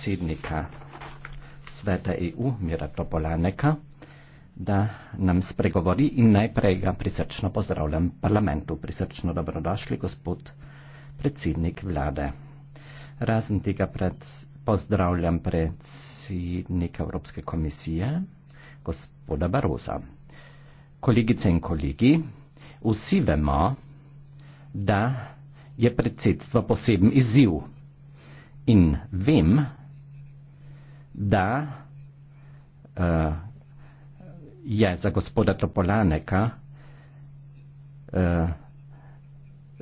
predsednika sveta EU Mira Topolaneka, da nam spregovori in najprej ga prisrčno pozdravljam parlamentu. Prisrčno dobrodošli, gospod predsednik vlade. Razen tega pred, pozdravljam predsednika Evropske komisije, gospoda Baroza. Kolegice in kolegi, vsi vemo, da je predsedstvo poseben izziv. In vem, da uh, je za gospoda Topolaneka uh,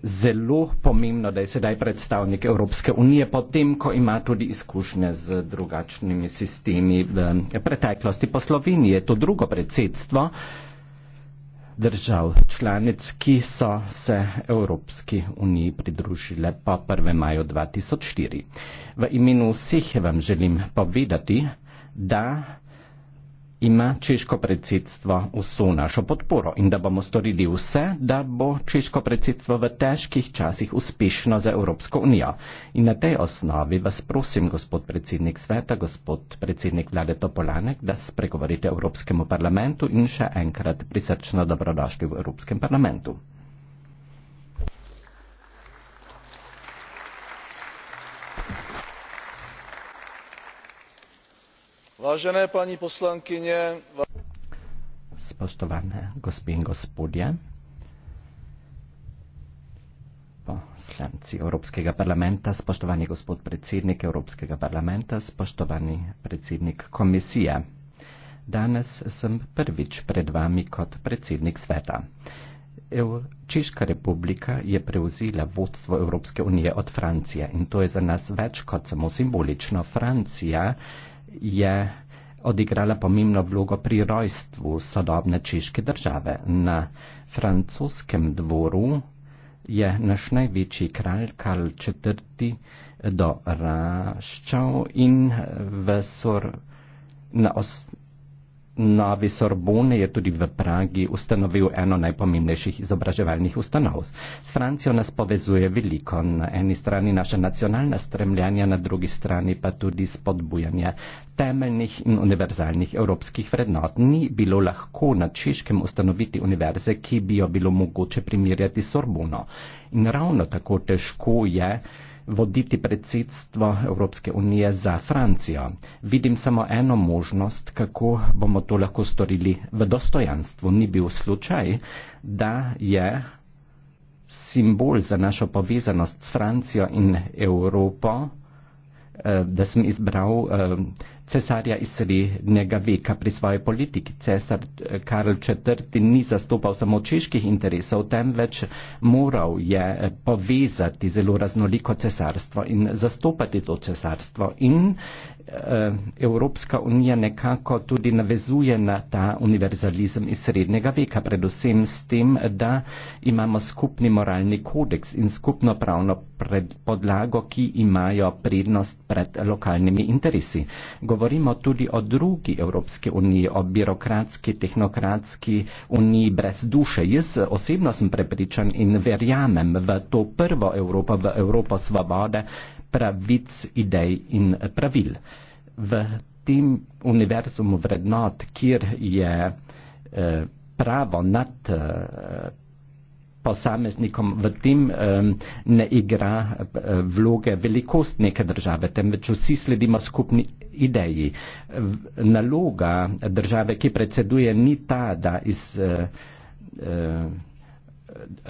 zelo pomembno, da je sedaj predstavnik Evropske unije, potem, ko ima tudi izkušnje z drugačnimi sistemi v preteklosti. Po Sloveniji je to drugo predsedstvo, uh, držav članic, ki so se Evropski uniji pridružile po 1. maju 2004. V imenu vseh vam želim povedati, da ima češko predsedstvo vso našo podporo in da bomo storili vse, da bo češko predsedstvo v težkih časih uspešno za Evropsko unijo. In na tej osnovi vas prosim, gospod predsednik sveta, gospod predsednik vlade Topolanek, da spregovorite Evropskemu parlamentu in še enkrat prisrčno dobrodošli v Evropskem parlamentu. Vážené paní poslankyně, va... spoštované gospe in gospodje, poslanci Evropskega parlamenta, spoštovani gospod predsednik Evropskega parlamenta, spoštovani predsednik komisije. Danes sem prvič pred vami kot predsednik sveta. Češka republika je prevzela vodstvo Evropske unije od Francije in to je za nas več kot samo simbolično. Francija je odigrala pomembno vlogo pri rojstvu sodobne češke države. Na francoskem dvoru je naš največji kralj Karl IV. doraščal in v sor, na os, Novi Sorbon je tudi v Pragi ustanovil eno najpomembnejših izobraževalnih ustanov. S Francijo nas povezuje veliko, na eni strani naše nacionalne stremljanja, na drugi strani pa tudi spodbujanje temeljnih in univerzalnih evropskih vrednot. Ni bilo lahko na Češkem ustanoviti univerze, ki bi jo bilo mogoče primerjati s Sorbono. In ravno tako težko je, voditi predsedstvo Evropske unije za Francijo. Vidim samo eno možnost, kako bomo to lahko storili v dostojanstvu. Ni bil slučaj, da je simbol za našo povezanost s Francijo in Evropo, eh, da sem izbral eh, cesarja iz srednjega veka pri svoji politiki. Cesar eh, Karl IV. ni zastopal samo čeških interesov, temveč moral je eh, povezati zelo raznoliko cesarstvo in zastopati to cesarstvo. In Eh, Evropska unija nekako tudi navezuje na ta univerzalizem iz srednjega veka, predvsem s tem, da imamo skupni moralni kodeks in skupno pravno podlago, ki imajo prednost pred lokalnimi interesi. Govorimo tudi o drugi Evropski uniji, o birokratski, tehnokratski uniji brez duše. Jaz osebno sem prepričan in verjamem v to prvo Evropo, v Evropo svobode, pravic, idej in pravil. V tem univerzumu vrednot, kjer je eh, pravo nad eh, posameznikom, v tem eh, ne igra vloge velikost neke države, temveč vsi sledimo skupni ideji. Naloga države, ki predseduje, ni ta, da iz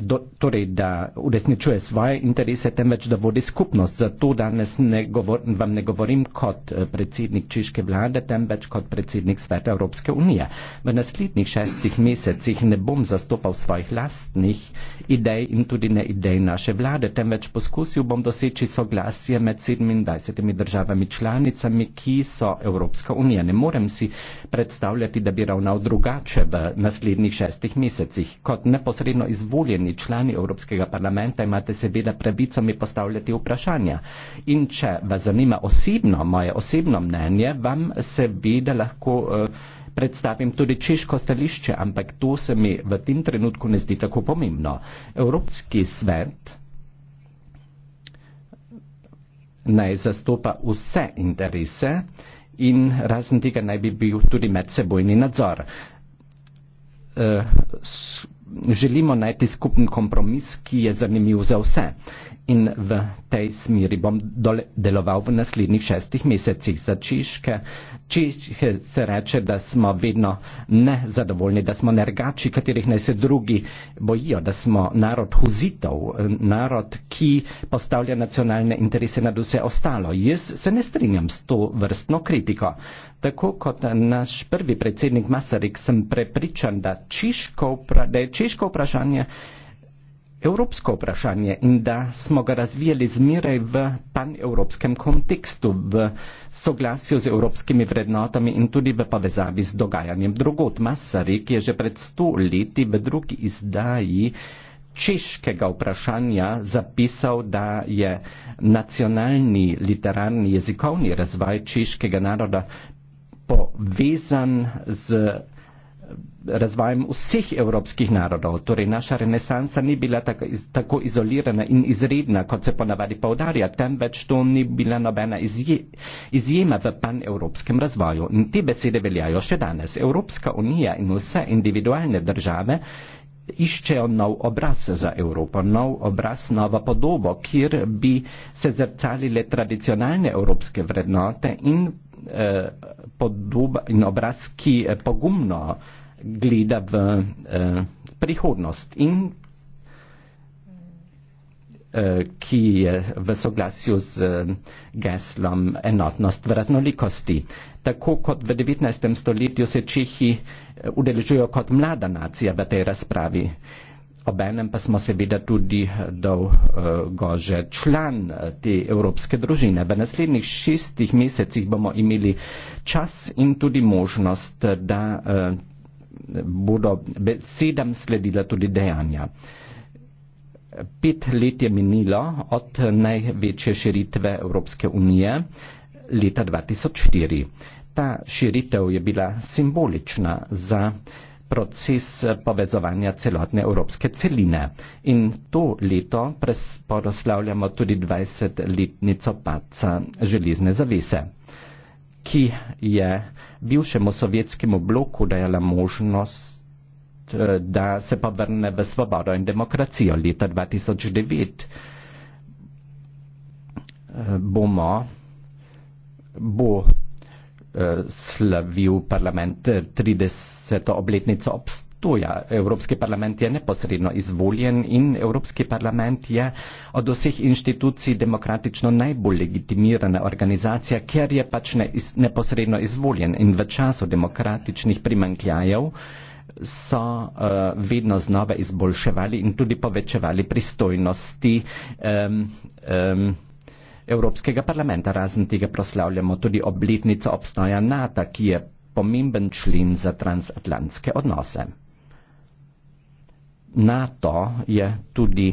do, torej, da uresničuje svoje interese, temveč da vodi skupnost. Zato danes ne govor, vam ne govorim kot eh, predsednik Češke vlade, temveč kot predsednik Sveta Evropske unije. V naslednjih šestih mesecih ne bom zastopal svojih lastnih idej in tudi ne idej naše vlade, temveč poskusil bom doseči soglasje med 27 državami članicami, ki so Evropska unija. Ne morem si predstavljati, da bi ravnal drugače v naslednjih šestih mesecih. Kot neposredno izvršitev izvoljeni člani Evropskega parlamenta, imate seveda pravico mi postavljati vprašanja. In če vas zanima osebno, moje osebno mnenje, vam seveda lahko eh, predstavim tudi češko stališče, ampak to se mi v tem trenutku ne zdi tako pomembno. Evropski svet naj zastopa vse interese in razen tega naj bi bil tudi medsebojni nadzor. Uh, želimo najti skupen kompromis ki je zanimiv za vse in v tej smeri bom deloval v naslednjih šestih mesecih za Češke. Češke se reče, da smo vedno nezadovoljni, da smo nergači, katerih naj se drugi bojijo, da smo narod huzitov, narod, ki postavlja nacionalne interese nad vse ostalo. Jaz se ne strinjam s to vrstno kritiko. Tako kot naš prvi predsednik Masaryk sem prepričan, da češko vprašanje evropsko vprašanje in da smo ga razvijali zmeraj v panevropskem kontekstu, v soglasju z evropskimi vrednotami in tudi v povezavi z dogajanjem. Drugot Masarik je že pred sto leti v drugi izdaji češkega vprašanja zapisal, da je nacionalni literarni jezikovni razvoj češkega naroda povezan z razvojem vseh evropskih narodov. Torej, naša renesansa ni bila tako, iz, tako izolirana in izredna, kot se ponavadi povdarja, temveč to ni bila nobena izje, izjema v panevropskem razvoju. In te besede veljajo še danes. Evropska unija in vse individualne države iščejo nov obraz za Evropo, nov obraz, novo podobo, kjer bi se zrcalile tradicionalne evropske vrednote in podoba in obraz, ki eh, pogumno gleda v eh, prihodnost in eh, ki je v soglasju z geslom enotnost v raznolikosti. Tako kot v 19. stoletju se Čehi udeležujo kot mlada nacija v tej razpravi obenem pa smo seveda tudi eh, dolgo že član eh, te evropske družine. V naslednjih šestih mesecih bomo imeli čas in tudi možnost, eh, da bodo sedem sledila tudi dejanja. Pet let je minilo od največje širitve Evropske unije leta 2004. Ta širitev je bila simbolična za proces povezovanja celotne evropske celine. In to leto proslavljamo tudi 20-letnico paca železne zavese, ki je bivšemu sovjetskemu bloku dajala možnost, eh, da se povrne v svobodo in demokracijo. Leta 2009 eh, bomo bo Eh, slavil parlament 30. Eh, obletnico obstoja. Evropski parlament je neposredno izvoljen in Evropski parlament je od vseh inštitucij demokratično najbolj legitimirana organizacija, ker je pač ne, neposredno izvoljen in v času demokratičnih primankljajev so uh, vedno znova izboljševali in tudi povečevali pristojnosti. Um, um, Evropskega parlamenta, razen tega proslavljamo tudi obletnico obstoja NATO, ki je pomemben člen za transatlantske odnose. NATO je tudi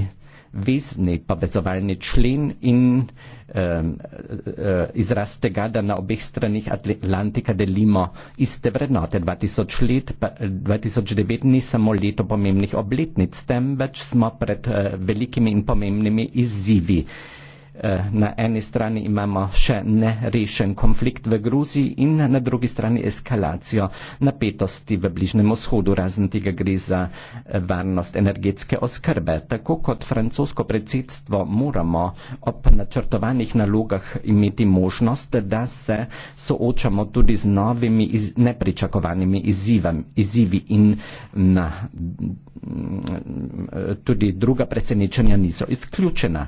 vezni povezovalni člen in eh, izraz tega, da na obeh stranih Atlantika delimo iste vrednote. 2000 let, pa, 2009 ni samo leto pomembnih obletnic, temveč smo pred eh, velikimi in pomembnimi izzivi. Eh, Eh, na eni strani imamo še nerešen konflikt v Gruziji in na drugi strani eskalacijo napetosti v Bližnjem vzhodu, razen tega gre za eh, varnost energetske oskrbe. Tako kot francosko predsedstvo moramo ob načrtovanih nalogah imeti možnost, da se soočamo tudi z novimi iz, nepričakovanimi izzivami, izzivi in na, mm, eh, tudi druga presenečenja niso izključena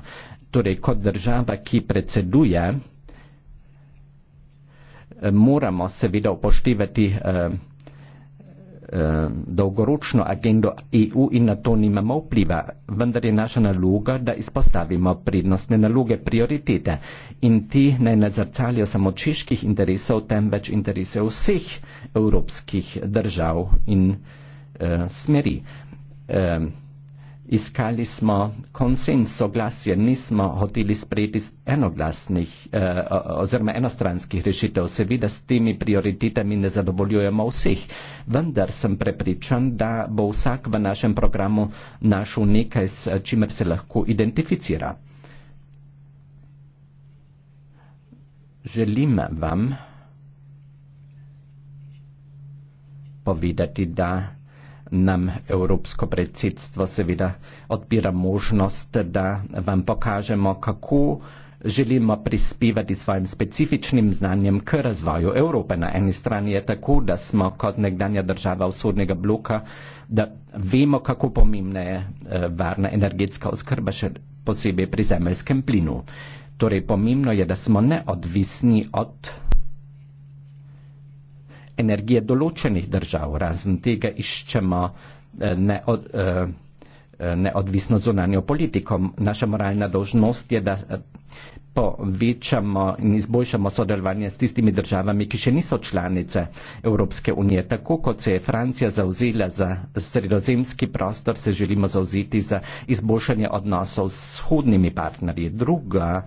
torej kot država, ki predseduje, moramo seveda upoštevati eh, eh, dolgoročno agendo EU in na to nimamo vpliva, vendar je naša naloga, da izpostavimo prednostne naloge, prioritete in ti naj ne zrcalijo samo čeških interesov, temveč interese vseh evropskih držav in uh, smeri. Uh, iskali smo konsens, soglasje, nismo hoteli sprejeti enoglasnih eh, oziroma enostranskih rešitev. Seveda s temi prioritetami ne zadovoljujemo vseh, vendar sem prepričan, da bo vsak v našem programu našel nekaj, s čimer se lahko identificira. Želim vam povedati, da nam evropsko predsedstvo seveda odpira možnost, da vam pokažemo, kako želimo prispevati svojim specifičnim znanjem k razvoju Evrope. Na eni strani je tako, da smo kot nekdanja država vzhodnega bloka, da vemo, kako pomembna je eh, varna energetska oskrba, še posebej pri zemeljskem plinu. Torej pomembno je, da smo neodvisni od energije določenih držav. Razen tega iščemo eh, neod, eh, eh, neodvisno zunanjo politiko. Naša moralna dožnost je, da povečamo in izboljšamo sodelovanje s tistimi državami, ki še niso članice Evropske unije. Tako kot se je Francija zauzela za sredozemski prostor, se želimo zauzeti za izboljšanje odnosov s shodnimi partnerji. Druga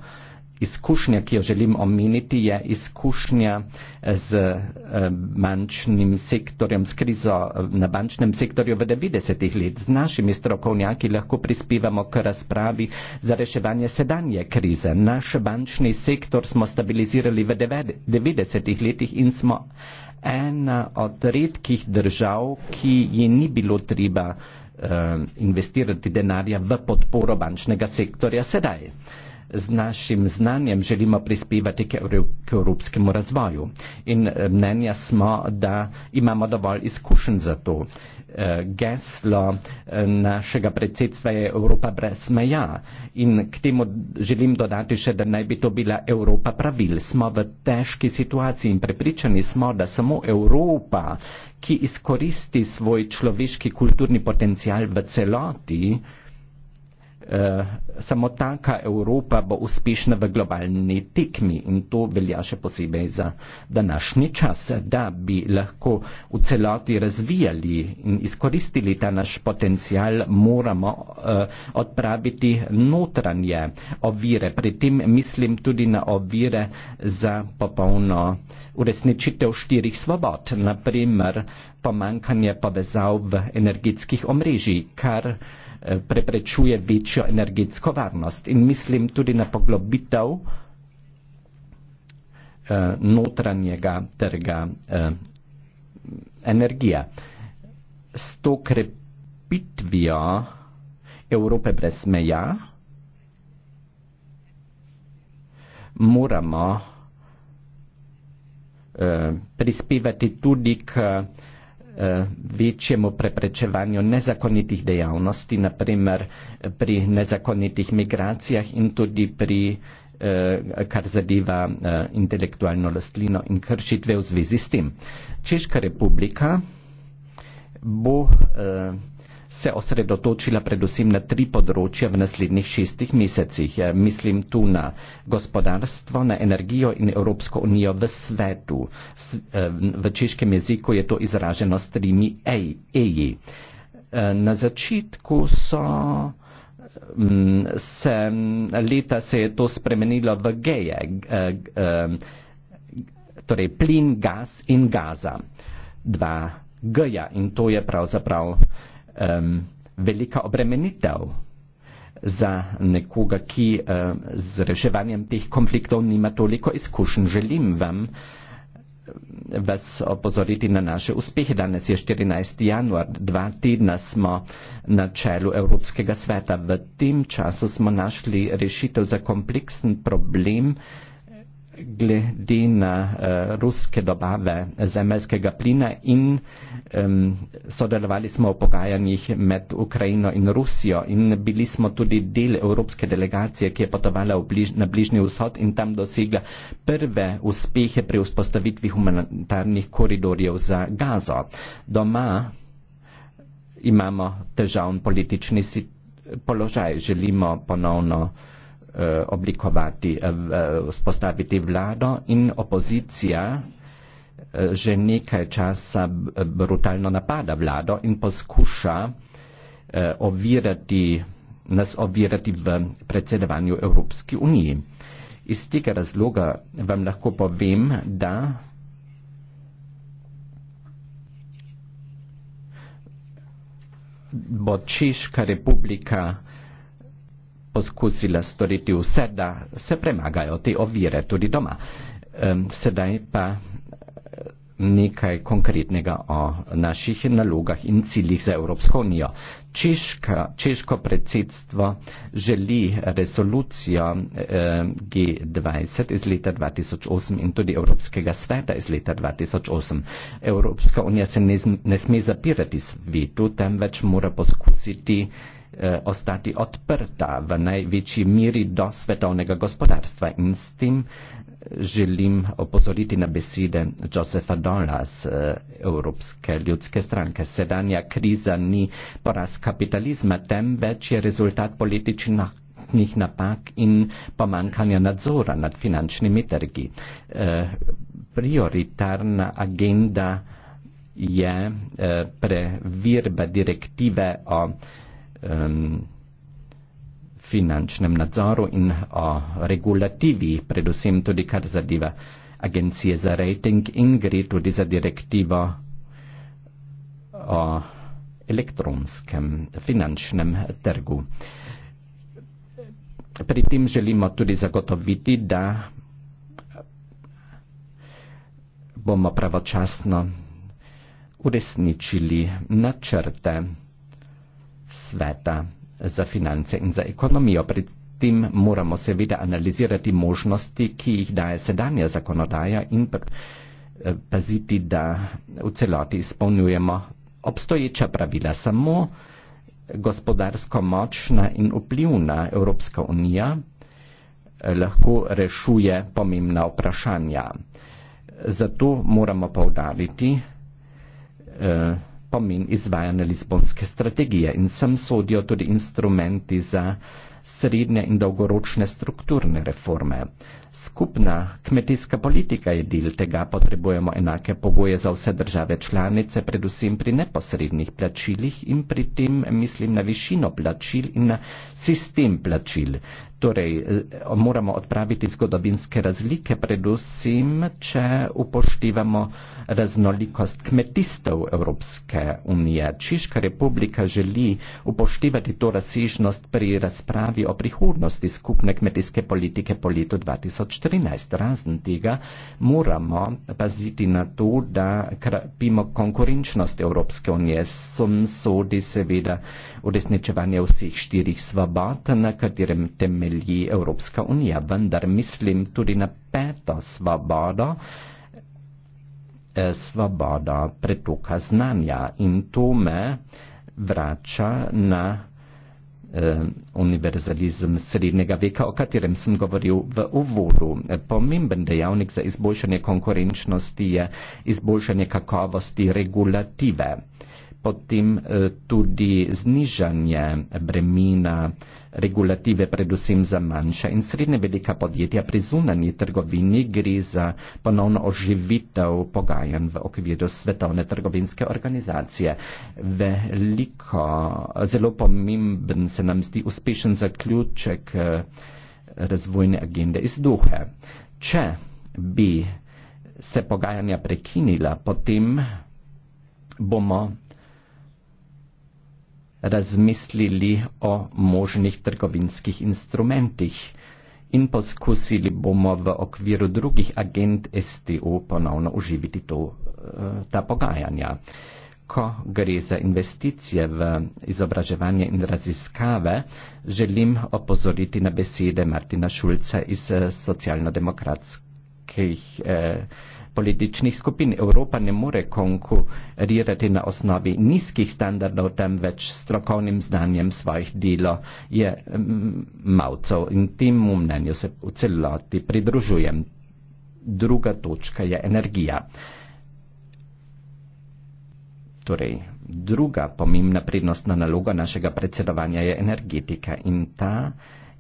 Izkušnja, ki jo želim omeniti, je izkušnja eh, z eh, bančnim sektorjem, s krizo eh, na bančnem sektorju v 90-ih let. Z našimi strokovnjaki lahko prispevamo k razpravi za reševanje sedanje krize. Naš bančni sektor smo stabilizirali v 90-ih letih in smo ena od redkih držav, ki ji ni bilo treba investirati denarja v podporo bančnega sektorja sedaj z našim znanjem želimo prispevati k evropskemu razvoju. In eh, mnenja smo, da imamo dovolj izkušenj za to. Eh, geslo eh, našega predsedstva je Evropa brez meja in k temu želim dodati še, da naj bi to bila Evropa pravil. Smo v težki situaciji in prepričani smo, da samo Evropa, ki izkoristi svoj človeški kulturni potencial v celoti, Eh, samo taka Evropa bo uspešna v globalni tekmi in to velja še posebej za današnji čas, da bi lahko v celoti razvijali in izkoristili ta naš potencial, moramo uh, odpraviti notranje ovire. Pri tem mislim tudi na ovire za popolno uresničitev štirih svobod, naprimer pomankanje povezav v energetskih omrežjih, kar Eh, preprečuje večjo energetsko varnost. In mislim tudi na poglobitev eh, notranjega trga eh, energije. S to krepitvijo Evrope brez meja moramo prispevati tudi k Eh, večjemu preprečevanju nezakonitih dejavnosti, naprimer pri nezakonitih migracijah in tudi pri, eh, kar zadeva eh, intelektualno lastnino in kršitve v zvezi s tem. Češka republika bo se osredotočila predvsem na tri področja v naslednjih šestih mesecih. Ja, mislim tu na gospodarstvo, na energijo in Evropsko unijo v svetu. Eh, v češkem jeziku je to izraženo s trimi EI. Eh, na začetku so mm, se leta se je to spremenilo v geje, eh, torej plin, gas in gaza, dva geja in to je pravzaprav um, velika obremenitev za nekoga, ki uh, z reševanjem teh konfliktov nima toliko izkušenj. Želim vam vas opozoriti na naše uspehe. Danes je 14. januar, dva tedna smo na čelu Evropskega sveta. V tem času smo našli rešitev za kompleksen problem, uh, glede na uh, ruske dobave zemeljskega plina in um, sodelovali smo v pogajanjih med Ukrajino in Rusijo in bili smo tudi del evropske delegacije, ki je potovala bliž, na bližnji vzhod in tam dosegla prve uspehe pri vzpostavitvi humanitarnih koridorjev za gazo. Doma imamo težavn politični položaj, želimo ponovno uh, Eh, oblikovati, spostaviti eh, vlado in opozicija eh, že nekaj časa brutalno napada vlado in poskuša ovirati, nas ovirati v predsedovanju Evropski uniji. Iz tega razloga vam lahko povem, da bo Češka republika poskusila storiti vse, da se premagajo te ovire tudi doma. Sedaj pa eh, nekaj konkretnega o naših nalogah in ciljih za Evropsko unijo. Češka, češko predsedstvo želi resolucijo eh, G20 iz leta 2008 in tudi Evropskega sveta iz leta 2008. Evropska unija se ne, ne sme zapirati svetu, temveč mora poskusiti eh, Eh, ostati odprta v največji miri do svetovnega gospodarstva. In s tem eh, želim opozoriti na besede Josefa Dola z eh, Evropske ljudske stranke. Sedanja kriza ni poraz kapitalizma, temveč je rezultat političnih napak in pomankanja nadzora nad finančnimi trgi. E, prioritarna agenda je e, previrba direktive o e, um, finančnem nadzoru in o regulativi, predvsem tudi kar zadeva agencije za rating in gre tudi za direktivo o elektronskem finančnem trgu. Pri tem želimo tudi zagotoviti, da bomo pravočasno uresničili načrte sveta za finance in za ekonomijo. Pred tem moramo seveda analizirati možnosti, ki jih daje sedanja zakonodaja in eh, paziti, da v celoti izpolnjujemo obstoječa pravila. Samo gospodarsko močna in vplivna Evropska unija eh, lahko rešuje pomembna vprašanja. Zato moramo povdariti, eh, pomen izvajanja Lizbonske strategije in sem sodijo tudi instrumenti za srednje in dolgoročne strukturne reforme. Skupna kmetijska politika je del tega, potrebujemo enake pogoje za vse države članice, predvsem pri neposrednih plačilih in pri tem mislim na višino plačil in na sistem plačil torej eh, moramo odpraviti zgodovinske razlike, predvsem, če upoštevamo raznolikost kmetistov Evropske unije. Češka republika želi upoštevati to razsežnost pri razpravi o prihodnosti skupne kmetijske politike po letu 2013. Razen tega moramo paziti na to, da krpimo konkurenčnost Evropske unije. Sem sodi seveda uresničevanje vseh štirih svobod, na katerem temelji Evropska unija, vendar mislim tudi na peto svobodo, eh, svobodo pretoka znanja. In to me vrača na eh, univerzalizem srednjega veka, o katerem sem govoril v uvodu. Pomemben dejavnik za izboljšanje konkurenčnosti je izboljšanje kakovosti regulative potem eh, tudi znižanje bremena regulative predvsem za manjša in srednje velika podjetja pri zunanji trgovini gre za ponovno oživitev pogajanj v okviru svetovne trgovinske organizacije. Veliko, zelo pomemben se nam zdi uspešen zaključek eh, razvojne agende iz duhe. Če bi se pogajanja prekinila, potem bomo razmislili o možnih trgovinskih instrumentih in poskusili bomo v okviru drugih agent STU ponovno uživiti to, eh, ta pogajanja. Ko gre za investicije v izobraževanje in raziskave, želim opozoriti na besede Martina Šulca iz eh, socialno-demokratskih eh, političnih skupin. Evropa ne more konkurirati na osnovi nizkih standardov, temveč strokovnim znanjem svojih delo je malcev in temu mnenju se v celoti pridružujem. Druga točka je energija. Torej, druga pomembna prednostna naloga našega predsedovanja je energetika in ta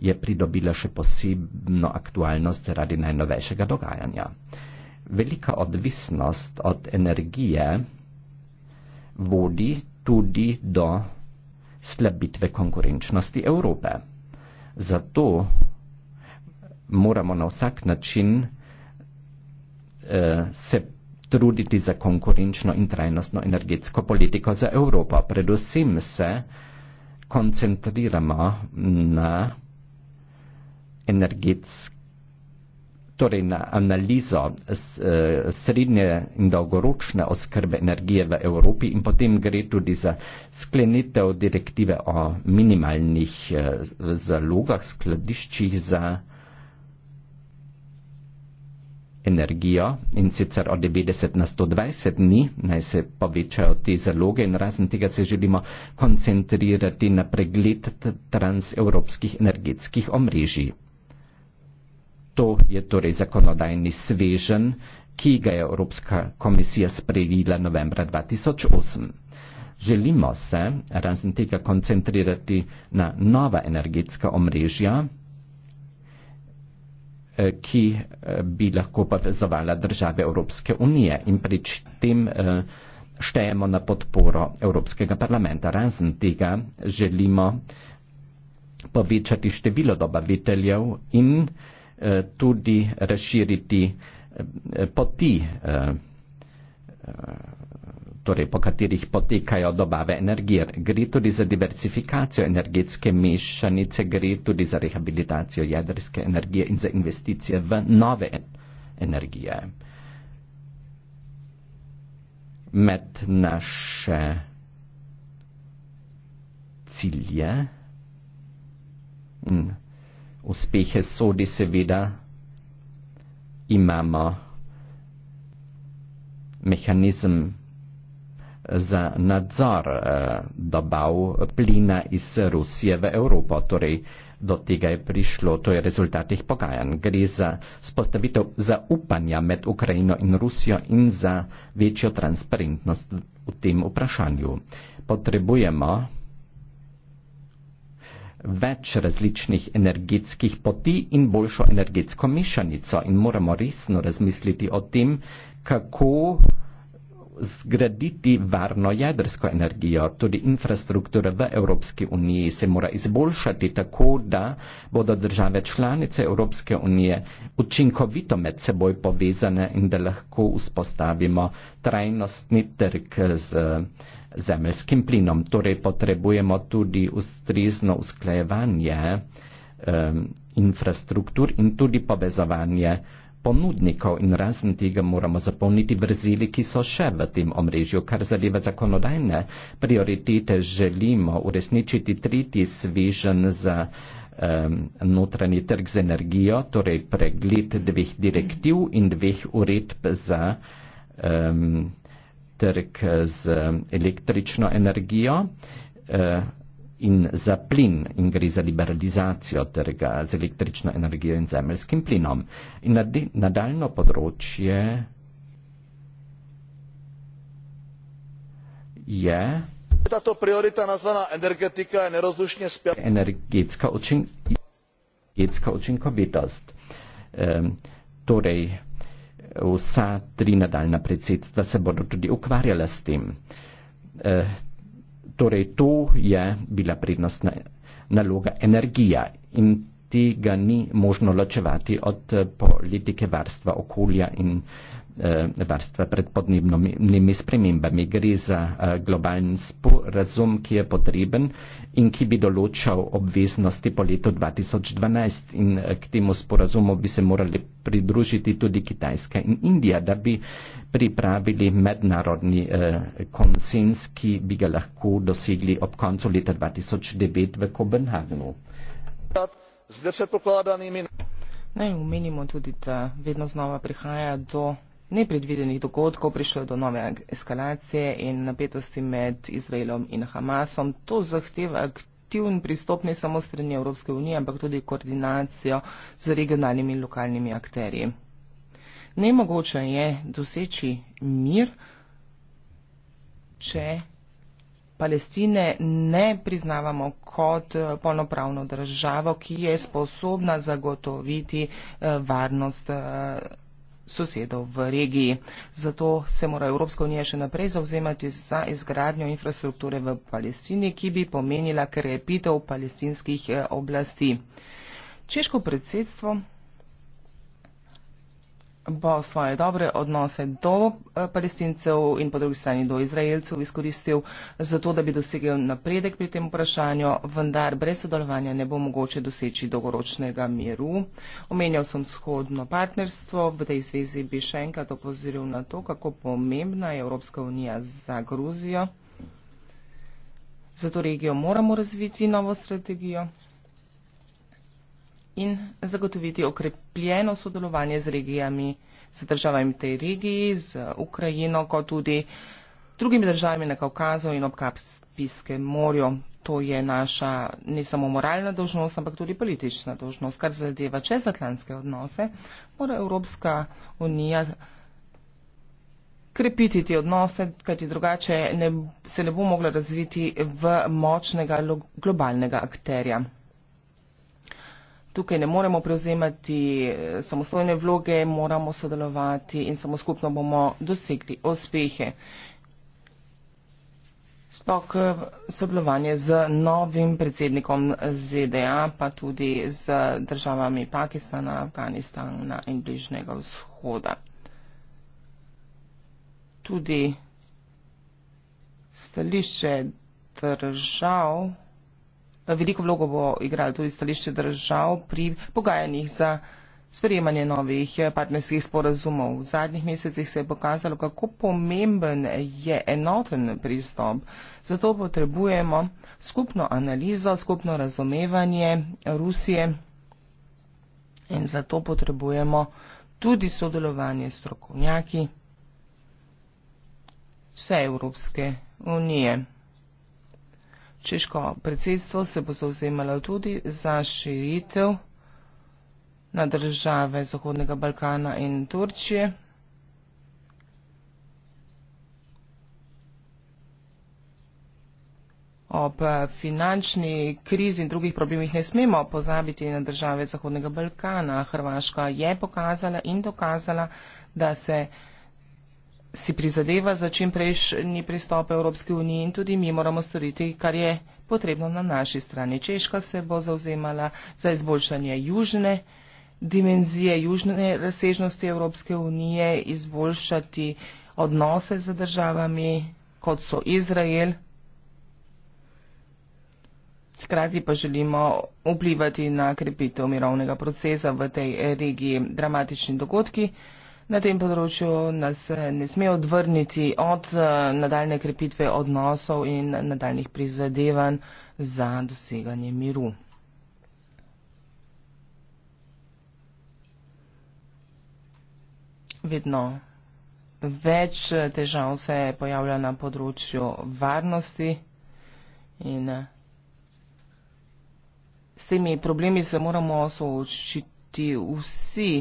je pridobila še posebno aktualnost zaradi najnovejšega dogajanja velika odvisnost od energije vodi tudi do slabitve konkurenčnosti Evrope. Zato moramo na vsak način eh, se truditi za konkurenčno in trajnostno energetsko politiko za Evropo. Predvsem se koncentriramo na energetske torej na analizo e, srednje in dolgoročne oskrbe energije v Evropi in potem gre tudi za sklenitev direktive o minimalnih e, zalogah, skladiščih za energijo in sicer od 90 na 120 dni naj se povečajo te zaloge in razen tega se želimo koncentrirati na pregled transevropskih energetskih omrežij. To je torej zakonodajni svežen, ki ga je Evropska komisija sprejela novembra 2008. Želimo se razen tega koncentrirati na nova energetska omrežja, eh, ki eh, bi lahko povezovala države Evropske unije in pri tem eh, štejemo na podporo Evropskega parlamenta. Razen tega želimo povečati število dobaviteljev in Eh, tudi razširiti eh, poti, eh, torej po katerih potekajo dobave energije. Gre tudi za diversifikacijo energetske mešanice, gre tudi za rehabilitacijo jedrske energije in za investicije v nove energije. Med naše cilje. 嗯。Mm uspehe sodi seveda, imamo mehanizem eh, za nadzor eh, dobav eh, plina iz Rusije v Evropo. Torej, do tega je prišlo, to je rezultat teh pogajanj. Gre za spostavitev zaupanja med Ukrajino in Rusijo in za večjo transparentnost v tem vprašanju. Potrebujemo več različnih energetskih poti in boljšo energetsko mešanico in moramo resno razmisliti o tem, kako zgraditi varno jedrsko energijo. Tudi infrastruktura v Evropski uniji se mora izboljšati tako, da bodo države članice Evropske unije učinkovito med seboj povezane in da lahko vzpostavimo trajnostni trg z zemljskim plinom. Torej potrebujemo tudi ustrezno usklajevanje um, infrastruktur in tudi povezovanje ponudnikov in razen tega moramo zapolniti vrzili, ki so še v tem omrežju, kar zadeva zakonodajne prioritete, želimo uresničiti tretji svežen za um, notranji trg z energijo, torej pregled dveh direktiv in dveh uredb za um, trg z električno energijo. Uh, in za plin in gre za liberalizacijo trga z električno energijo in zemeljskim plinom. In nadaljno področje je tato priorita nazvana energetika je nerozlučne spjata. Energetska, učink, energetska učinkovitost. E, torej, vsa tri nadaljna predsedstva se bodo tudi ukvarjala s tem. E, torej to je bila prednostna naloga energija in tega ni možno ločevati od politike varstva okolja in uh, Eh, varstva pred podnebnimi spremembami. Gre za eh, globalen sporazum, ki je potreben in ki bi določal obveznosti po letu 2012 in eh, k temu sporazumu bi se morali pridružiti tudi Kitajska in Indija, da bi pripravili mednarodni konsens, ki bi ga lahko dosegli ob koncu leta 2009 v Kopenhagnu. Naj omenimo tudi, da vedno znova prihaja do nepredvidenih dogodkov prišlo do nove eskalacije in napetosti med Izraelom in Hamasom. To zahteva aktivni pristop ne samo strani Evropske unije, ampak tudi koordinacijo z regionalnimi in lokalnimi akterji. Nemogoče je doseči mir, če Palestine ne priznavamo kot eh, polnopravno državo, ki je sposobna zagotoviti eh, varnost eh, sosedov v regiji. Zato se mora Evropska unija še naprej zauzemati za izgradnjo infrastrukture v Palestini, ki bi pomenila krepitev palestinskih eh, oblasti. Češko predsedstvo bo svoje dobre odnose do eh, palestincev in po drugi strani do izraelcev izkoristil za to, da bi dosegel napredek pri tem vprašanju, vendar brez sodelovanja ne bo mogoče doseči dolgoročnega miru. Omenjal sem shodno partnerstvo, v tej zvezi bi še enkrat opozoril na to, kako pomembna je Evropska unija za Gruzijo. Za to regijo moramo razviti novo strategijo in zagotoviti okrepljeno sodelovanje z regijami, z državami tej regiji, z Ukrajino, kot tudi drugimi državami na Kaukazu in ob Kapspijskem morju. To je naša ne samo moralna dožnost, ampak tudi politična dožnost, kar zadeva čezatlantske odnose. Mora Evropska unija krepiti te odnose, kajti drugače ne, se ne bo mogla razviti v močnega globalnega akterja tukaj ne moremo prevzemati eh, samostojne vloge, moramo sodelovati in samo skupno bomo dosegli uspehe. Spok eh, sodelovanje z novim predsednikom ZDA, pa tudi z državami Pakistana, Afganistana in Bližnjega vzhoda. Tudi stališče držav. Veliko vlogo bo igralo tudi stališče držav pri pogajanjih za sprejemanje novih eh, partnerskih sporazumov. V zadnjih mesecih se je pokazalo, kako pomemben je enoten pristop. Zato potrebujemo skupno analizo, skupno razumevanje Rusije in zato potrebujemo tudi sodelovanje strokovnjaki vse Evropske unije. Češko predsedstvo se bo zauzemalo tudi za širitev na države Zahodnega Balkana in Turčije. Ob finančni krizi in drugih problemih ne smemo pozabiti na države Zahodnega Balkana. Hrvaška je pokazala in dokazala, da se si prizadeva za čimprejšnji pristop Evropske unije in tudi mi moramo storiti, kar je potrebno na naši strani. Češka se bo zauzemala za izboljšanje južne dimenzije, južne razsežnosti Evropske unije, izboljšati odnose z državami, kot so Izrael. Hkrati pa želimo vplivati na krepitev mirovnega procesa v tej regiji. Dramatični dogodki. Na tem področju nas ne sme odvrniti od eh, nadaljne krepitve odnosov in nadaljnih prizadevanj za doseganje miru. Vedno več eh, težav se pojavlja na področju varnosti in eh, s temi problemi se moramo soočiti vsi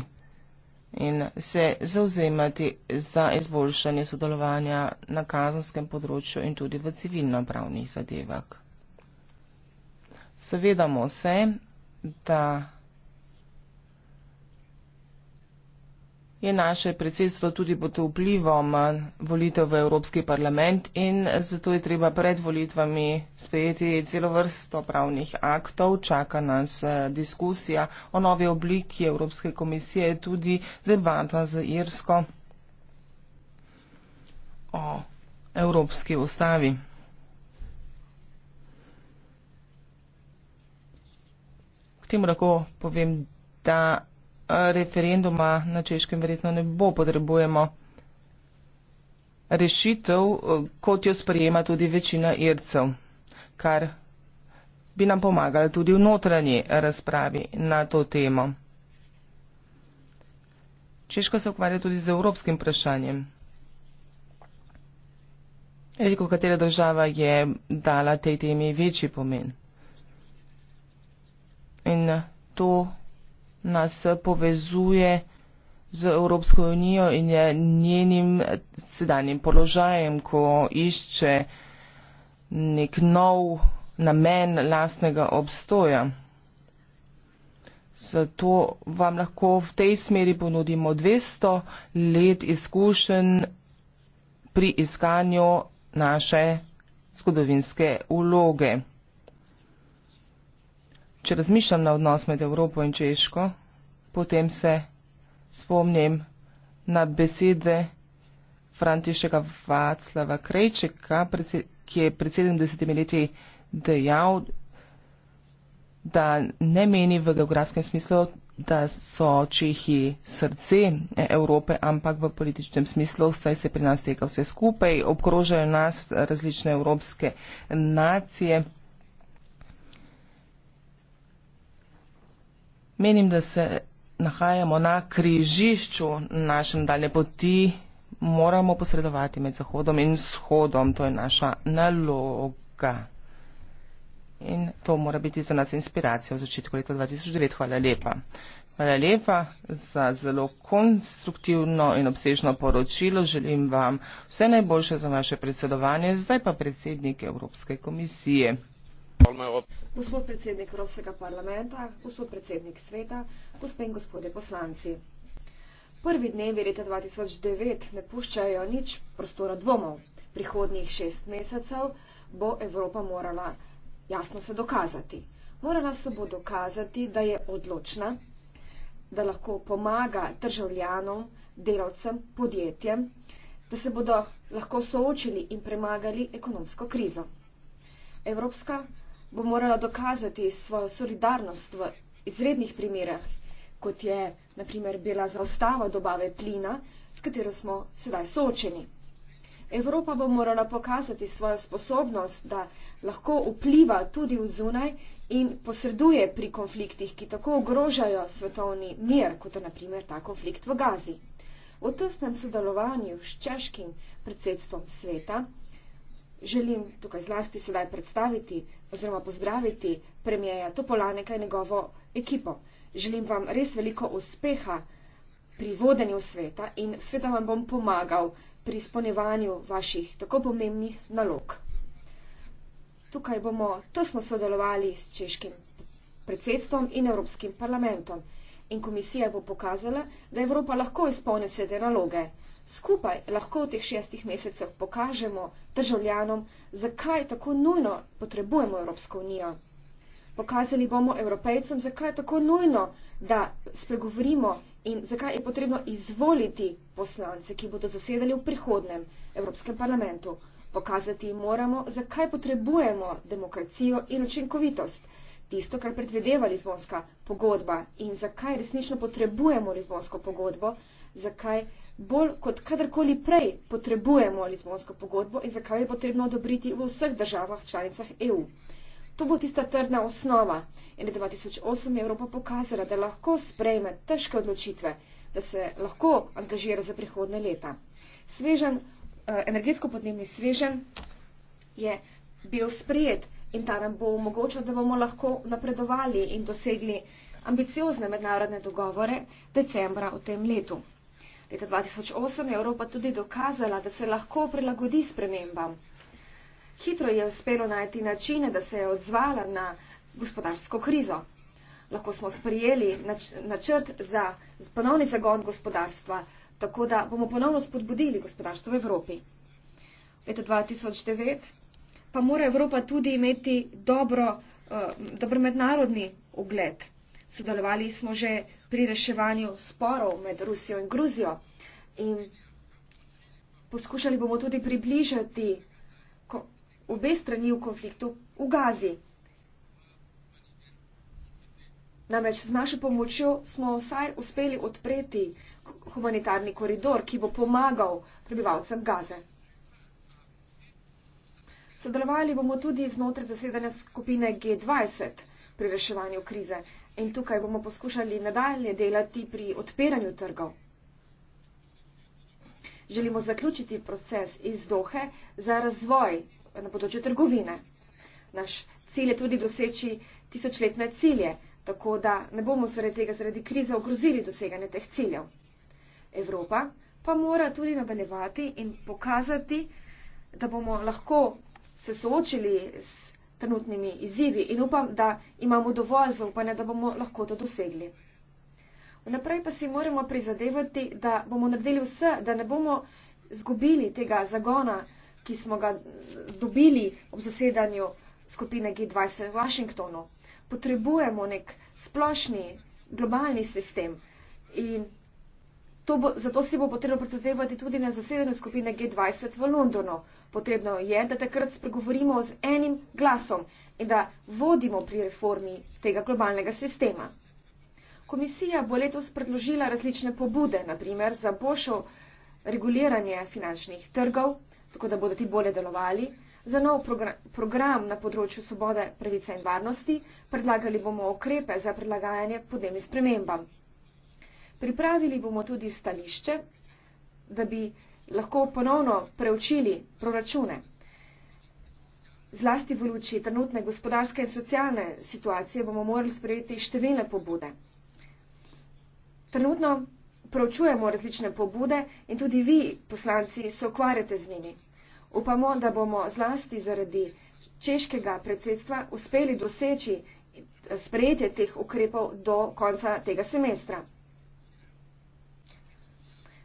in se zauzemati za izboljšanje sodelovanja na kazenskem področju in tudi v civilno-pravnih zadevah. Zavedamo se, da je naše predsedstvo tudi pod vplivom eh, volitev v Evropski parlament in zato je treba pred volitvami sprejeti celo vrsto pravnih aktov. Čaka nas eh, diskusija o nove obliki Evropske komisije, tudi debata z Irsko o Evropski ustavi. K temu lahko povem, da referenduma na češkem verjetno ne bo, potrebujemo rešitev, kot jo sprejema tudi večina ircev, kar bi nam pomagalo tudi v notranji razpravi na to temo. Češko se ukvarja tudi z evropskim vprašanjem. Veliko katera država je dala tej temi večji pomen. In to nas povezuje z Evropsko unijo in je njenim sedanjim položajem, ko išče nek nov namen lastnega obstoja. Zato vam lahko v tej smeri ponudimo 200 let izkušenj pri iskanju naše zgodovinske uloge če razmišljam na odnos med Evropo in Češko, potem se spomnim na besede Františka Václava Krejčeka, ki je pred 70 leti dejal, da ne meni v geografskem smislu, da so Čehi srce Evrope, ampak v političnem smislu, saj se pri nas teka vse skupaj, obkrožajo nas različne evropske nacije. Menim, da se nahajamo na križišču naše nadaljne poti. Moramo posredovati med zahodom in shodom, to je naša naloga. In to mora biti za nas inspiracija v začetku leta 2009. Hvala lepa. Hvala lepa za zelo konstruktivno in obsežno poročilo. Želim vam vse najboljše za naše predsedovanje. Zdaj pa predsednik Evropske komisije. Gospod predsednik Evropskega parlamenta, gospod predsednik sveta, gospe in gospode poslanci. Prvi dnevi leta 2009 ne puščajo nič prostora dvomov. Prihodnjih šest mesecev bo Evropa morala jasno se dokazati. Morala se bo dokazati, da je odločna, da lahko pomaga državljanom, delavcem, podjetjem, da se bodo lahko soočili in premagali ekonomsko krizo. Evropska bo morala dokazati svojo solidarnost v izrednih primerah, kot je naprimer bila zaostava dobave plina, s katero smo sedaj soočeni. Evropa bo morala pokazati svojo sposobnost, da lahko vpliva tudi v zunaj in posreduje pri konfliktih, ki tako ogrožajo svetovni mir, kot je naprimer ta konflikt v Gazi. V tesnem sodelovanju s češkim predsedstvom sveta želim tukaj zlasti sedaj predstaviti oziroma pozdraviti premijeja Topolaneka in njegovo ekipo. Želim vam res veliko uspeha pri vodenju sveta in sveta vam bom pomagal pri izpolnjevanju vaših tako pomembnih nalog. Tukaj bomo tesno sodelovali s češkim predsedstvom in Evropskim parlamentom in komisija bo pokazala, da Evropa lahko izpolnja vse te naloge. Skupaj lahko v teh šestih mesecev pokažemo državljanom, zakaj tako nujno potrebujemo Evropsko unijo. Pokazali bomo evropejcem, zakaj je tako nujno, da spregovorimo in zakaj je potrebno izvoliti poslance, ki bodo zasedali v prihodnem Evropskem parlamentu. Pokazati moramo, zakaj potrebujemo demokracijo in učinkovitost, tisto, kar predvedeva Lizbonska pogodba in zakaj resnično potrebujemo Lizbonsko pogodbo, zakaj bolj kot kadarkoli prej potrebujemo Lizbonsko pogodbo in zakaj jo je potrebno odobriti v vseh državah članicah EU. To bo tista trdna osnova in leta 2008 je Evropa pokazala, da lahko sprejme težke odločitve, da se lahko angažira za prihodne leta. Svežen, eh, energetsko-podnebni svežen je bil sprejet in ta nam bo omogočal, da bomo lahko napredovali in dosegli ambiciozne mednarodne dogovore decembra v tem letu. Leta 2008 je Evropa tudi dokazala, da se lahko prilagodi spremembam. Hitro je uspelo najti načine, da se je odzvala na gospodarsko krizo. Lahko smo sprijeli načrt za ponovni zagon gospodarstva, tako da bomo ponovno spodbudili gospodarstvo v Evropi. Leta 2009 pa mora Evropa tudi imeti dobro, eh, dobro mednarodni ugled. Sodelovali smo že pri reševanju sporov med Rusijo in Gruzijo. In poskušali bomo tudi približati obe strani v konfliktu v Gazi. Namreč z našo pomočjo smo vsaj uspeli odpreti humanitarni koridor, ki bo pomagal prebivalcem Gaze. Sodelovali bomo tudi znotraj zasedanja skupine G20 pri reševanju krize in tukaj bomo poskušali nadalje delati pri odpiranju trgov. Želimo zaključiti proces iz dohe za razvoj na področju trgovine. Naš cilj je tudi doseči tisočletne cilje, tako da ne bomo zaradi tega, zaradi krize ogrozili doseganje teh ciljev. Evropa pa mora tudi nadaljevati in pokazati, da bomo lahko se soočili s trenutnimi izzivi in upam, da imamo dovolj zaupanja, da bomo lahko to dosegli. Vnaprej pa si moramo prizadevati, da bomo naredili vse, da ne bomo zgubili tega zagona, ki smo ga dobili ob zasedanju skupine G20 v Washingtonu. Potrebujemo nek splošni globalni sistem in bo, zato si bo potrebno predsedevati tudi na zasedanju skupine G20 v Londonu. Potrebno je, da takrat spregovorimo z enim glasom in da vodimo pri reformi tega globalnega sistema. Komisija bo letos predložila različne pobude, naprimer za boljšo reguliranje finančnih trgov, tako da bodo ti bolje delovali, za nov progra program na področju svobode, pravice in varnosti, predlagali bomo okrepe za prilagajanje podnebnim spremembam. Pripravili bomo tudi stališče, da bi lahko ponovno preučili proračune, zlasti v luči trenutne gospodarske in socialne situacije bomo morali sprejeti številne pobude. Trenutno preučujemo različne pobude in tudi vi, poslanci, se ukvarjate z njimi. Upamo, da bomo zlasti zaradi češkega predsedstva uspeli doseči sprejetje teh ukrepov do konca tega semestra.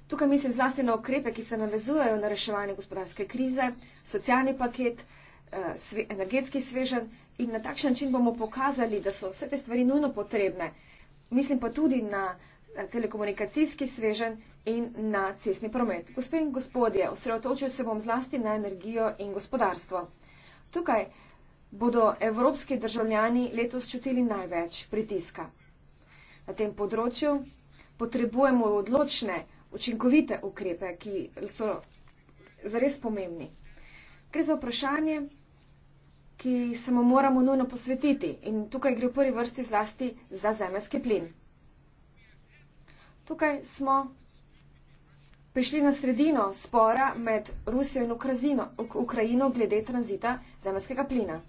Tukaj mislim zlasti na okrepe, ki se navezujejo na reševanje gospodarske krize, socialni paket, eh, energetski svežen in na takšen način bomo pokazali, da so vse te stvari nujno potrebne. Mislim pa tudi na telekomunikacijski svežen in na cestni promet. Gospe in gospodje, osredotočil se bom zlasti na energijo in gospodarstvo. Tukaj bodo evropski državljani letos čutili največ pritiska. Na tem področju potrebujemo odločne učinkovite ukrepe, ki so zares pomembni. Gre za vprašanje, ki se mu moramo nujno posvetiti in tukaj gre v prvi vrsti zlasti za zemljski plin. Tukaj smo prišli na sredino spora med Rusijo in Ukrazino, Ukrajino glede tranzita zemljskega plina.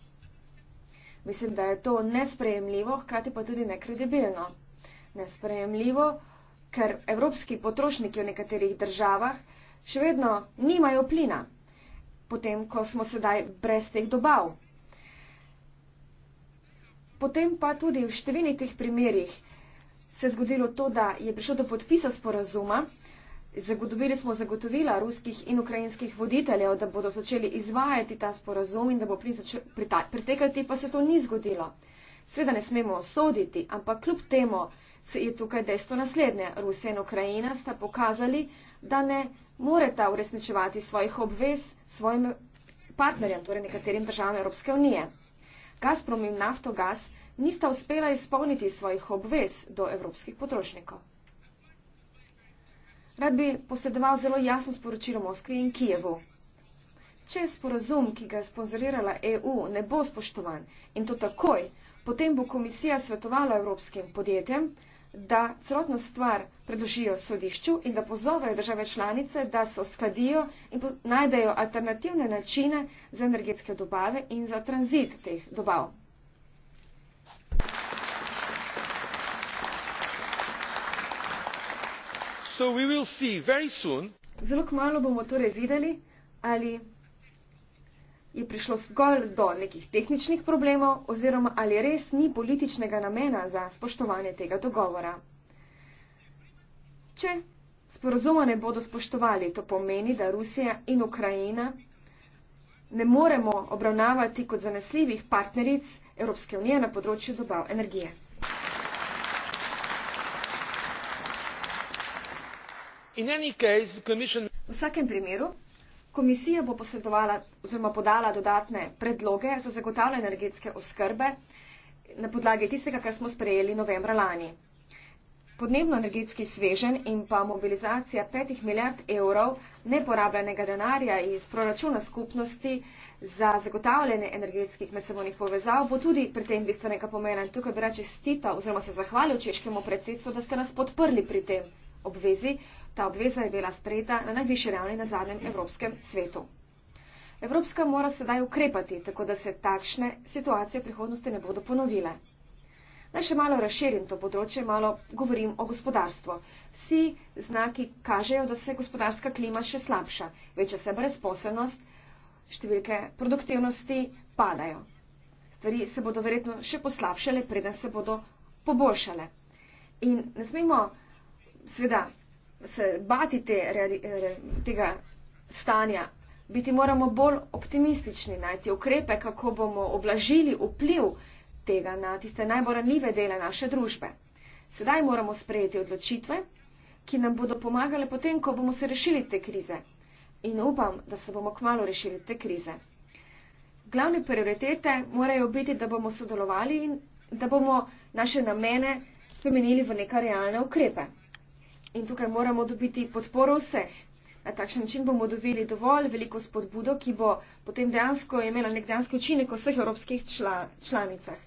Mislim, da je to nesprejemljivo, hkrati pa tudi nekredibilno. Nesprejemljivo, ker evropski potrošniki v nekaterih državah še vedno nimajo plina, potem ko smo sedaj brez teh dobav. Potem pa tudi v številnih teh primerjih se je zgodilo to, da je prišlo do podpisa sporazuma, zagotovili smo zagotovila ruskih in ukrajinskih voditeljev, da bodo začeli izvajati ta sporazum in da bo plin začel pritekati, pa se to ni zgodilo. Sveda ne smemo osoditi, ampak kljub temu, se je tukaj dejstvo naslednje. Rusija in Ukrajina sta pokazali, da ne moreta uresničevati svojih obvez svojim partnerjem, torej nekaterim državam Evropske unije. Gazprom in Naftogaz nista uspela izpolniti svojih obvez do evropskih potrošnikov. Rad bi posedoval zelo jasno sporočilo Moskvi in Kijevu. Če sporozum, ki ga je sponzorirala EU, ne bo spoštovan in to takoj, potem bo komisija svetovala evropskim podjetjem, da celotno stvar predložijo sodišču in da pozovejo države članice, da se uskladijo in najdejo alternativne načine za energetske dobave in za tranzit teh dobav. Zelo kmalo bomo torej videli, ali je prišlo zgolj do nekih tehničnih problemov oziroma ali res ni političnega namena za spoštovanje tega dogovora. Če sporozuma ne bodo spoštovali, to pomeni, da Rusija in Ukrajina ne moremo obravnavati kot zanesljivih partneric Evropske unije na področju dobav energije. Case, commission... V vsakem primeru Komisija bo posredovala oziroma podala dodatne predloge za zagotavljanje energetske oskrbe na podlagi tistega, kar smo sprejeli novembra lani. Podnebno-energetski svežen in pa mobilizacija 5 milijard evrov neporabljenega denarja iz proračuna skupnosti za zagotavljanje energetskih medsebojnih povezav bo tudi pri tem bistvenega pomena. In tukaj bi rad čestital oziroma se zahvalil češkemu predsedstvu, da ste nas podprli pri tem obvezi, Ta obveza je bila sprejeta na najvišji ravni na zadnjem Evropskem svetu. Evropska mora sedaj ukrepati, tako da se takšne situacije v prihodnosti ne bodo ponovile. Naj še malo razširim to področje, malo govorim o gospodarstvu. Vsi znaki kažejo, da se gospodarska klima še slabša, večja se brezposelnost, številke produktivnosti padajo. Stvari se bodo verjetno še poslabšale, preden se bodo poboljšale. In ne smemo, sveda, se bati te, re, re, tega stanja, biti moramo bolj optimistični, najti ukrepe, kako bomo oblažili vpliv tega na tiste najboranljive dele naše družbe. Sedaj moramo sprejeti odločitve, ki nam bodo pomagale potem, ko bomo se rešili te krize. In upam, da se bomo kmalo rešili te krize. Glavne prioritete morajo biti, da bomo sodelovali in da bomo naše namene spremenili v neka realne ukrepe in tukaj moramo dobiti podporo vseh. Na takšen način bomo dobili dovolj veliko spodbudo, ki bo potem dejansko imela nek dejansko učinek v vseh evropskih čla, članicah.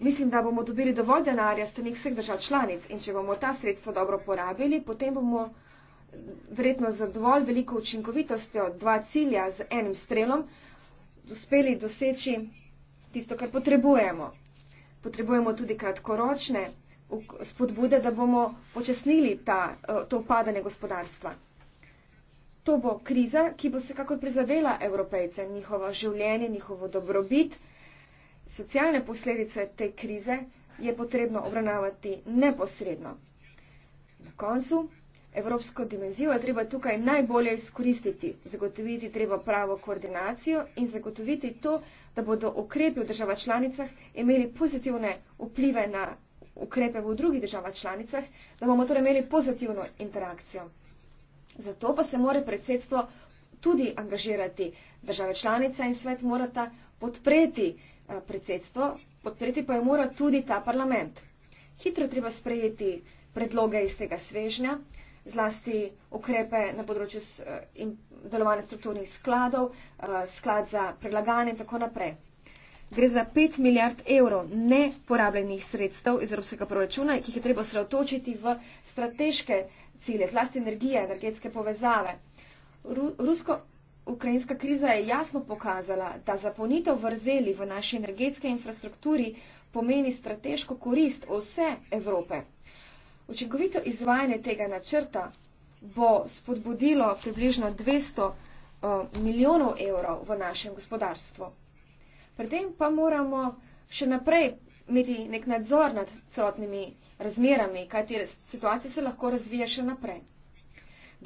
Mislim, da bomo dobili dovolj denarja strani vseh držav članic in če bomo ta sredstva dobro porabili, potem bomo eh, verjetno z dovolj veliko učinkovitostjo dva cilja z enim strelom uspeli doseči tisto, kar potrebujemo. Potrebujemo tudi kratkoročne spodbude, da bomo počasnili ta, eh, to upadanje gospodarstva. To bo kriza, ki bo vsekakor prizadela evropejce, njihovo življenje, njihovo dobrobit. Socialne posledice te krize je potrebno obravnavati neposredno. Na koncu, evropsko dimenzijo je treba tukaj najbolje izkoristiti, zagotoviti treba pravo koordinacijo in zagotoviti to, da bodo ukrepi v država članicah imeli pozitivne vplive na ukrepe v drugih državah članicah, da bomo torej imeli pozitivno interakcijo. Zato pa se mora predsedstvo tudi angažirati. Države članica in svet morata podpreti eh, predsedstvo, podpreti pa jo mora tudi ta parlament. Hitro treba sprejeti predloge iz tega svežnja, zlasti ukrepe na področju eh, delovanja strukturnih skladov, eh, sklad za prilagajanje in tako naprej. Gre za 5 milijard evrov neporabljenih sredstev iz evropskega proračuna, ki jih je treba sreotočiti v strateške cilje, zlasti energije, energetske povezave. Ru Rusko-ukrajinska kriza je jasno pokazala, da zaponitev vrzeli v naši energetske infrastrukturi pomeni strateško korist vse Evrope. Učinkovito izvajanje tega načrta bo spodbudilo približno 200 uh, eh, milijonov evrov v našem gospodarstvu. Predtem pa moramo še naprej imeti nek nadzor nad celotnimi razmerami, kajti situacija se lahko razvija še naprej.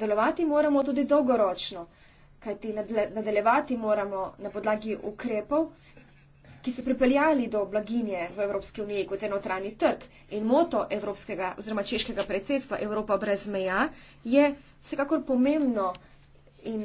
Delovati moramo tudi dolgoročno, kajti nadaljevati moramo na podlagi ukrepov, ki so pripeljali do blaginje v Evropski uniji kot enotrani trg. In moto Evropskega oziroma Češkega predsedstva Evropa brez meja je vsekakor pomembno in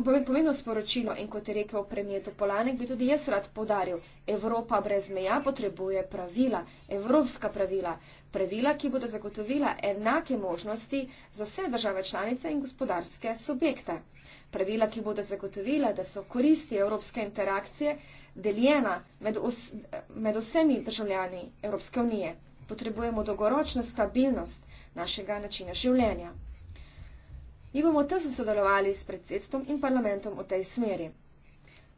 pomembno sporočilo in kot je rekel premijer Topolanek, bi tudi jaz rad podaril, Evropa brez meja potrebuje pravila, evropska pravila, pravila, ki bodo zagotovila enake možnosti za vse države članice in gospodarske subjekte. Pravila, ki bodo zagotovila, da so koristi evropske interakcije deljena med, os, med vsemi državljani Evropske unije. Potrebujemo dolgoročno stabilnost našega načina življenja. Mi bomo tesno sodelovali s predsedstvom in parlamentom v tej smeri.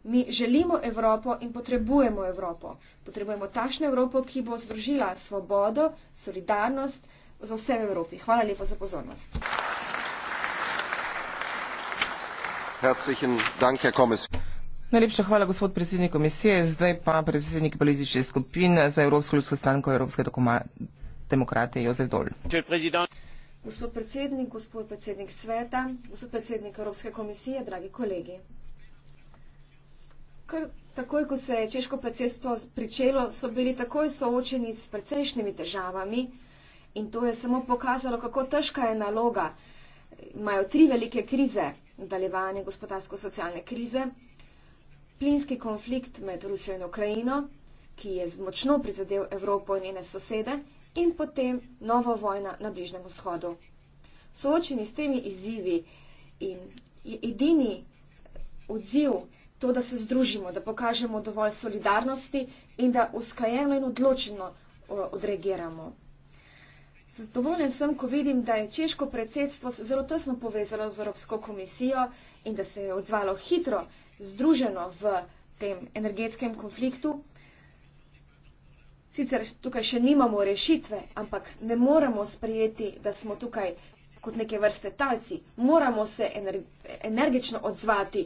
Mi želimo Evropo in potrebujemo Evropo. Potrebujemo takšno Evropo, ki bo združila svobodo, solidarnost za vse v Evropi. Hvala lepa za pozornost. Najlepša hvala, gospod predsednik komisije. Zdaj pa predsednik politične skupine za Evropsko ljudsko stranko Evropske demokrate Jozef Dol. Gospod predsednik, gospod predsednik sveta, gospod predsednik Evropske komisije, dragi kolegi. Kar takoj, ko se je češko predsedstvo pričelo, so bili takoj soočeni s precejšnjimi težavami in to je samo pokazalo, kako težka je naloga. Imajo tri velike krize, daljevanje gospodarsko-socialne krize, plinski konflikt med Rusijo in Ukrajino, ki je močno prizadel Evropo in njene sosede, in potem nova vojna na Bližnem vzhodu. Soočeni s temi izzivi in je edini odziv to, da se združimo, da pokažemo dovolj solidarnosti in da uskajeno in odločeno odreagiramo. Zadovoljen sem, ko vidim, da je češko predsedstvo se zelo tesno povezalo z Evropsko komisijo in da se je odzvalo hitro, združeno v tem energetskem konfliktu, Sicer tukaj še nimamo rešitve, ampak ne moremo sprijeti, da smo tukaj kot neke vrste talci. Moramo se energično odzvati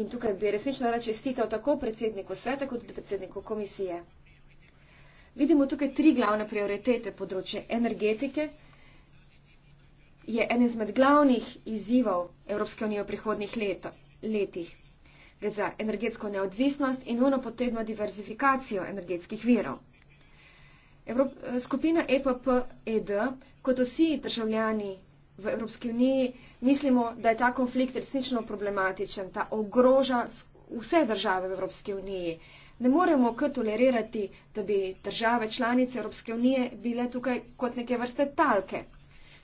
in tukaj bi resnično rad čestitev tako predsedniku sveta kot predsedniku komisije. Vidimo tukaj tri glavne prioritete področje energetike. Je en izmed glavnih izzivov Evropske unije v prihodnih leto, letih. Gre za energetsko neodvisnost in unopotrebno diverzifikacijo energetskih virov. Skupina EPPED, kot vsi državljani v Evropski uniji, mislimo, da je ta konflikt resnično problematičen, ta ogroža vse države v Evropski uniji. Ne moremo kar tolerirati, da bi države članice Evropske unije bile tukaj kot neke vrste talke.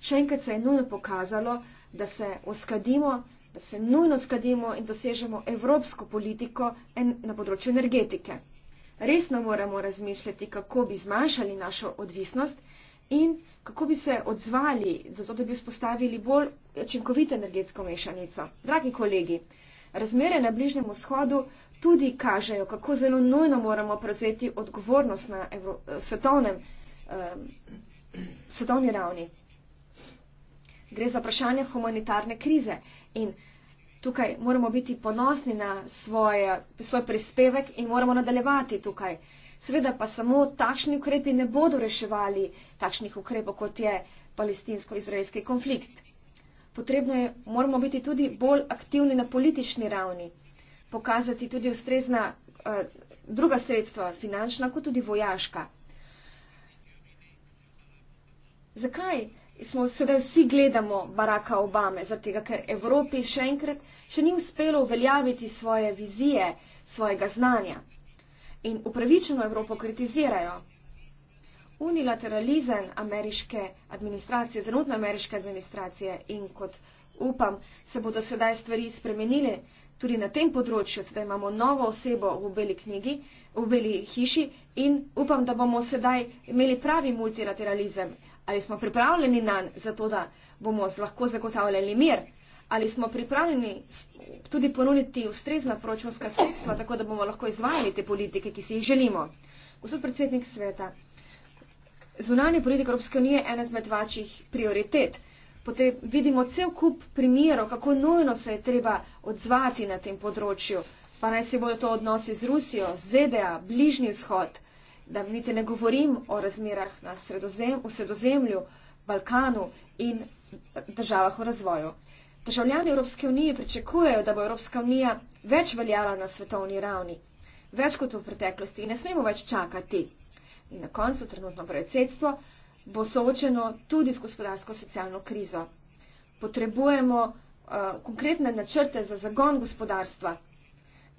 Še enkrat se je nujno pokazalo, da se oskadimo, da se nujno skadimo in dosežemo evropsko politiko na področju energetike resno moramo razmišljati, kako bi zmanjšali našo odvisnost in kako bi se odzvali, zato da bi vzpostavili bolj učinkovito energetsko mešanico. Dragi kolegi, razmere na Bližnjem vzhodu tudi kažejo, kako zelo nujno moramo prevzeti odgovornost na evro, svetovnem, eh, svetovni ravni. Gre za vprašanje humanitarne krize in tukaj moramo biti ponosni na svoje, svoj prispevek in moramo nadaljevati tukaj. Seveda pa samo takšni ukrepi ne bodo reševali takšnih ukrepov, kot je palestinsko-izraelski konflikt. Potrebno je, moramo biti tudi bolj aktivni na politični ravni, pokazati tudi ustrezna eh, druga sredstva, finančna, kot tudi vojaška. Zakaj smo sedaj vsi gledamo Baracka Obame? Zato, ker Evropi še enkrat še ni uspelo uveljaviti svoje vizije, svojega znanja. In upravičeno Evropo kritizirajo. Unilateralizem ameriške administracije, zanotno ameriške administracije in kot upam, se bodo sedaj stvari spremenili tudi na tem področju, sedaj imamo novo osebo v beli knjigi, v beli hiši in upam, da bomo sedaj imeli pravi multilateralizem. Ali smo pripravljeni na to, da bomo lahko zagotavljali mir? ali smo pripravljeni tudi ponuditi ustrezna proračunska sredstva, tako da bomo lahko izvajali te politike, ki si jih želimo. Gospod predsednik sveta, zunanje politike Evropske unije je ena izmed vaših prioritet. Potem vidimo cel kup primerov, kako nujno se je treba odzvati na tem področju, pa naj se bodo to odnosi z Rusijo, ZDA, Bližnji vzhod, da vidite, ne govorim o razmerah na sredozem, v sredozemlju, Balkanu in državah v razvoju. Državljani Evropske unije pričakujejo, da bo Evropska unija več veljala na svetovni ravni, več kot v preteklosti in ne smemo več čakati. In na koncu trenutno predsedstvo bo soočeno tudi s gospodarsko-socialno krizo. Potrebujemo uh, konkretne načrte za zagon gospodarstva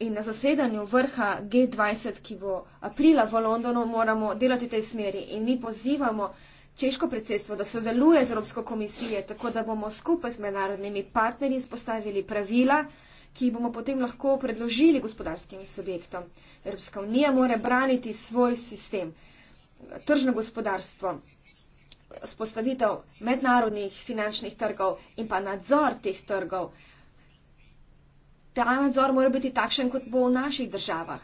in na zasedanju vrha G20, ki bo aprila v Londonu, moramo delati v tej smeri in mi pozivamo češko predsedstvo, da sodeluje z Evropsko komisijo, tako da bomo skupaj z mednarodnimi partnerji spostavili pravila, ki jih bomo potem lahko predložili gospodarskim subjektom. Evropska unija mora braniti svoj sistem, tržno gospodarstvo, spostavitev mednarodnih finančnih trgov in pa nadzor teh trgov. Ta nadzor mora biti takšen, kot bo v naših državah.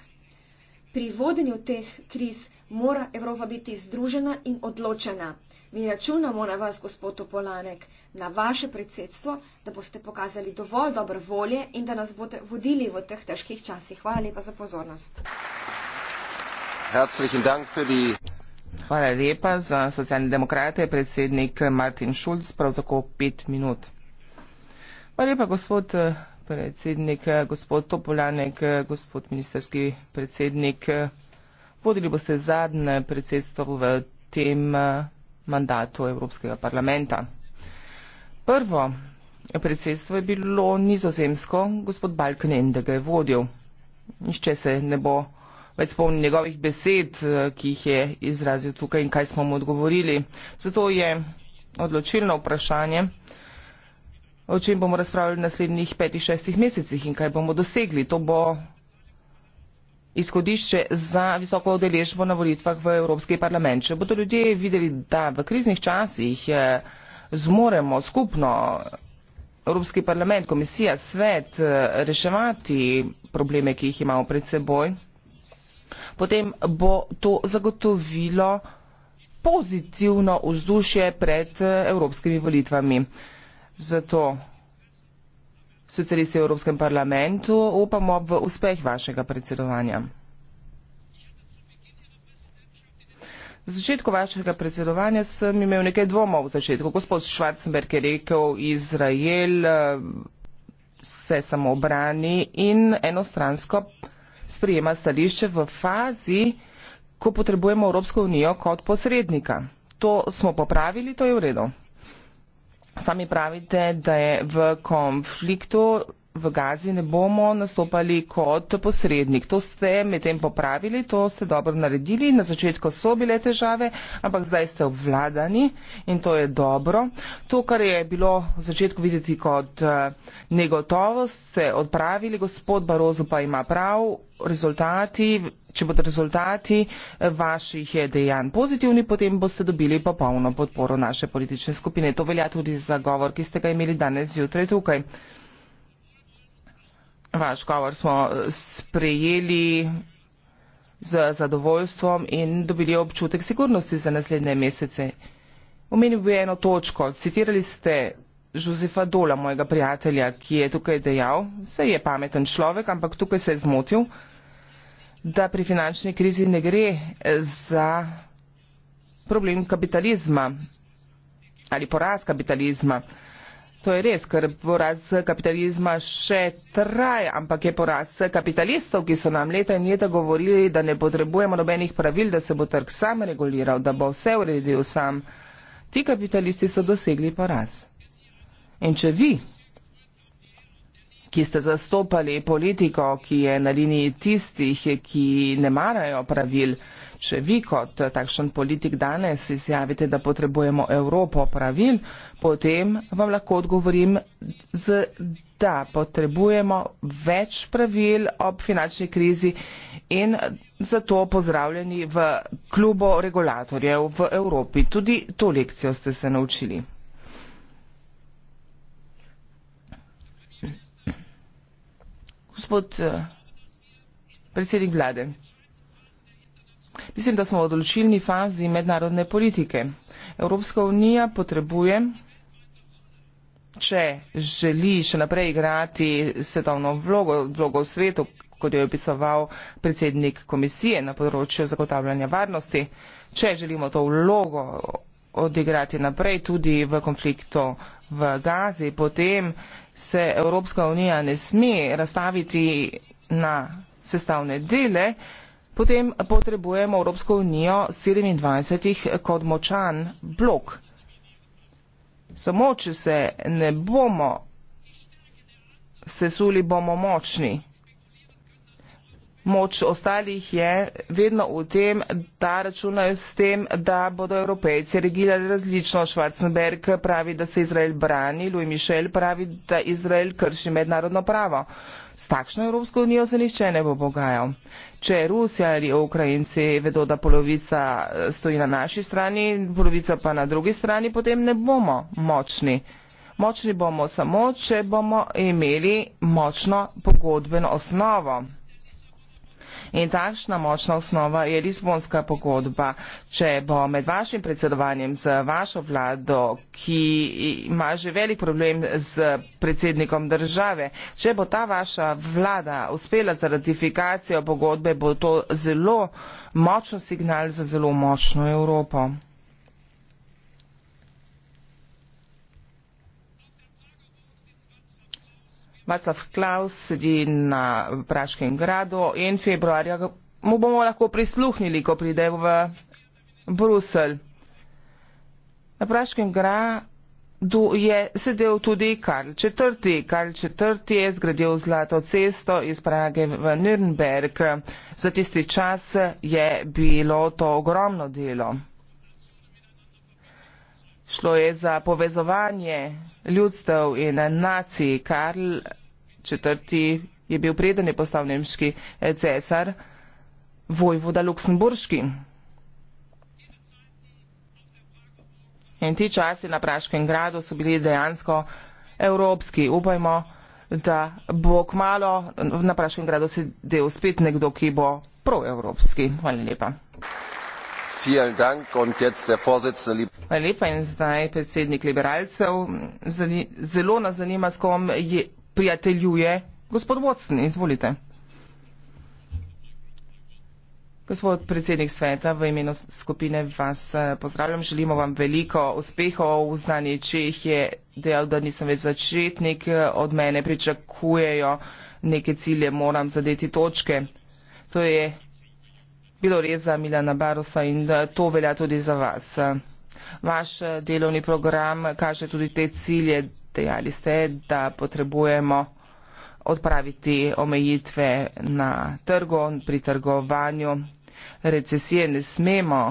Pri vodenju teh kriz mora Evropa biti združena in odločena. Mi računamo na vas, gospod Topolanek, na vaše predsedstvo, da boste pokazali dovolj dobre volje in da nas boste vodili v teh težkih časih. Hvala lepa za pozornost. Hvala lepa za socialne demokrate, predsednik Martin Šulc, prav tako pet minut. Hvala lepa, gospod predsednik, gospod Topolanek, gospod ministerski predsednik. Vodili boste zadnje predsedstvo v tem eh, mandatu Evropskega parlamenta. Prvo predsedstvo je bilo nizozemsko, gospod Balknen, da ga je vodil. Nišče se ne bo več spomnil njegovih besed, eh, ki jih je izrazil tukaj in kaj smo mu odgovorili. Zato je odločilno vprašanje, o čem bomo razpravljali v naslednjih petih, šestih mesecih in kaj bomo dosegli. To bo izhodišče za visoko odeležbo na volitvah v Evropski parlament. Če bodo ljudje videli, da v kriznih časih eh, zmoremo skupno Evropski parlament, komisija, svet eh, reševati probleme, ki jih imamo pred seboj, potem bo to zagotovilo pozitivno vzdušje pred eh, evropskimi volitvami. Zato socialisti v Evropskem parlamentu, upamo v uspeh vašega predsedovanja. V začetku vašega predsedovanja sem imel nekaj dvomov v začetku. Gospod Schwarzenberg je rekel, Izrael eh, se samo obrani in enostransko sprijema stališče v fazi, ko potrebujemo Evropsko unijo kot posrednika. To smo popravili, to je v redu. Sami pravite, da je v konfliktu v Gazi ne bomo nastopali kot posrednik. To ste medtem popravili, to ste dobro naredili. Na začetku so bile težave, ampak zdaj ste obvladani in to je dobro. To, kar je bilo v začetku videti kot eh, negotovost, ste odpravili, gospod Barozo pa ima prav. Rezultati, če bodo rezultati eh, vaših eh, dejanj pozitivni, potem boste dobili popolno podporo naše politične skupine. To velja tudi za govor, ki ste ga imeli danes zjutraj tukaj. Vaš govor smo eh, sprejeli z zadovoljstvom in dobili občutek sigurnosti za naslednje mesece. Omenil bi eno točko. Citirali ste Žozefa Dola, mojega prijatelja, ki je tukaj dejal, se je pameten človek, ampak tukaj se je zmotil, da pri finančni krizi ne gre eh, za problem kapitalizma ali poraz kapitalizma. To je res, ker poraz kapitalizma še traja, ampak je poraz kapitalistov, ki so nam leta in leta govorili, da ne potrebujemo nobenih pravil, da se bo trg sam reguliral, da bo vse uredil sam. Ti kapitalisti so dosegli poraz. In če vi, ki ste zastopali politiko, ki je na liniji tistih, ki ne marajo pravil, Če vi kot eh, takšen politik danes izjavite, da potrebujemo Evropo pravil, potem vam lahko odgovorim z da potrebujemo več pravil ob finančni krizi in zato pozdravljeni v klubo regulatorjev v Evropi. Tudi to lekcijo ste se naučili. Gospod eh, predsednik vlade. Mislim, da smo v odločilni fazi mednarodne politike. Evropska unija potrebuje, če želi še naprej igrati svetovno vlogo, vlogo v svetu, kot jo je opisoval predsednik komisije na področju zagotavljanja varnosti, če želimo to vlogo odigrati naprej tudi v konfliktu v Gazi, potem se Evropska unija ne sme razstaviti na sestavne dele, potem potrebujemo Evropsko unijo sedemindvajset kot močan blok. Samo, če se ne bomo sesuli, bomo močni moč ostalih je vedno v tem, da računajo s tem, da bodo evropejci regirali različno. Schwarzenberg pravi, da se Izrael brani, Louis Michel pravi, da Izrael krši mednarodno pravo. S takšno Evropsko unijo se nihče ne bo bogajal. Če Rusija ali Ukrajinci vedo, da polovica eh, stoji na naši strani, polovica pa na drugi strani, potem ne bomo močni. Močni bomo samo, če bomo imeli močno pogodbeno osnovo. In takšna močna osnova je Lizbonska pogodba. Če bo med vašim predsedovanjem z vašo vlado, ki ima že velik problem z predsednikom države, če bo ta vaša vlada uspela za ratifikacijo pogodbe, bo to zelo močno signal za zelo močno Evropo. Václav Klaus sedi na Praškem gradu in februarja mu bomo lahko prisluhnili, ko pride v Brusel. Na Praškem gradu je sedel tudi Karl IV. Karl IV. je zgradil zlato cesto iz Prage v Nürnberg. Za tisti čas je bilo to ogromno delo. Šlo je za povezovanje ljudstev in nacij. Karl IV. je bil preden je postal nemški eh, cesar, vojvoda Luksemburški. In ti časi na Praškem gradu so bili dejansko evropski. Upajmo, da bo kmalo na Praškem gradu sedel spet nekdo, ki bo proevropski. Hvala lepa lepa in zdaj predsednik liberalcev zelo nas zanima s kom je prijateljuje gospod Watson izvolite gospod predsednik sveta v imenu skupine vas eh, pozdravljam želimo vam veliko uspehov v znanje Čeh je dejal da nisem več začetnik od mene pričakujejo neke cilje moram zadeti točke to je bilo res za Milana Barosa in eh, to velja tudi za vas. Vaš eh, delovni program kaže tudi te cilje, dejali ste, da potrebujemo odpraviti omejitve na trgu, pri trgovanju. Recesije ne smemo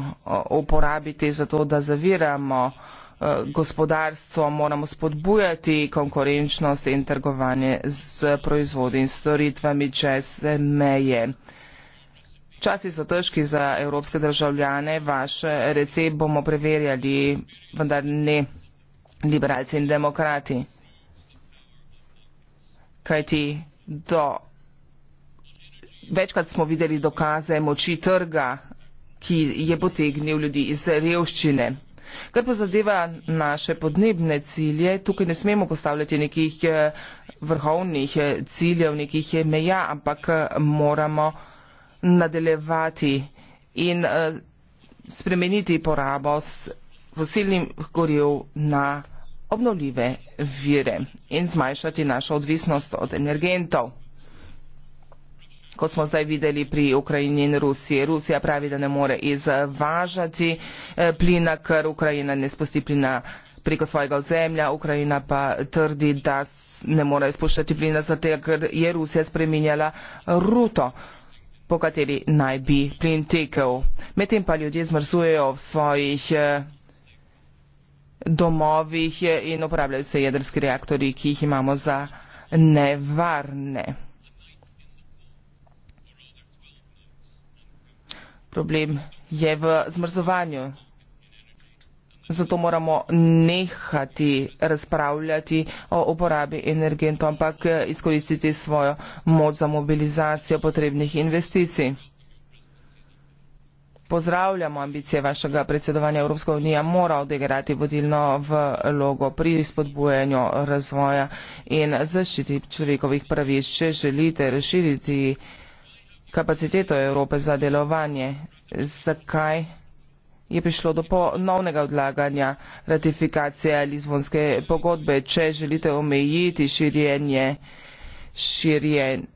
uporabiti za to, da zaviramo eh, gospodarstvo, moramo spodbujati konkurenčnost in trgovanje z proizvodi in storitvami čez meje. Časi so težki za evropske državljane, vaš recept bomo preverjali, vendar ne liberalci in demokrati. Kajti do. Večkrat smo videli dokaze moči trga, ki je potegnil ljudi iz revščine. Kar pa zadeva naše podnebne cilje, tukaj ne smemo postavljati nekih eh, vrhovnih eh, ciljev, nekih eh, meja, ampak moramo nadaljevati in uh, spremeniti porabo fosilnih goriv na obnovljive vire in zmanjšati našo odvisnost od energentov. Kot smo zdaj videli pri Ukrajini in Rusiji, Rusija pravi, da ne more izvažati eh, plina, ker Ukrajina ne spusti plina preko svojega ozemlja, Ukrajina pa trdi, da ne more izpuščati plina, zato ker je Rusija spreminjala ruto po kateri naj bi plin tekel. Medtem pa ljudje zmrzujejo v svojih eh, domovih eh, in uporabljajo se jedrski reaktori, ki jih imamo za nevarne. Problem je v zmrzovanju zato moramo nehati razpravljati o uporabi energentov, ampak eh, izkoristiti svojo moč za mobilizacijo potrebnih investicij. Pozdravljamo ambicije vašega predsedovanja. Evropska unija mora odigrati vodilno vlogo pri spodbujanju razvoja in zaščiti človekovih pravic, če želite razširiti kapaciteto Evrope za delovanje. Zakaj? je prišlo do ponovnega odlaganja ratifikacije Lizbonske pogodbe, če želite omejiti širjenje, širjenje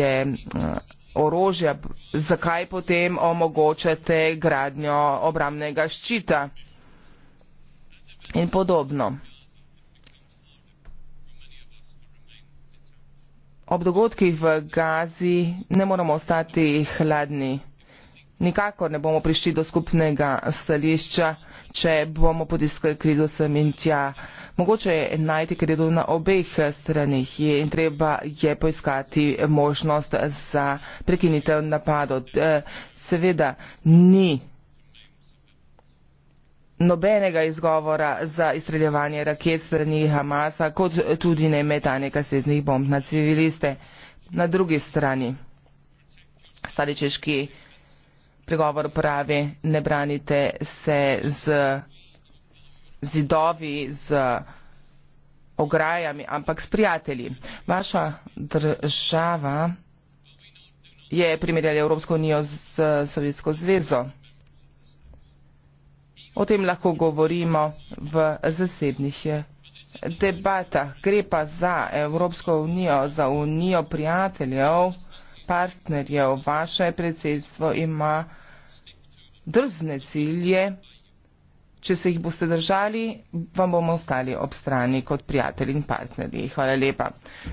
eh, orožja, zakaj potem omogočate gradnjo obramnega ščita in podobno. Ob dogodkih v Gazi ne moramo ostati hladni nikakor ne bomo prišli do skupnega stališča, če bomo potiskali krizo sem in tja. Mogoče je najti krizo na obeh stranih in treba je poiskati možnost za prekinitev napadov. Seveda ni nobenega izgovora za izstreljevanje raket strani Hamasa, kot tudi ne metanje kasetnih bomb na civiliste. Na drugi strani, stari češki pregovor pravi, ne branite se z zidovi, z ograjami, ampak s prijatelji. Vaša država je primerjala Evropsko unijo z Sovjetsko zvezo. O tem lahko govorimo v zasebnih debatah. Gre pa za Evropsko unijo, za unijo prijateljev, partnerjev. Vaše predsedstvo ima drzne cilje, če se jih boste držali, vam bomo ostali ob strani kot prijatelji in partnerji. Hvala lepa.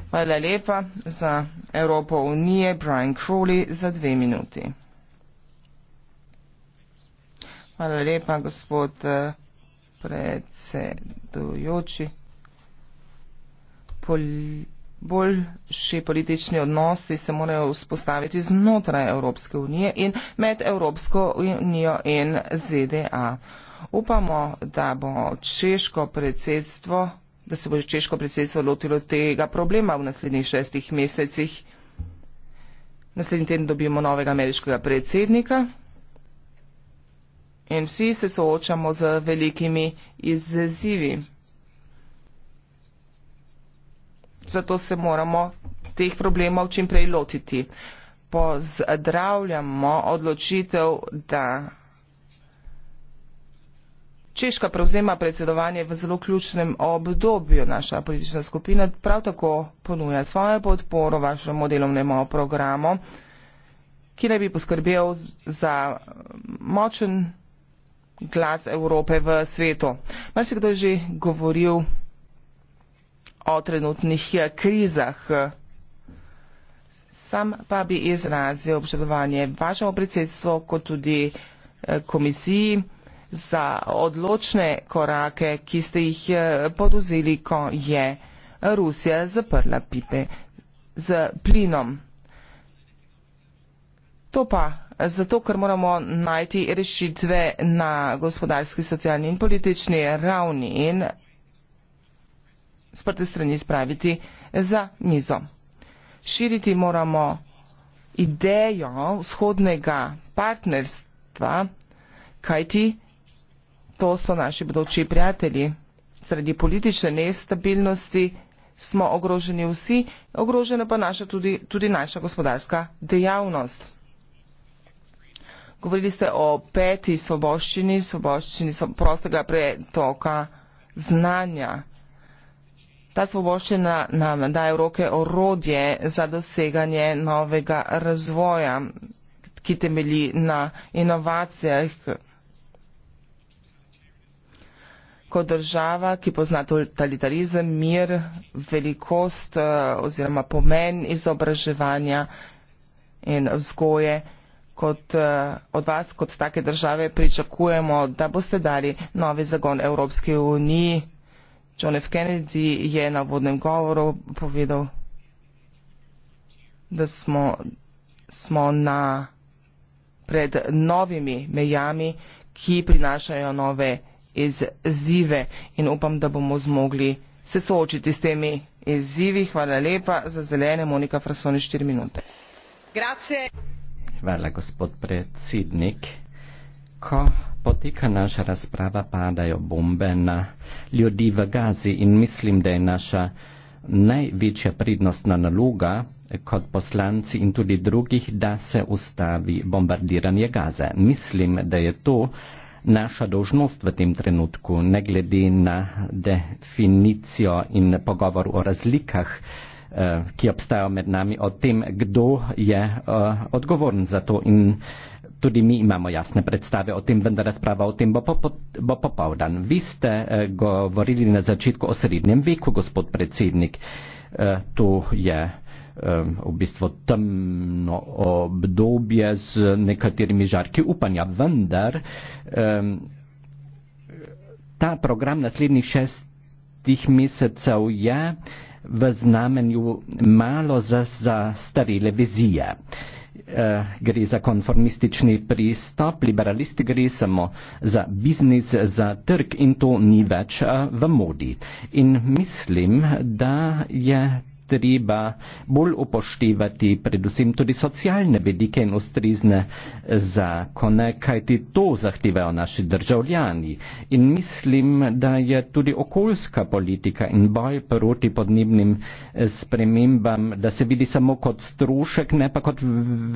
Hvala lepa za Evropo unije, Brian Crowley, za dve minuti. Hvala lepa, gospod eh, predsedujoči. Pol boljši politični odnosi se morajo vzpostaviti znotraj Evropske unije in med Evropsko unijo in ZDA. Upamo, da bo češko predsedstvo da se bo češko predsedstvo lotilo tega problema v naslednjih šestih mesecih. Naslednji teden dobimo novega ameriškega predsednika in vsi se soočamo z velikimi izzivi. zato se moramo teh problemov čim prej lotiti. Pozdravljamo odločitev, da Češka prevzema predsedovanje v zelo ključnem obdobju. Naša politična skupina prav tako ponuja svojo podporo vašemu delovnemu programu, ki naj bi poskrbel za močen glas Evrope v svetu. Marsikdo je že govoril o trenutnih eh, krizah. Sam pa bi izrazil obžalovanje vašemu predsedstvu, kot tudi eh, komisiji za odločne korake, ki ste jih eh, poduzeli, ko je Rusija zaprla pipe z plinom. To pa zato, ker moramo najti rešitve na gospodarski, socialni in politični ravni in sprte strani spraviti za mizo. Širiti moramo idejo vzhodnega partnerstva, kajti to so naši bodoči prijatelji. Zaradi politične nestabilnosti smo ogroženi vsi, ogrožena pa naša tudi, tudi naša gospodarska dejavnost. Govorili ste o peti svoboščini, svoboščini prostega pretoka znanja. Ta svoboščina nam daje v roke orodje za doseganje novega razvoja, ki temelji na inovacijah. Kot država, ki pozna totalitarizem, mir, velikost eh, oziroma pomen izobraževanja in vzgoje, kot eh, od vas, kot take države, pričakujemo, da boste dali novi zagon Evropske unije. John F. Kennedy je na vodnem govoru povedal, da smo, smo na, pred novimi mejami, ki prinašajo nove izzive in upam, da bomo zmogli se soočiti s temi izzivi. Hvala lepa za zelene, Monika Frasoni, 4 minute. Grazie. Hvala, gospod predsednik. Ko poteka naša razprava, padajo bombe na ljudi v Gazi in mislim, da je naša največja prednostna naloga kot poslanci in tudi drugih, da se ustavi bombardiranje Gaze. Mislim, da je to naša dožnost v tem trenutku, ne glede na definicijo in pogovor o razlikah, eh, ki obstajajo med nami, o tem, kdo je eh, odgovoren za to in tudi mi imamo jasne predstave o tem, vendar razprava o tem bo, bo popovdan. Vi ste eh, govorili na začetku o srednjem veku, gospod predsednik. Eh, to je eh, v bistvu temno obdobje z nekaterimi žarki upanja, vendar eh, ta program naslednjih šestih mesecev je v znamenju malo za, za starele vizije. Eh, Eh, gre za konformistični pristop, liberalisti gre samo za biznis, za trg in to ni več eh, v modi. In mislim, da je treba bolj upoštevati predvsem tudi socialne vedike in ustrezne zakone, kajti to zahtevajo naši državljani. In mislim, da je tudi okoljska politika in boj proti podnebnim eh, spremembam, da se vidi samo kot strošek, ne pa kot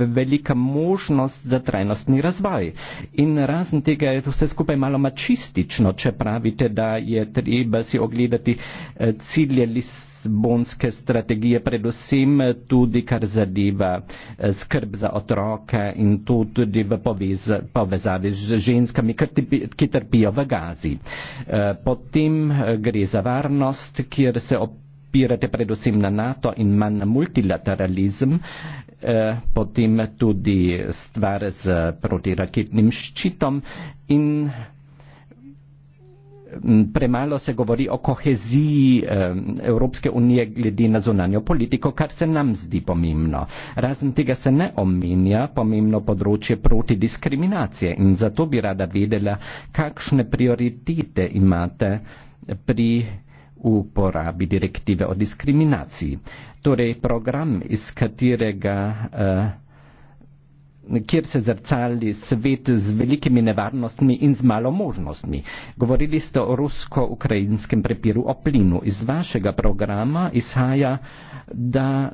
velika možnost za trajnostni razvoj. In razen tega je to vse skupaj malo mačistično, če pravite, da je treba si ogledati eh, cilje list lizbonske strategije, predvsem tudi kar zadeva eh, skrb za otroke in to tudi v povez, povezavi z ženskami, ki trpijo v gazi. Eh, potem eh, gre za varnost, kjer se opirate predvsem na NATO in manj na multilateralizem. Potem tudi stvar z protiraketnim ščitom in premalo se govori o koheziji Evropske unije glede na zunanjo politiko, kar se nam zdi pomembno. Razen tega se ne omenja pomembno področje proti diskriminacije in zato bi rada vedela, kakšne prioritete imate pri uporabi direktive o diskriminaciji. Torej, program, iz katerega uh, kjer se zrcali svet z velikimi nevarnostmi in z malo možnostmi. Govorili ste o rusko-ukrajinskem prepiru o plinu. Iz vašega programa izhaja, da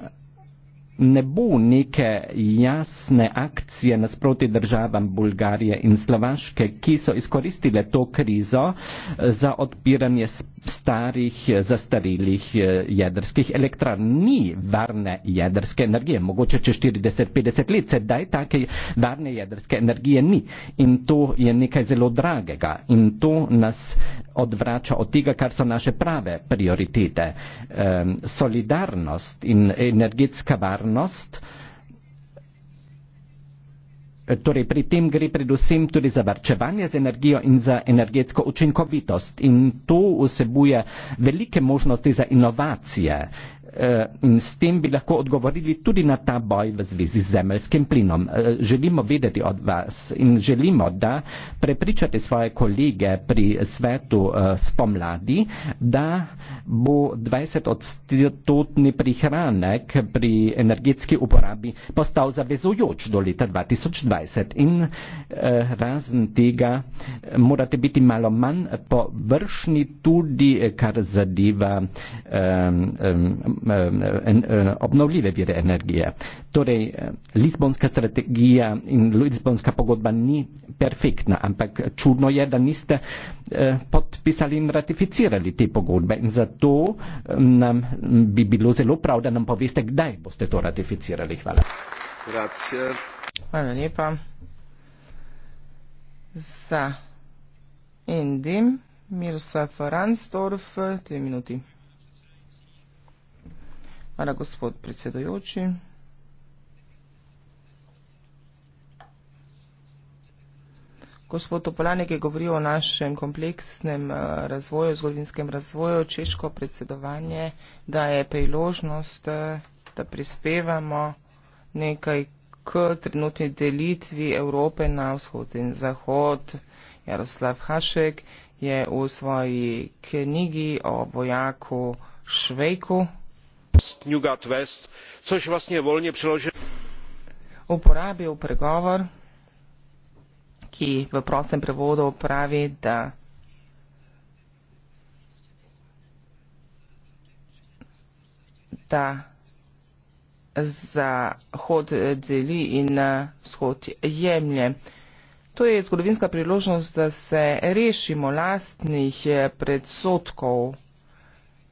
ne bo neke jasne akcije nasproti državam Bulgarije in Slovaške, ki so izkoristile to krizo eh, za odpiranje starih, eh, zastarilih eh, jedrskih elektrarn. Ni varne jedrske energije, mogoče če 40-50 let, sedaj take varne jedrske energije ni. In to je nekaj zelo dragega in to nas odvrača od tega, kar so naše prave prioritete. Solidarnost in energetska varnost, torej pri tem gre predvsem tudi za varčevanje z energijo in za energetsko učinkovitost in to vsebuje velike možnosti za inovacije. Eh, in s tem bi lahko odgovorili tudi na ta boj v zvezi z zemeljskim plinom. Eh, želimo vedeti od vas in želimo, da prepričate svoje kolege pri svetu eh, spomladi, da bo 20 odstotni prihranek pri energetski uporabi postal zavezujoč do leta 2020 in razen tega morate biti malo manj površni tudi, kar zadeva um, um, Eh, en, eh, obnovljive vire energije. Torej, eh, Lizbonska strategija in Lizbonska pogodba ni perfektna, ampak čudno je, da niste podpisali in ratificirali te pogodbe in zato nam bi bilo zelo prav, da nam poveste, kdaj boste to ratificirali. Hvala. Grazie. Hvala lepa. Za Indim, Mirsa Faransdorf, dve minuti. Hvala, gospod predsedojoči. Gospod Topolanek je govoril o našem kompleksnem eh, razvoju, zgodovinskem razvoju. Češko predsedovanje daje priložnost, eh, da prispevamo nekaj k trenutni delitvi Evrope na vzhod in zahod. Jaroslav Hašek je v svoji knjigi o vojaku Švejku west new got west což vlastně volně přeloženo. uporabil pregovor ki v prostem prevodu pravi da da zahod deli in vzhod jemlje. To je zgodovinska priložnost, da se rešimo lastnih predsotkov.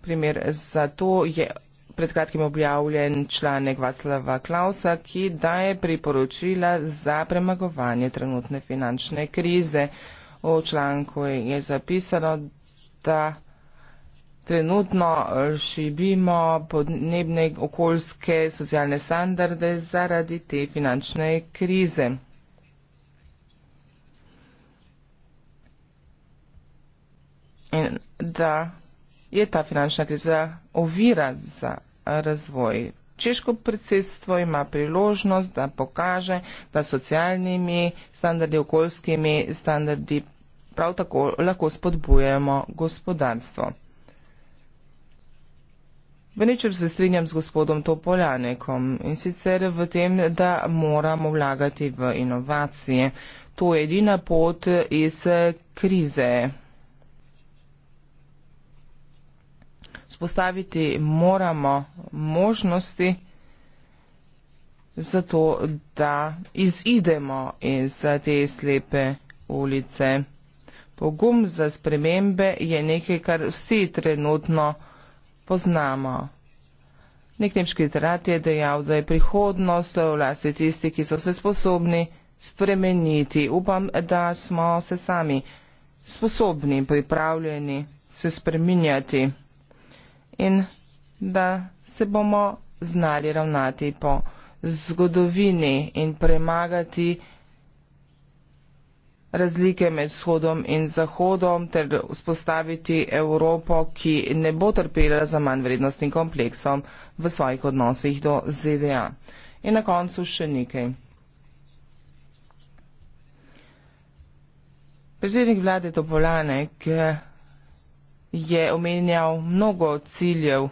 Primer za to je pred kratkim objavljen članek Vaclava Klausa, ki daje priporočila za premagovanje trenutne finančne krize. V članku je zapisano, da trenutno eh, šibimo podnebne okoljske socialne standarde zaradi te finančne krize. In da je ta finančna kriza ovira za razvoj. Češko predsedstvo ima priložnost, da pokaže, da socialnimi standardi, okoljskimi standardi prav tako lahko spodbujemo gospodarstvo. V nečem se strinjam z gospodom Topoljanekom in sicer v tem, da moramo vlagati v inovacije. To je edina pot iz krize. vzpostaviti moramo možnosti za to, da izidemo iz te slepe ulice. Pogum za spremembe je nekaj, kar vsi trenutno poznamo. Nek nemški literat je dejal, da je prihodnost v lasi tisti, ki so se sposobni spremeniti. Upam, da smo se sami sposobni, pripravljeni se spreminjati in da se bomo znali ravnati po zgodovini in premagati razlike med vzhodom in zahodom ter vzpostaviti Evropo, ki ne bo trpela za manj vrednostnim kompleksom v svojih odnosih do ZDA. In na koncu še nekaj. Predsednik vlade Topolanek je omenjal mnogo ciljev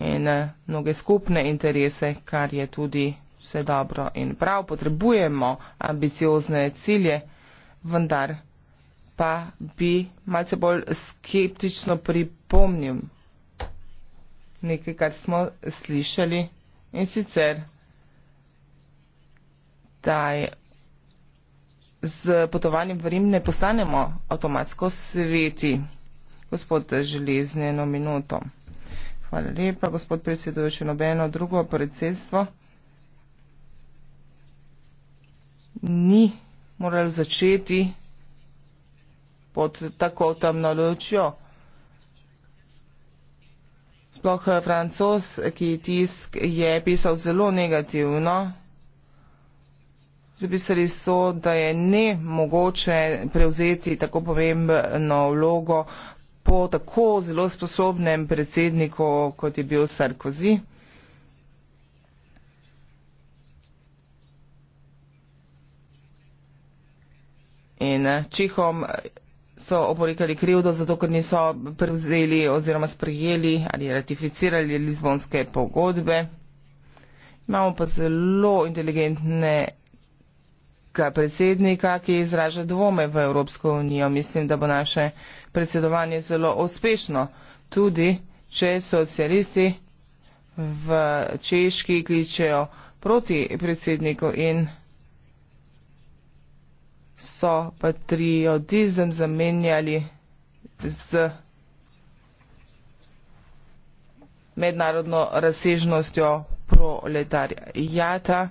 in eh, mnoge skupne interese, kar je tudi vse dobro in prav. Potrebujemo ambiciozne cilje, vendar pa bi malce bolj skeptično pripomnil nekaj, kar smo slišali in sicer, da je z potovanjem v Rim ne postanemo avtomatsko sveti. Gospod železneno minuto. Hvala lepa, gospod predsedujoči, nobeno drugo predsedstvo ni moralo začeti pod tako temno ločjo. Sploh eh, francos, ki tisk je pisal zelo negativno. Zapisali so, da je ne mogoče prevzeti tako pomembno vlogo po tako zelo sposobnem predsedniku, kot je bil Sarkozy. In eh, Čihom so oporekali krivdo, zato ker niso prevzeli oziroma sprejeli ali ratificirali Lizbonske pogodbe. Imamo pa zelo inteligentne predsednika, ki izraža dvome v Evropsko unijo. Mislim, da bo naše predsedovanje zelo uspešno, tudi če socialisti v Češki kličejo proti predsedniku in so patriotizem zamenjali z mednarodno razsežnostjo proletarjata,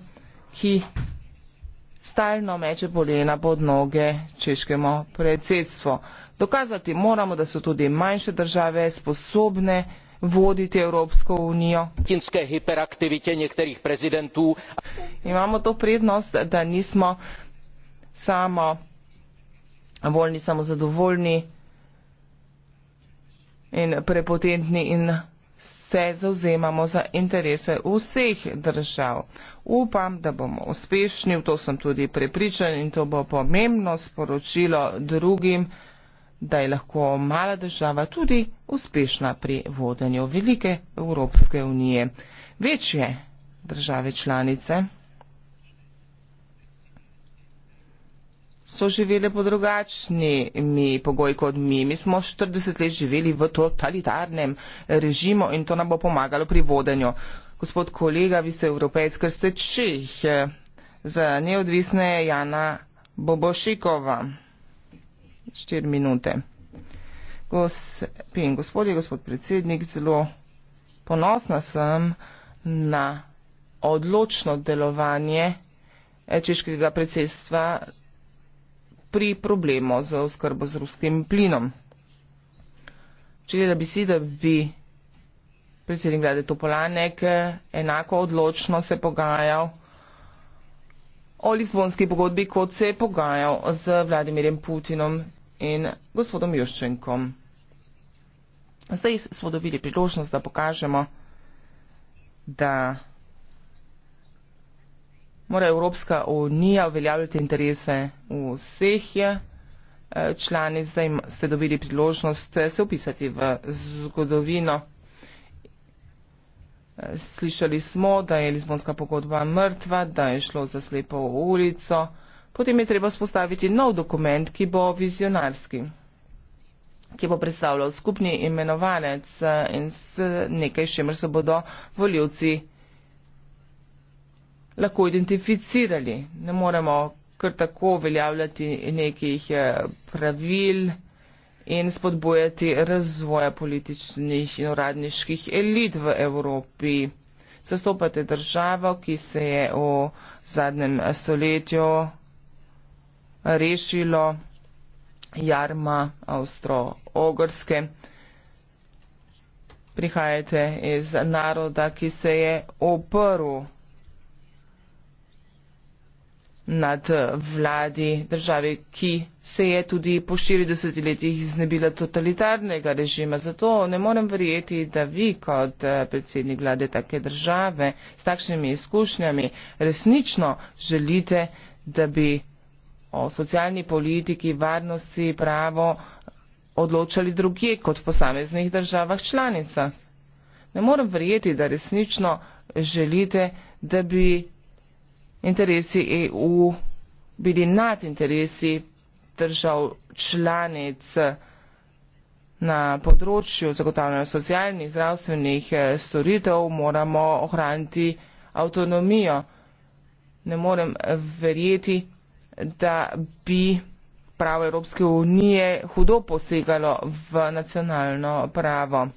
ki stalno meče polena pod noge češkemu predsedstvu. Dokazati moramo, da so tudi manjše države sposobne voditi Evropsko unijo. Imamo to prednost, da nismo samo voljni, samo zadovoljni in prepotentni in se zauzemamo za interese vseh držav. Upam, da bomo uspešni, v to sem tudi prepričan in to bo pomembno sporočilo drugim, da je lahko mala država tudi uspešna pri vodenju velike Evropske unije. Večje države članice. so živele pod drugačnimi pogoji kot mi. Mi smo 40 let živeli v totalitarnem režimu in to nam bo pomagalo pri vodenju. Gospod kolega, vi ste evropejc, ker ste čih za neodvisne Jana Bobošikova. Štir minute. Gospin, gospodje, gospod predsednik, zelo ponosna sem na odločno delovanje eh, češkega predsedstva pri problemu z oskrbo z ruskim plinom. Želela bi si, da bi predsednik vlade Topolanek enako odločno se pogajal o Lizbonski pogodbi, kot se je pogajal z Vladimirjem Putinom in gospodom Joščenkom. Zdaj smo dobili priložnost, da pokažemo, da mora Evropska unija uveljavljati interese vseh eh, članic, da jim ste dobili priložnost eh, se upisati v zgodovino. Eh, slišali smo, da je Lizbonska pogodba mrtva, da je šlo za slepo ulico. Potem je treba spostaviti nov dokument, ki bo vizionarski, ki bo predstavljal skupni imenovanec in nekaj, s čimer se bodo voljivci lahko identificirali. Ne moremo kar tako uveljavljati nekih eh, pravil in spodbojati razvoja političnih in uradniških elit v Evropi. Zastopate državo, ki se je v zadnjem stoletju rešilo jarma Avstro-Ogrske. Prihajate iz naroda, ki se je oprl nad eh, vladi države, ki se je tudi po 40 letih znebila totalitarnega režima. Zato ne morem verjeti, da vi kot eh, predsednik vlade take države s takšnimi izkušnjami resnično želite, da bi o socialni politiki, varnosti, pravo odločali druge kot v posameznih državah članicah. Ne morem verjeti, da resnično želite, da bi interesi EU bili nad interesi držav članic na področju zagotavljanja socialnih in zdravstvenih eh, storitev, moramo ohraniti avtonomijo. Ne morem verjeti, da bi pravo Evropske unije hudo posegalo v nacionalno pravo.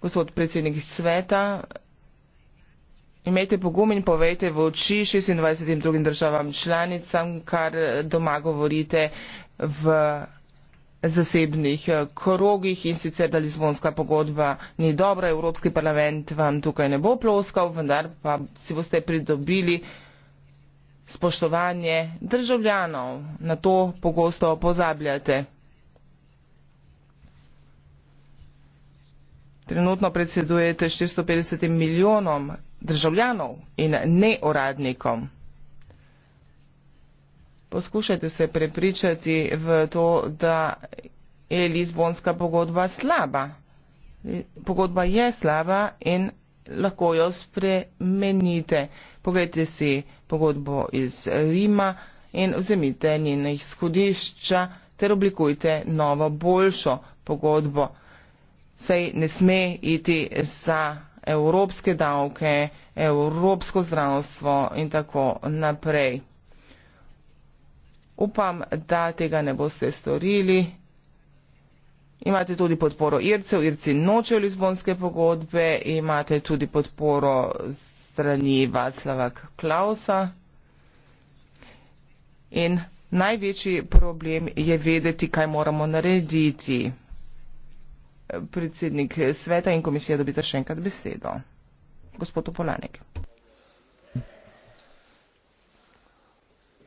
Gospod predsednik sveta, Imejte pogum in povejte v oči 26 drugim državam članicam, kar doma govorite v zasebnih eh, krogih in sicer, da Lizbonska pogodba ni dobra, Evropski parlament vam tukaj ne bo ploskal, vendar pa si boste pridobili spoštovanje državljanov. Na to pogosto pozabljate. Trenutno predsedujete 450 milijonom državljanov in ne uradnikom. Poskušajte se prepričati v to, da je Lizbonska pogodba slaba. Pogodba je slaba in lahko jo spremenite. Poglejte si pogodbo iz Rima in vzemite njene izhodišča ter oblikujte novo boljšo pogodbo. Sej ne sme iti za evropske davke, evropsko zdravstvo in tako naprej. Upam, da tega ne boste storili. Imate tudi podporo Ircev, Irci nočejo Lizbonske pogodbe, imate tudi podporo strani Václava Klausa. In največji problem je vedeti, kaj moramo narediti predsednik sveta in komisije dobite še enkrat besedo. Gospod Opolanek.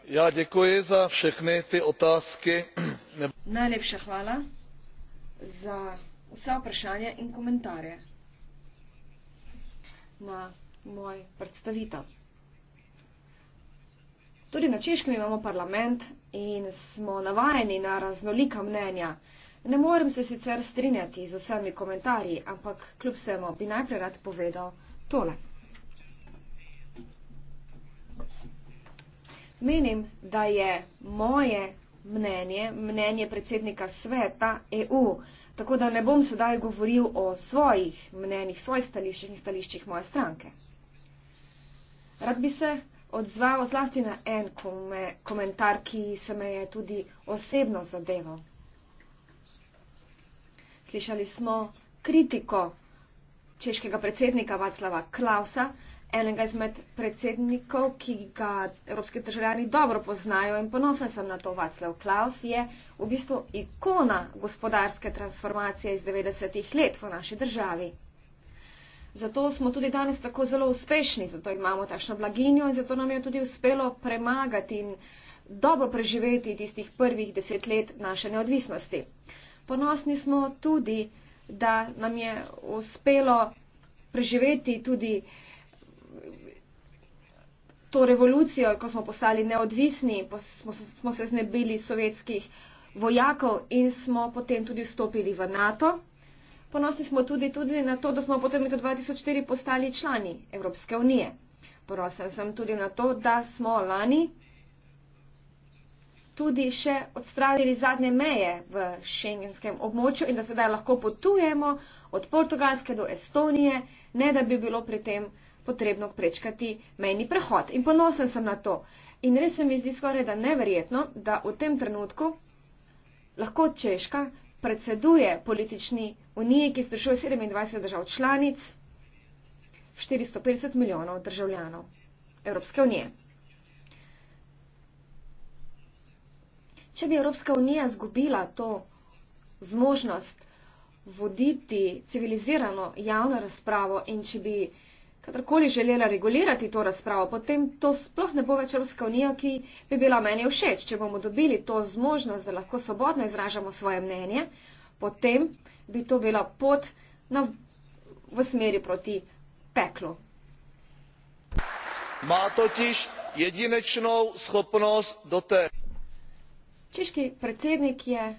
Ja, děkuji za všechny ty otázky. Najlepša hvala za vsa vprašanja in komentarje na moj predstavitev. Tudi na Češkem imamo parlament in smo navajeni na raznolika mnenja. Ne morem se sicer strinjati z vsemi komentarji, ampak kljub vsemu bi najprej rad povedal tole. Menim, da je moje mnenje, mnenje predsednika sveta EU, tako da ne bom sedaj govoril o svojih mnenjih, svojih stališčih in stališčih moje stranke. Rad bi se odzval zlasti na en kome, komentar, ki se me je tudi osebno zadeval. Slišali smo kritiko češkega predsednika Vaclava Klausa, enega izmed predsednikov, ki ga evropski državljani dobro poznajo in ponosen sem na to. Vaclav Klaus je v bistvu ikona gospodarske transformacije iz 90-ih let v naši državi. Zato smo tudi danes tako zelo uspešni, zato imamo takšno blaginjo in zato nam je tudi uspelo premagati in dobro preživeti tistih prvih deset let naše neodvisnosti. Ponosni smo tudi, da nam je uspelo preživeti tudi to revolucijo, ko smo postali neodvisni, smo se znebili sovjetskih vojakov in smo potem tudi vstopili v NATO. Ponosni smo tudi, tudi na to, da smo potem leta 2004 postali člani Evropske unije. Ponosen sem tudi na to, da smo lani tudi še odstranili zadnje meje v šengenskem območju in da sedaj lahko potujemo od Portugalske do Estonije, ne da bi bilo pri tem potrebno prečkati mejni prehod. In ponosen sem na to. In res se mi zdi skoraj da neverjetno, da v tem trenutku lahko Češka predseduje politični uniji, ki združuje 27 držav članic, 450 milijonov državljanov Evropske unije. Če bi Evropska unija zgubila to zmožnost voditi civilizirano javno razpravo in če bi katerkoli želela regulirati to razpravo, potem to sploh ne bo več Evropska unija, ki bi bila meni všeč. Če bomo dobili to zmožnost, da lahko svobodno izražamo svoje mnenje, potem bi to bila pot na, v smeri proti peklu. Má totiž jedinečnou schopnost do té. Češki predsednik je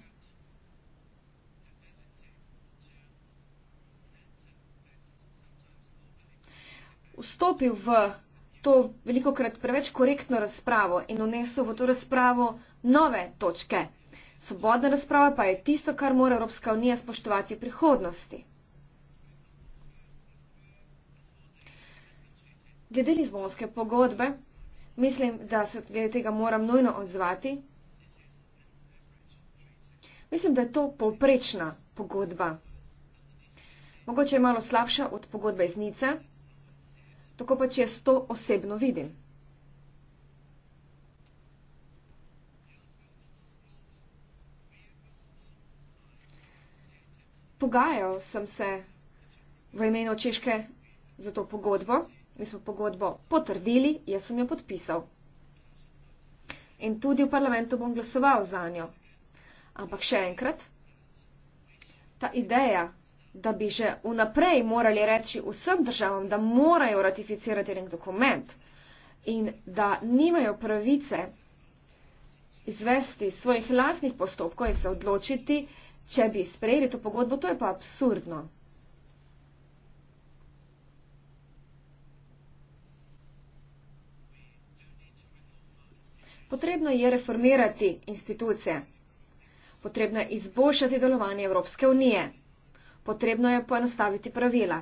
vstopil v to velikokrat preveč korektno razpravo in vnesel v to razpravo nove točke. Svobodna razprava pa je tisto, kar mora Evropska unija spoštovati v prihodnosti. Glede Lizbonske pogodbe, mislim, da se glede tega moram nujno odzvati. Mislim, da je to povprečna pogodba. Mogoče je malo slabša od pogodbe iz Nice, tako pač jaz to osebno vidim. Pogajal sem se v imenu Češke za to pogodbo. Mi smo pogodbo potrdili, jaz sem jo podpisal. In tudi v parlamentu bom glasoval za njo. Ampak še enkrat, ta ideja, da bi že vnaprej morali reči vsem državam, da morajo ratificirati nek dokument in da nimajo pravice izvesti svojih lastnih postopkov in se odločiti, če bi sprejeli to pogodbo, to je pa absurdno. Potrebno je reformirati institucije. Potrebno je izboljšati delovanje Evropske unije. Potrebno je poenostaviti pravila.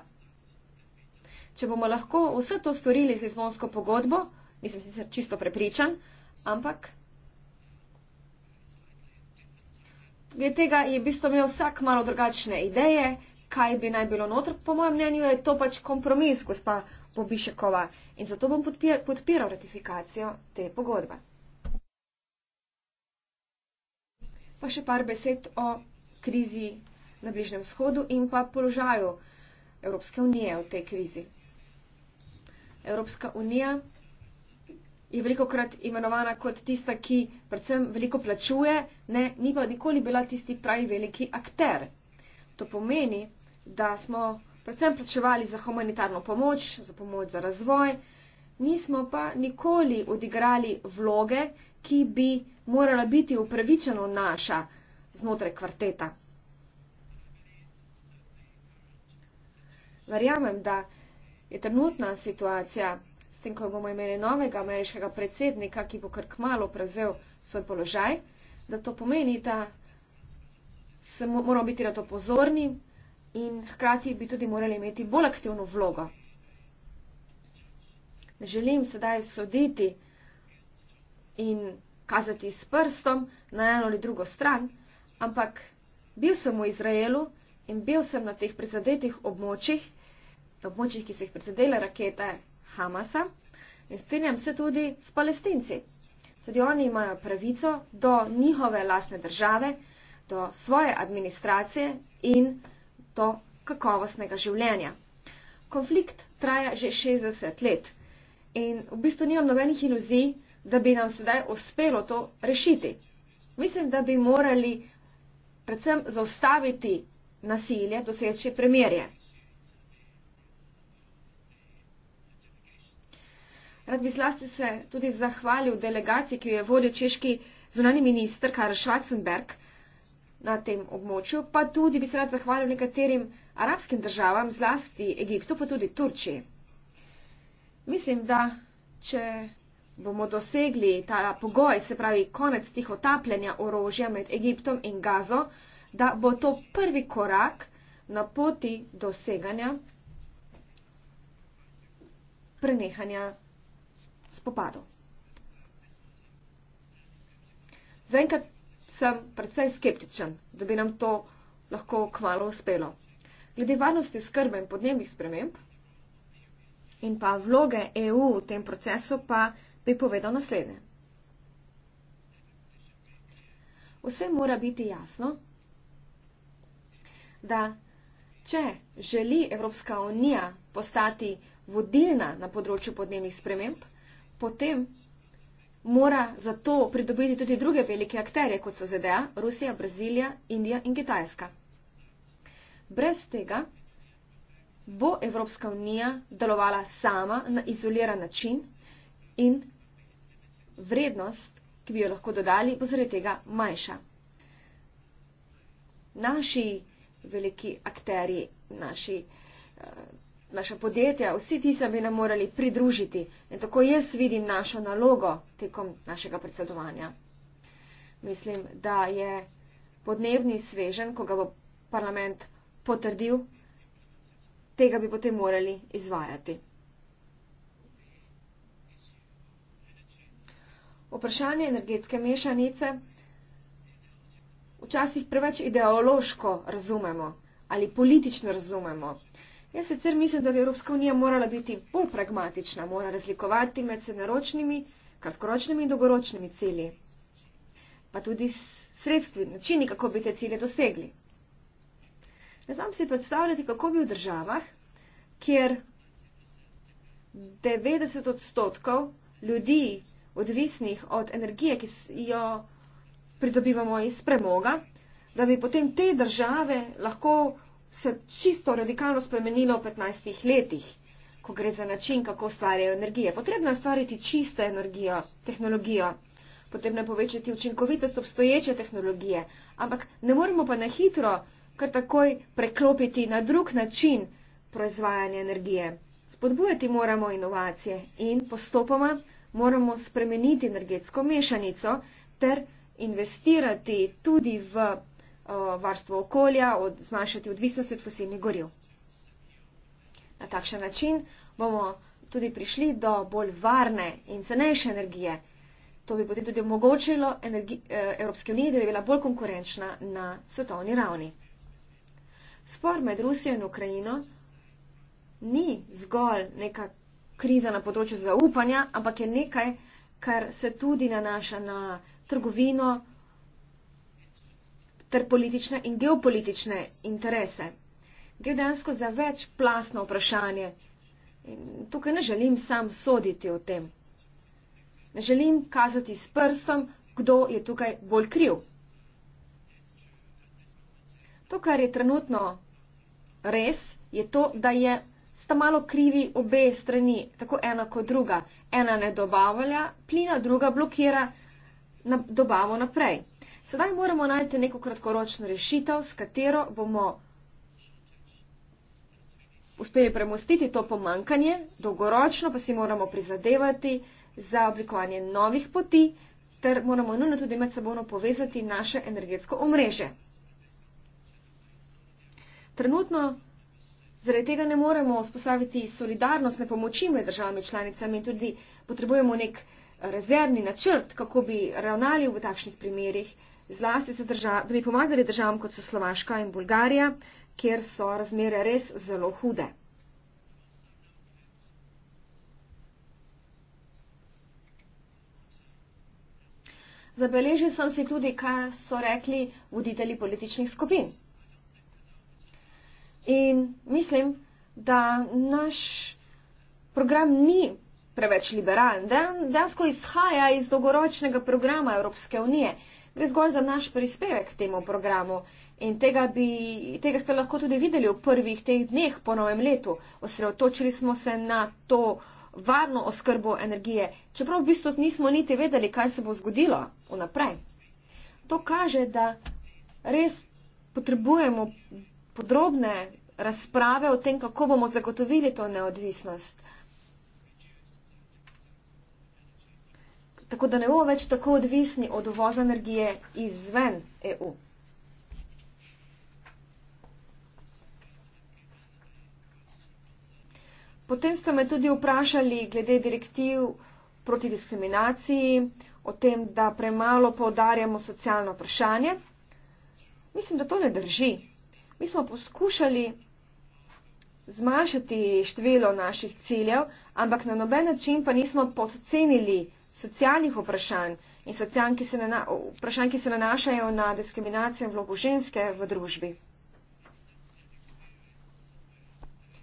Če bomo lahko vse to storili z izvonsko pogodbo, nisem sicer čisto prepričan, ampak je tega je v bistvu imel vsak malo drugačne ideje, kaj bi naj bilo notr. Po mojem mnenju je to pač kompromis, gospa Bobišekova. In zato bom podpiral ratifikacijo te pogodbe. pa še par besed o krizi na Bližnem vzhodu in pa položaju Evropske unije v tej krizi. Evropska unija je veliko krat imenovana kot tista, ki predvsem veliko plačuje, ne, ni pa nikoli bila tisti pravi veliki akter. To pomeni, da smo predvsem plačevali za humanitarno pomoč, za pomoč za razvoj, nismo pa nikoli odigrali vloge, ki bi morala biti upravičeno naša znotraj kvarteta. Verjamem, da je trenutna situacija s tem, ko bomo imeli novega ameriškega predsednika, ki bo kar kmalo prevzel svoj položaj, da to pomeni, da se moramo biti na to pozorni in hkrati bi tudi morali imeti bolj aktivno vlogo. Ne želim sedaj soditi in kazati s prstom na eno ali drugo stran, ampak bil sem v Izraelu in bil sem na teh prizadetih območjih, na območjih, ki so jih prizadele rakete Hamasa in strinjam se tudi s palestinci. Tudi oni imajo pravico do njihove lasne države, do svoje administracije in do kakovostnega življenja. Konflikt traja že 60 let. In v bistvu nimam nobenih iluzij, da bi nam sedaj uspelo to rešiti. Mislim, da bi morali predvsem zaustaviti nasilje, doseči premirje. Rad bi zlasti se tudi zahvalil delegaciji, ki jo je vodil češki zunani minister Karl Schwarzenberg na tem območju, pa tudi bi se rad zahvalil nekaterim arabskim državam, zlasti Egiptu, pa tudi Turčiji. Mislim, da če bomo dosegli ta pogoj, se pravi konec tih otapljanja orožja med Egiptom in Gazo, da bo to prvi korak na poti doseganja prenehanja spopadov. Zaenkrat sem predvsej skeptičen, da bi nam to lahko kmalo uspelo. Glede varnosti skrbe in podnebnih sprememb in pa vloge EU v tem procesu, pa bi povedal naslednje. Vse mora biti jasno, da če želi Evropska unija postati vodilna na področju podnebnih sprememb, potem mora zato pridobiti tudi druge velike akterje, kot so ZDA, Rusija, Brazilija, Indija in Kitajska. Brez tega bo Evropska unija delovala sama na izoliran način in vrednost, ki bi jo lahko dodali, bo zaradi tega manjša. Naši veliki akteri, naši, eh, naša podjetja, vsi ti se bi nam morali pridružiti. In tako jaz vidim našo nalogo tekom našega predsedovanja. Mislim, da je podnebni svežen, ko ga bo parlament potrdil, tega bi potem morali izvajati. Vprašanje energetske mešanice. Včasih preveč ideološko razumemo ali politično razumemo. Jaz sicer mislim, da bi Evropska unija morala biti bolj pragmatična, mora razlikovati med srednjeročnimi, kratkoročnimi in dolgoročnimi cilji, pa tudi sredstvi, načini, kako bi te cilje dosegli. Ne znam si predstavljati, kako bi v državah, kjer 90 odstotkov ljudi odvisnih od energije, ki jo pridobivamo iz premoga, da bi potem te države lahko se čisto radikalno spremenilo v 15 letih, ko gre za način, kako ustvarjajo energije. Potrebno je ustvariti čisto energijo, tehnologijo, potrebno je povečati učinkovitost obstoječe tehnologije, ampak ne moremo pa na hitro kar takoj preklopiti na drug način proizvajanja energije. Spodbujati moramo inovacije in postopoma moramo spremeniti energetsko mešanico ter investirati tudi v o, varstvo okolja, od, zmanjšati odvisnost od fosilnih goril. Na takšen način bomo tudi prišli do bolj varne in cenejše energije. To bi potem tudi omogočilo energi, e, Evropske unije, da bi bila bolj konkurenčna na svetovni ravni spor med Rusijo in Ukrajino ni zgolj neka kriza na področju zaupanja, ampak je nekaj, kar se tudi nanaša na trgovino ter politične in geopolitične interese. Gre dejansko za večplastno vprašanje. In tukaj ne želim sam soditi o tem. Ne želim kazati s prstom, kdo je tukaj bolj kriv. To, kar je trenutno res, je to, da je, sta malo krivi obe strani, tako ena kot druga. Ena ne dobavlja plina, druga blokira na, dobavo naprej. Sedaj moramo najti neko kratkoročno rešitev, s katero bomo uspeli premostiti to pomankanje, dolgoročno pa si moramo prizadevati za oblikovanje novih poti ter moramo nujno tudi med sabo povezati naše energetsko omrežje. Trenutno zaradi tega ne moremo vzpostaviti solidarnostne pomoči med državami članicami in tudi potrebujemo nek eh, rezervni načrt, kako bi ravnali v takšnih primerih, zlasti drža, da bi pomagali državam, kot so Slovaška in Bulgarija, kjer so razmere res zelo hude. Zabeležil sem si tudi, kaj so rekli voditelji političnih skupin. In mislim, da naš program ni preveč liberalen. Dejansko izhaja iz dolgoročnega programa Evropske unije. Gre zgolj za naš prispevek k temu programu in tega, bi, tega ste lahko tudi videli v prvih teh dneh po novem letu. Osredotočili smo se na to varno oskrbo energije, čeprav v bistvu nismo niti vedeli, kaj se bo zgodilo vnaprej. To kaže, da res potrebujemo podrobne razprave o tem, kako bomo zagotovili to neodvisnost. Tako da ne bomo več tako odvisni od uvoza energije izven EU. Potem ste me tudi vprašali glede direktiv proti diskriminaciji, o tem, da premalo poudarjamo socialno vprašanje. Mislim, da to ne drži. Mi smo poskušali zmanjšati število naših ciljev, ampak na noben način pa nismo podcenili socialnih vprašanj in socijan, ki vprašanj, ki se nanašajo na diskriminacijo vlogo ženske v družbi.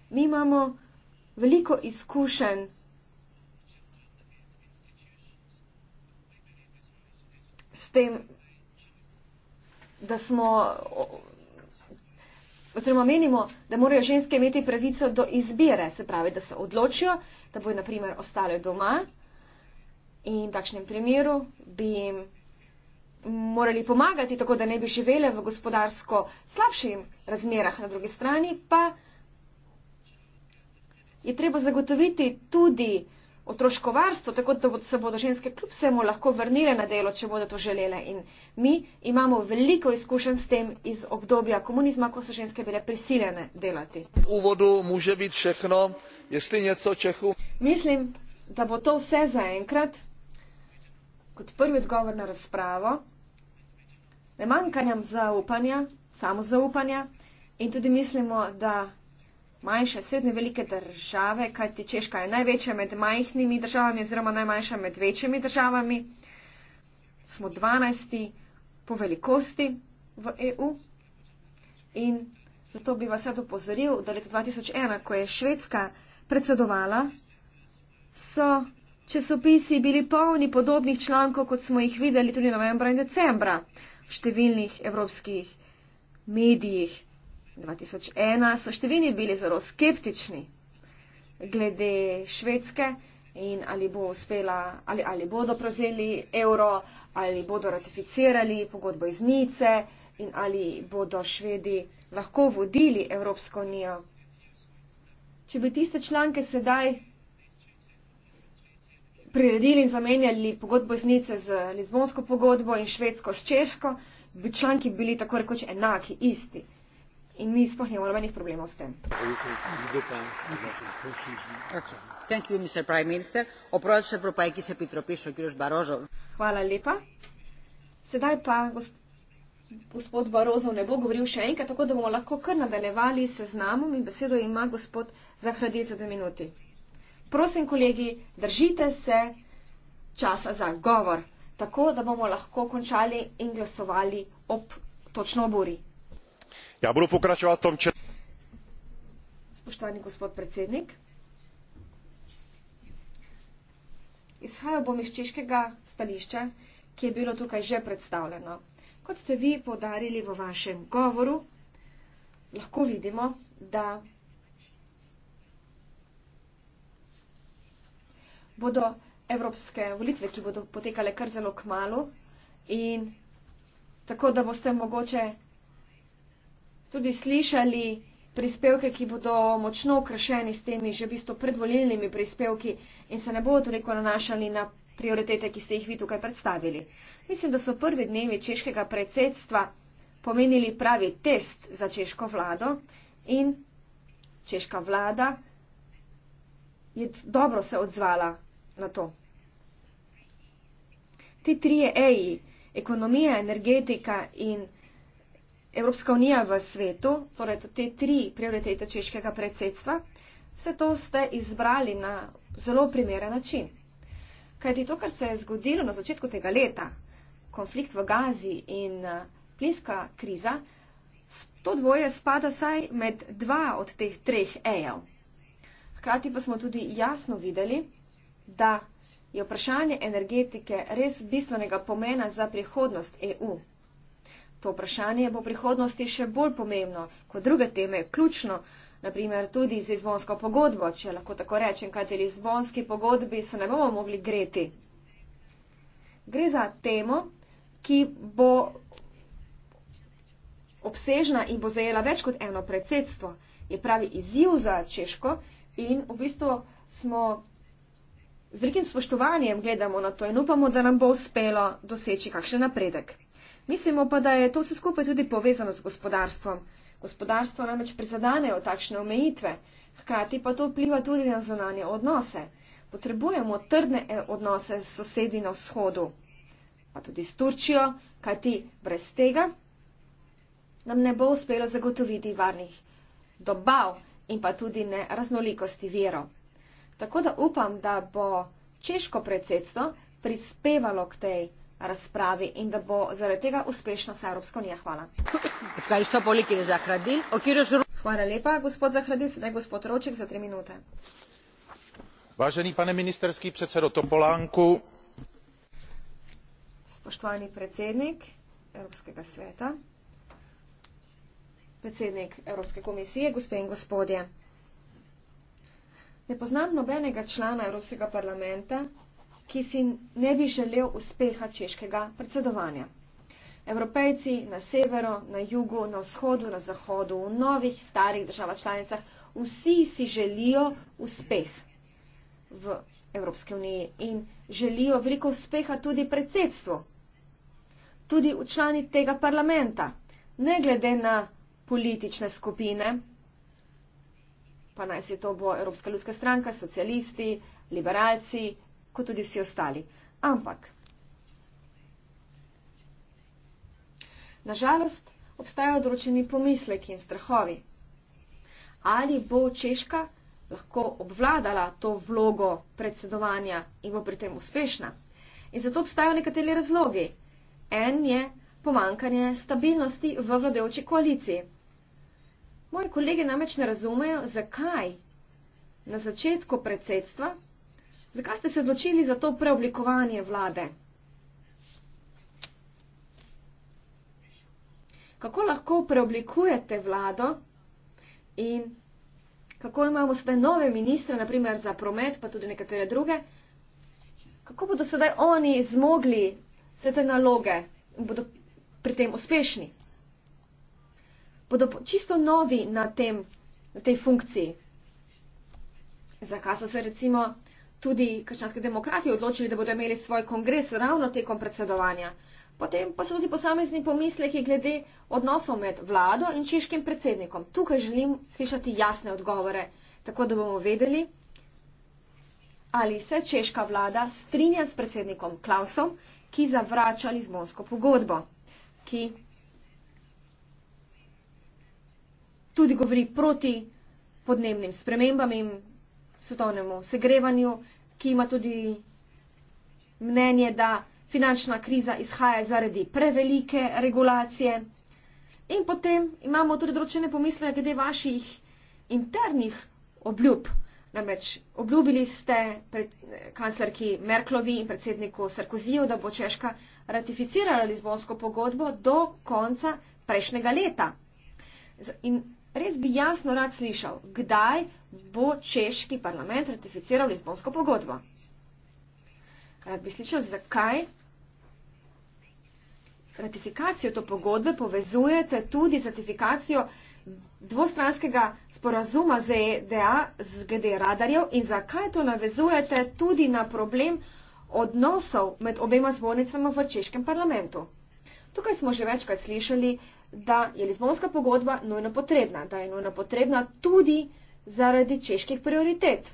Mi imamo veliko izkušenj s tem, da smo oziroma menimo, da morajo ženske imeti pravico do izbire, se pravi, da se odločijo, da bojo naprimer ostale doma in v takšnem primeru bi jim morali pomagati, tako da ne bi živele v gospodarsko slabših razmerah na drugi strani, pa je treba zagotoviti tudi, otroško varstvo, tako da se bodo ženske kljub vsemu lahko vrnile na delo, če bodo to želele. In mi imamo veliko izkušenj s tem iz obdobja komunizma, ko so ženske bile prisiljene delati. V uvodu može biti všechno, jestli nieco Čehu. Mislim, da bo to vse zaenkrat, kot prvi odgovor na razpravo. Ne manjka nam zaupanja, samo zaupanja in tudi mislimo, da manjše srednje velike države, kajti Češka je največja med majhnimi državami oziroma najmanjša med večjimi državami. Smo 12. po velikosti v EU in zato bi vas sedaj upozoril, da leta 2001, ko je Švedska predsedovala, so časopisi bili polni podobnih člankov, kot smo jih videli tudi novembra in decembra v številnih evropskih medijih. 2001 so številni bili zelo skeptični glede Švedske in ali, bo uspela, ali, ali bodo prevzeli evro, ali bodo ratificirali pogodbo iz Nice in ali bodo Švedi lahko vodili Evropsko unijo. Če bi tiste članke sedaj priredili in zamenjali pogodbo iz Nice z Lizbonsko pogodbo in Švedsko s Češko, bi članki bili tako rekoč enaki, isti in mi sploh nimamo nobenih problemov s tem. Hvala lepa. Sedaj pa gospod Barozov ne bo govoril še enkrat, tako da bomo lahko kar nadaljevali se znamom in besedo ima gospod Zahradic za dve minuti. Prosim, kolegi, držite se časa za govor, tako da bomo lahko končali in glasovali ob točno oburi spoštovani gospod predsednik izhajal bom iz češkega stališča ki je bilo tukaj že predstavljeno kot ste vi poudarili v vašem govoru lahko vidimo da bodo evropske volitve ki bodo potekale kar zelo kmalu in tako da boste mogoče tudi slišali prispevke, ki bodo močno okrašeni s temi že v bistvu predvolilnimi prispevki in se ne bodo toliko nanašali na prioritete, ki ste jih vi tukaj predstavili. Mislim, da so prvi dnevi češkega predsedstva pomenili pravi test za češko vlado in češka vlada je dobro se odzvala na to. Ti trije EI, ekonomija, energetika in Evropska unija v svetu, torej te tri prioritete češkega predsedstva, vse to ste izbrali na zelo primeren način. Kajti to, kar se je zgodilo na začetku tega leta, konflikt v Gazi in eh, plinska kriza, to dvoje spada saj med dva od teh treh ejev. Hkrati pa smo tudi jasno videli, da je vprašanje energetike res bistvenega pomena za prihodnost EU. To vprašanje bo v prihodnosti še bolj pomembno kot druge teme, ključno, naprimer tudi z izbonsko pogodbo, če lahko tako rečem, kaj te izbonski pogodbi se ne bomo mogli greti. Gre za temo, ki bo obsežna in bo zajela več kot eno predsedstvo. Je pravi izziv za Češko in v bistvu smo z velikim spoštovanjem gledamo na to in upamo, da nam bo uspelo doseči kakšen napredek. Mislimo pa, da je to vse skupaj tudi povezano z gospodarstvom. Gospodarstvo namreč prizadanejo takšne omejitve, hkrati pa to vpliva tudi na zonanje odnose. Potrebujemo trdne eh, odnose s sosedi na vzhodu, pa tudi s Turčijo, kajti brez tega nam ne bo uspelo zagotoviti varnih dobav in pa tudi ne raznolikosti verov. Tako da upam, da bo češko predsedstvo prispevalo k tej razpravi in da bo zaradi tega uspešna vsa Evropska unija. Hvala. Hvala lepa, gospod Zahradil. Sedaj gospod Roček za tri minute. Vážený pane ministerský předsedo Topolánku. Spoštovani predsednik Evropskega sveta, predsednik Evropske komisije, gospe in gospodje. Ne poznam nobenega člana Evropskega parlamenta, ki si ne bi želel uspeha češkega predsedovanja. Evropejci na severu, na jugu, na vzhodu, na zahodu, v novih, starih državah članicah, vsi si želijo uspeh v Evropske unije in želijo veliko uspeha tudi predsedstvu, tudi v člani tega parlamenta, ne glede na politične skupine, pa naj se to bo Evropska ljudska stranka, socialisti, liberalci, kot tudi vsi ostali. Ampak, nažalost, obstajajo določeni pomisleki in strahovi. Ali bo Češka lahko obvladala to vlogo predsedovanja in bo pri tem uspešna? In zato obstajajo nekateri razlogi. En je pomankanje stabilnosti v vladajoči koaliciji. Moji kolegi namreč ne razumejo, zakaj na začetku predsedstva Zakaj ste se odločili za to preoblikovanje vlade? Kako lahko preoblikujete vlado in kako imamo sedaj nove ministre, naprimer za promet, pa tudi nekatere druge? Kako bodo sedaj oni zmogli vse te naloge in bodo pri tem uspešni? Bodo čisto novi na, tem, na tej funkciji. Zakaj so se recimo tudi krščanske demokrati odločili, da bodo imeli svoj kongres ravno tekom predsedovanja. Potem pa so tudi posamezni pomisleki glede odnosov med vlado in češkim predsednikom. Tukaj želim slišati jasne odgovore, tako da bomo vedeli, ali se češka vlada strinja s predsednikom Klausom, ki zavrača Lizbonsko pogodbo, ki tudi govori proti podnebnim spremembam in svetovnemu segrevanju, ki ima tudi mnenje, da finančna kriza izhaja zaradi prevelike regulacije. In potem imamo tudi določene pomisleke glede vaših internih obljub. Namreč obljubili ste pred kanclerki Merklovi in predsedniku Sarkozijo, da bo Češka ratificirala Lizbonsko pogodbo do konca prejšnjega leta. In res bi jasno rad slišal, kdaj bo češki parlament ratificiral Lizbonsko pogodbo. Rad bi slišal, zakaj ratifikacijo to pogodbe povezujete tudi z ratifikacijo dvostranskega sporazuma ZDA z GD e radarjev in zakaj to navezujete tudi na problem odnosov med obema zvonicama v češkem parlamentu. Tukaj smo že večkrat slišali, da je Lizbonska pogodba nujno potrebna, da je nujno potrebna tudi zaradi čeških prioritet.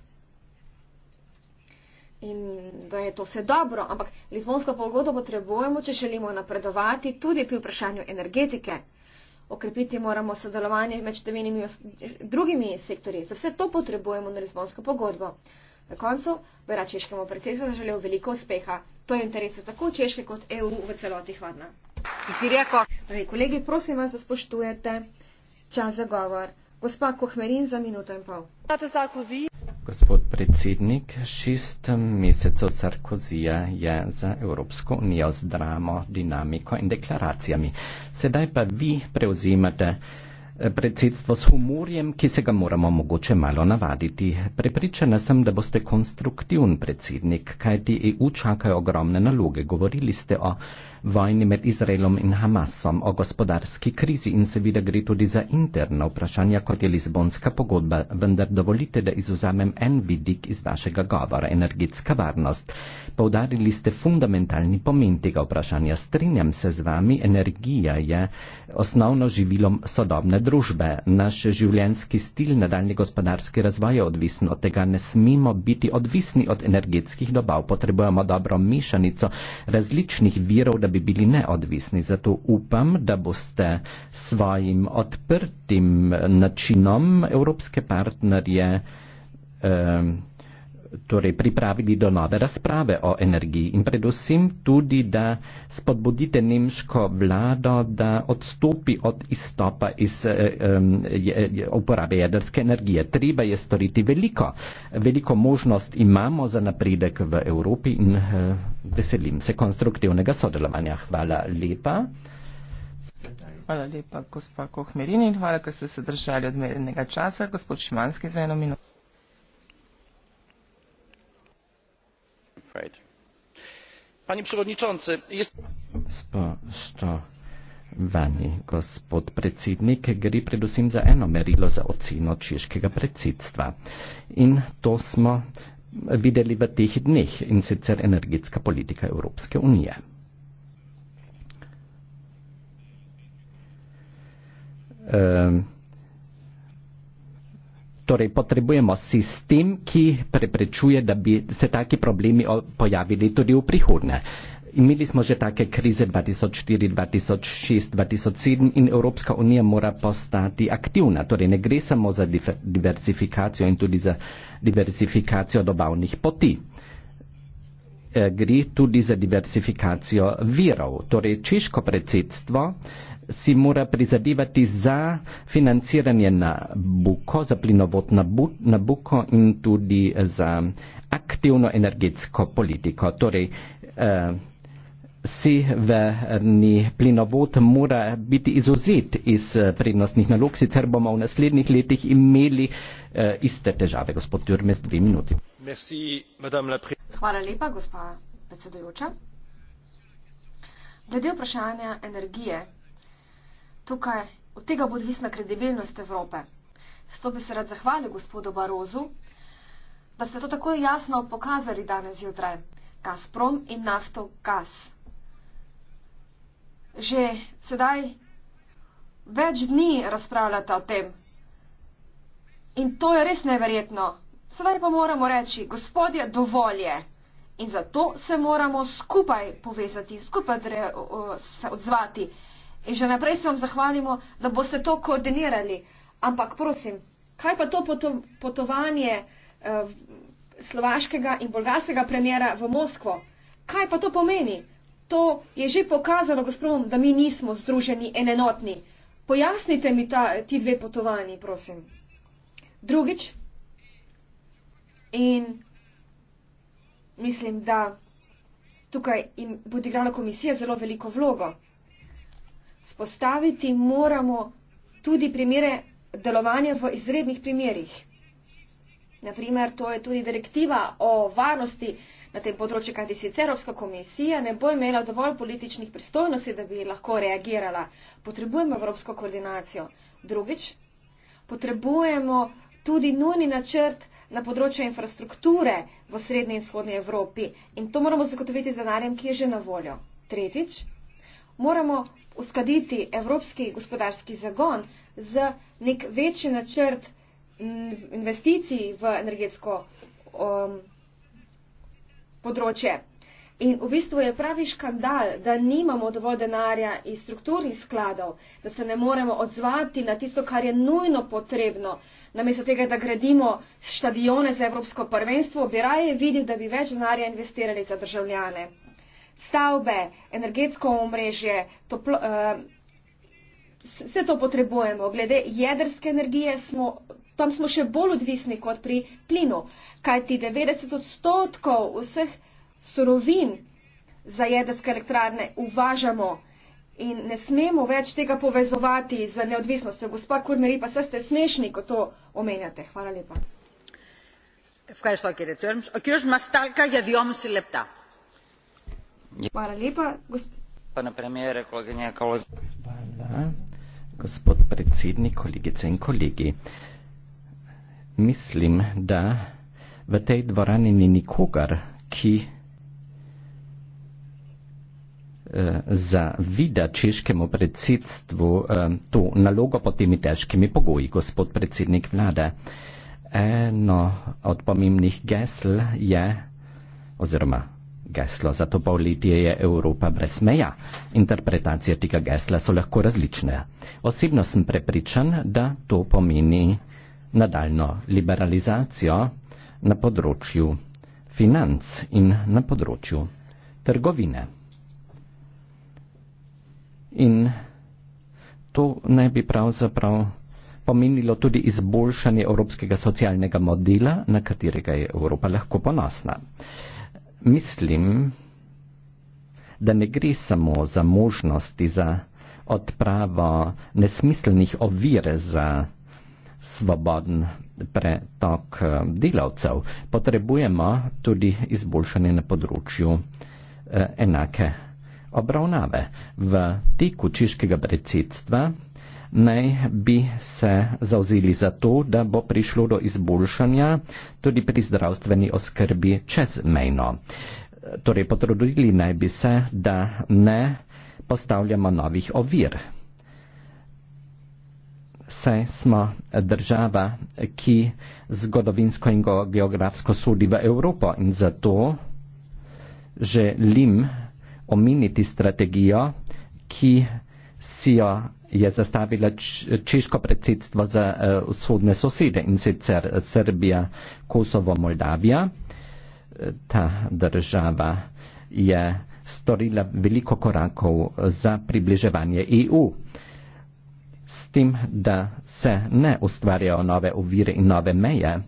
In da je to vse dobro, ampak Lizbonsko pogodbo potrebujemo, če želimo napredovati tudi pri vprašanju energetike. Okrepiti moramo sodelovanje med številnimi drugimi sektorji. Za vse to potrebujemo na Lizbonsko pogodbo. Na koncu bi rad češkemu predsedstvu zaželel veliko uspeha. To je v interesu tako češke kot EU v celoti hvala. Torej, kolegi, prosim vas, da spoštujete čas za govor. Gospa Kohmerin za minuto in pol. Gospod predsednik, šest mesecev Sarkozija je za Evropsko unijo z dramo, dinamiko in deklaracijami. Sedaj pa vi prevzemate eh, predsedstvo s humorjem, ki se ga moramo mogoče malo navaditi. Prepričana sem, da boste konstruktivn predsednik, kajti EU čakajo ogromne naloge. Govorili ste o vojni med Izraelom in Hamasom, o gospodarski krizi in seveda gre tudi za interna vprašanja, kot je Lizbonska pogodba, vendar dovolite, da izuzamem en vidik iz vašega govora, energetska varnost. Povdarili ste fundamentalni pomen tega vprašanja. Strinjam se z vami, energija je osnovno živilo sodobne družbe. Naš življenjski stil nadaljni gospodarski razvoj je odvisen od tega, ne smemo biti odvisni od energetskih dobav. Potrebujemo dobro mešanico različnih virov, da bi bi bili neodvisni. Zato upam, da boste s svojim odprtim načinom evropske partnerje eh, torej pripravili do nove razprave o energiji in predvsem tudi, da spodbudite nemško vlado, da odstopi od izstopa iz eh, uporabe jedrske energije. Treba je storiti veliko. Veliko možnost imamo za napredek v Evropi in eh, veselim se konstruktivnega sodelovanja. Hvala lepa. Hvala lepa, gospod Kohmerin, in hvala, ker ste se držali odmerjenega časa. Gospod Šimanski za eno minuto. panie przewodniczący Spoštovani gospod predsednik, gre predvsem za eno merilo za oceno češkega predsedstva. In to smo videli v teh dneh, in sicer energetska politika Evropske unije. Uh, torej potrebujemo sistem, ki preprečuje, da bi se taki problemi pojavili tudi v prihodnje. Imeli smo že take krize 2004, 2006, 2007 in Evropska unija mora postati aktivna. Torej ne gre samo za diversifikacijo in tudi za diversifikacijo dobavnih poti. E, gre tudi za diversifikacijo virov. Torej češko predsedstvo si mora prizadevati za financiranje na buko, za plinovod na, bu, na buko in tudi za aktivno energetsko politiko. Torej, eh, severni plinovod mora biti izuzet iz eh, prednostnih nalog, sicer bomo v naslednjih letih imeli eh, iste težave. Gospod Jurmes, dve minuti. Merci, Hvala lepa, gospa predsedujoča. Glede vprašanja energije tukaj, od tega bo odvisna kredibilnost Evrope. Zato bi se rad zahvalil gospodu Barozu, da ste to tako jasno pokazali danes jutraj. Gazprom in nafto gaz. Že sedaj več dni razpravljate o tem. In to je res neverjetno. Sedaj pa moramo reči, gospodje, dovolj je. In zato se moramo skupaj povezati, skupaj se odzvati. In že naprej se vam zahvalimo, da boste to koordinirali. Ampak prosim, kaj pa to potovanje eh, slovaškega in bolgarskega premjera v Moskvo? Kaj pa to pomeni? To je že pokazalo, gospodom, da mi nismo združeni in enotni. Pojasnite mi ta, ti dve potovanji, prosim. Drugič, in mislim, da tukaj bo odigrala komisija zelo veliko vlogo spostaviti moramo tudi primere delovanja v izrednih primerjih. Naprimer, to je tudi direktiva o varnosti na tem področju, kajti sicer Evropska komisija ne bo imela dovolj političnih pristojnosti, da bi lahko reagirala. Potrebujemo evropsko koordinacijo. Drugič, potrebujemo tudi nujni načrt na področju infrastrukture v srednji in vzhodni Evropi in to moramo zagotoviti z denarjem, ki je že na voljo. Tretjič, moramo uskladiti evropski gospodarski zagon z nek večji načrt investicij v energetsko um, področje. In v bistvu je pravi škandal, da nimamo dovolj denarja iz strukturnih skladov, da se ne moremo odzvati na tisto, kar je nujno potrebno. Namesto tega, da gradimo stadione za evropsko prvenstvo, bi raje videli, da bi več denarja investirali za državljane stavbe, energetsko omrežje, toplo, uh, vse to potrebujemo. Glede jedrske energije smo, tam smo še bolj odvisni kot pri plinu, kajti 90 odstotkov vseh surovin za jedrske elektrarne uvažamo. In ne smemo več tega povezovati z neodvisnostjo. Gospa Kurmeri, pa ste smešni, ko to omenjate. Hvala lepa. Hvala lepa, gospod. Pa na premijere, kolegenje, kolegi. Hvala, gospod predsednik, kolegice in kolegi. Mislim, da v tej dvorani ni nikogar, ki eh, za vida češkemu predsedstvu eh, to nalogo pod temi težkimi pogoji, gospod predsednik vlade. Eno od pomembnih gesl je, oziroma geslo, zato poletje je Evropa brez meja. Interpretacije tega gesla so lahko različne. Osebno sem prepričan, da to pomeni nadaljno liberalizacijo na področju financ in na področju trgovine. In to naj bi pravzaprav pomenilo tudi izboljšanje evropskega socialnega modela, na katerega je Evropa lahko ponosna. Uh, mislim, da ne gre samo za možnosti za odpravo nesmiselnih ovire za svoboden pretok eh, delavcev. Potrebujemo tudi izboljšanje na področju eh, enake obravnave. V teku češkega predsedstva naj bi se zauzeli za to, da bo prišlo do izboljšanja tudi pri zdravstveni oskrbi čezmejno. Torej, potrudili naj bi se, da ne postavljamo novih ovir. Se smo država, ki zgodovinsko in geografsko sodi v Evropo in zato želim omeniti strategijo, ki si jo je zastavila češko predsedstvo za eh, vzhodne sosede in sicer Srbija, Kosovo, Moldavija. Eh, ta država je storila veliko korakov za približevanje EU. S tem, da se ne ustvarjajo nove ovire in nove meje,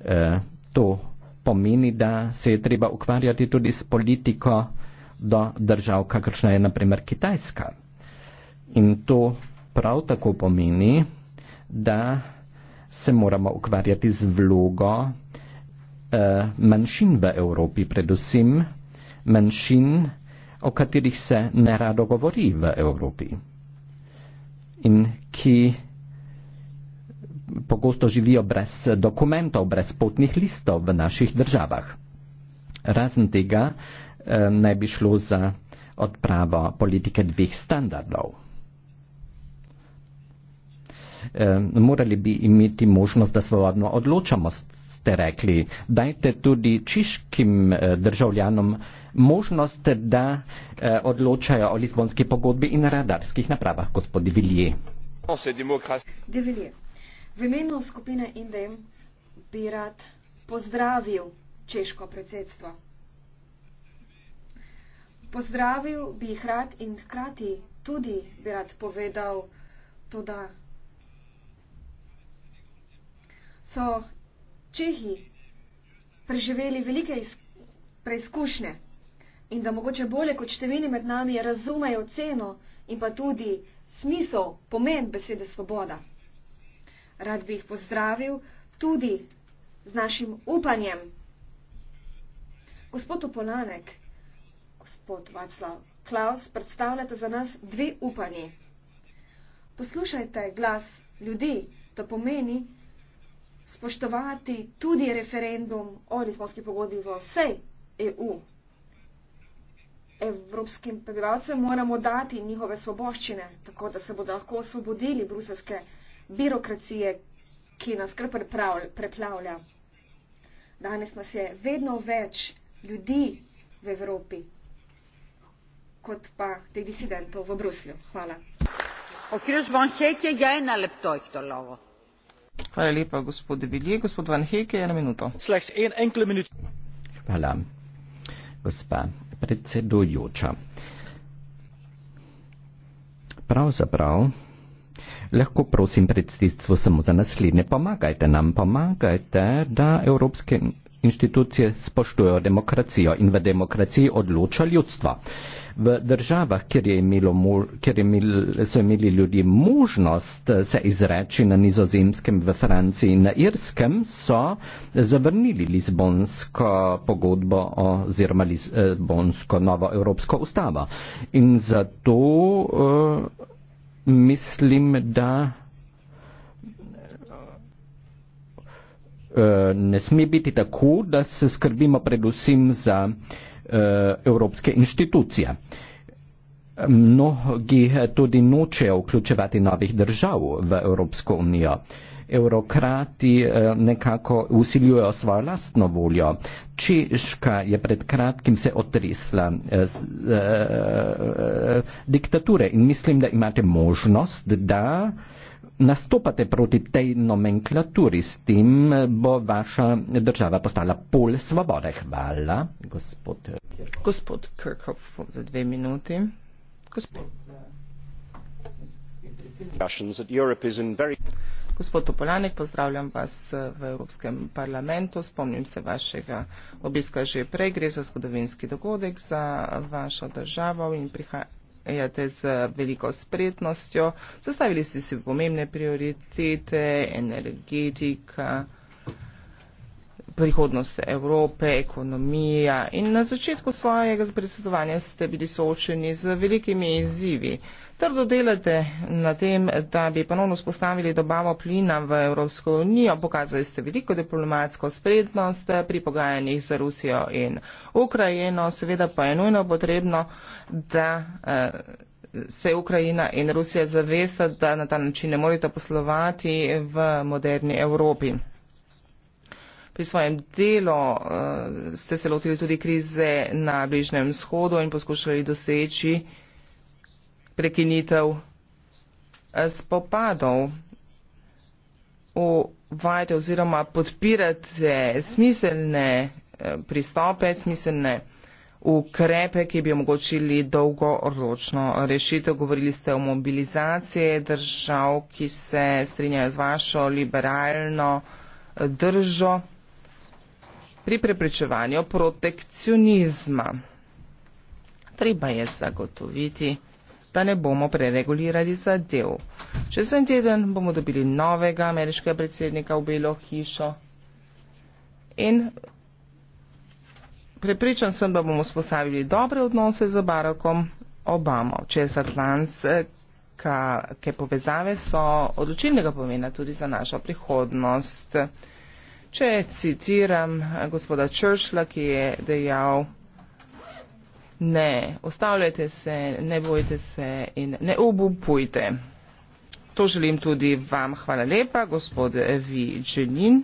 eh, to pomeni, da se je treba ukvarjati tudi s politiko do držav, kakršna je naprimer Kitajska. In to prav tako pomeni, da se moramo ukvarjati z vlogo eh, manjšin v Evropi, predvsem manjšin, o katerih se nerado govori v Evropi in ki pogosto živijo brez dokumentov, brez potnih listov v naših državah. Razen tega eh, naj bi šlo za odpravo politike dveh standardov morali bi imeti možnost, da svobodno odločamo, ste rekli. Dajte tudi čiškim eh, državljanom možnost, da eh, odločajo o Lizbonski pogodbi in radarskih napravah, gospod Vilje. V imenu skupine Indem bi rad pozdravil češko predsedstvo. Pozdravil bi jih rad in hkrati tudi bi rad povedal to, da so Čehi preživeli velike preizkušnje in da mogoče bolje kot številni med nami razumejo ceno in pa tudi smisel, pomen besede svoboda. Rad bi jih pozdravil tudi z našim upanjem. Gospod Upolanek, gospod Vaclav Klaus, predstavljate za nas dve upanje. Poslušajte glas ljudi, to pomeni, spoštovati tudi referendum o Lizbonski pogodbi v vsej EU. Evropskim prebivalcem moramo dati njihove svoboščine, tako da se bodo lahko osvobodili bruselske birokracije, ki nas kar preplavlja. Danes nas je vedno več ljudi v Evropi, kot pa teh disidentov v Bruslju. Hvala. O kjer je zvon ja, hekje, je na lepto jih to lovo. Hvala lepa, gospod Debilje. Gospod Van Heke, eno minuto. Slejs, en enkle minute. Hvala, gospa predsedujoča. Pravzaprav lahko prosim predsedstvo samo za naslednje. Pomagajte nam, pomagajte, da Evropske inštitucije spoštujejo demokracijo in v demokraciji odloča ljudstvo. V državah, kjer, je imelo, kjer je imel, so imeli ljudje možnost eh, se izreči na nizozemskem, v Franciji in na Irskem, so zavrnili Lizbonsko pogodbo oziroma eh, Lizbonsko novo evropsko ustavo. In zato uh, mislim, da. Eh, ne sme biti tako, da se skrbimo predvsem za eh, evropske institucije. Mnogi eh, tudi nočejo vključevati novih držav v Evropsko unijo. Eurokrati nekako usiljujejo svojo lastno voljo. Češka je pred kratkim se otresla z, z, z, diktature in mislim, da imate možnost, da nastopate proti tej nomenklaturi, s tem eh, bo vaša država postala pol svobode. Hvala, gospod. Gospod Krkov, za dve minuti. Gospod. Gospod Topolanek, pozdravljam vas eh, v Evropskem parlamentu. Spomnim se vašega obiska že prej. Gre za zgodovinski dogodek za vašo državo in prihajam jate z veliko spretnostjo, zastavili ste si pomembne prioritete, energetika, prihodnost Evrope, ekonomija in na začetku svojega predsedovanja ste bili soočeni z velikimi izzivi. Uh, Trdo delate na tem, da bi ponovno spostavili dobavo plina v Evropsko unijo. Pokazali ste veliko diplomatsko sprednost pri pogajanjih z Rusijo in Ukrajino. Seveda pa je nujno potrebno, da eh, se Ukrajina in Rusija zavesta, da na ta način ne morete poslovati v moderni Evropi. Pri svojem delu eh, ste se lotili tudi krize na Bližnjem vzhodu in poskušali doseči prekinitev eh, spopadov uvajate oziroma podpirate smiselne eh, pristope, smiselne ukrepe, ki bi omogočili dolgoročno rešitev. Govorili ste o mobilizaciji držav, ki se strinjajo z vašo liberalno eh, držo pri preprečevanju protekcionizma. Treba je zagotoviti da ne bomo preregulirali zadev. Čez en teden bomo dobili novega ameriškega predsednika v Belo hišo in prepričan sem, da bomo spostavili dobre odnose z Barackom Obamo čez Atlantik. Kaj povezave so odločilnega pomena tudi za našo prihodnost. Če citiram gospoda Churchla, ki je dejal, ne ostavljajte se, ne bojte se in ne obupujte. To želim tudi vam. Hvala lepa, gospod Evi Dženin.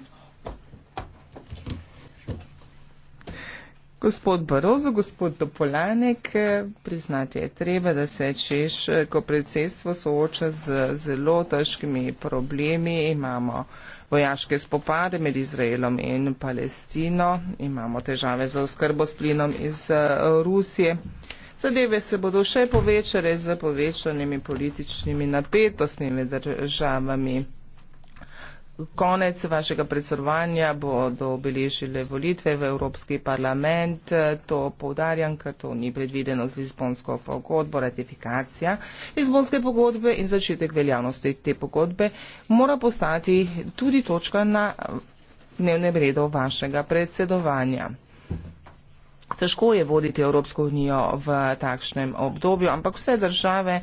Gospod Barozo, gospod Topolanek, priznati je treba, da se češ, ko predsedstvo sooča z zelo težkimi problemi, imamo vojaške spopade med Izraelom in Palestino, imamo težave za oskrbo s plinom iz eh, Rusije. Zadeve se bodo še povečale z povečanimi političnimi napetostmi med državami. Konec vašega predsedovanja bodo obeležile volitve v Evropski parlament. To povdarjam, ker to ni predvideno z Lizbonsko pogodbo, ratifikacija Lizbonske pogodbe in začetek veljavnosti te pogodbe mora postati tudi točka na dnevnem redu vašega predsedovanja. Težko je voditi Evropsko unijo v takšnem obdobju, ampak vse države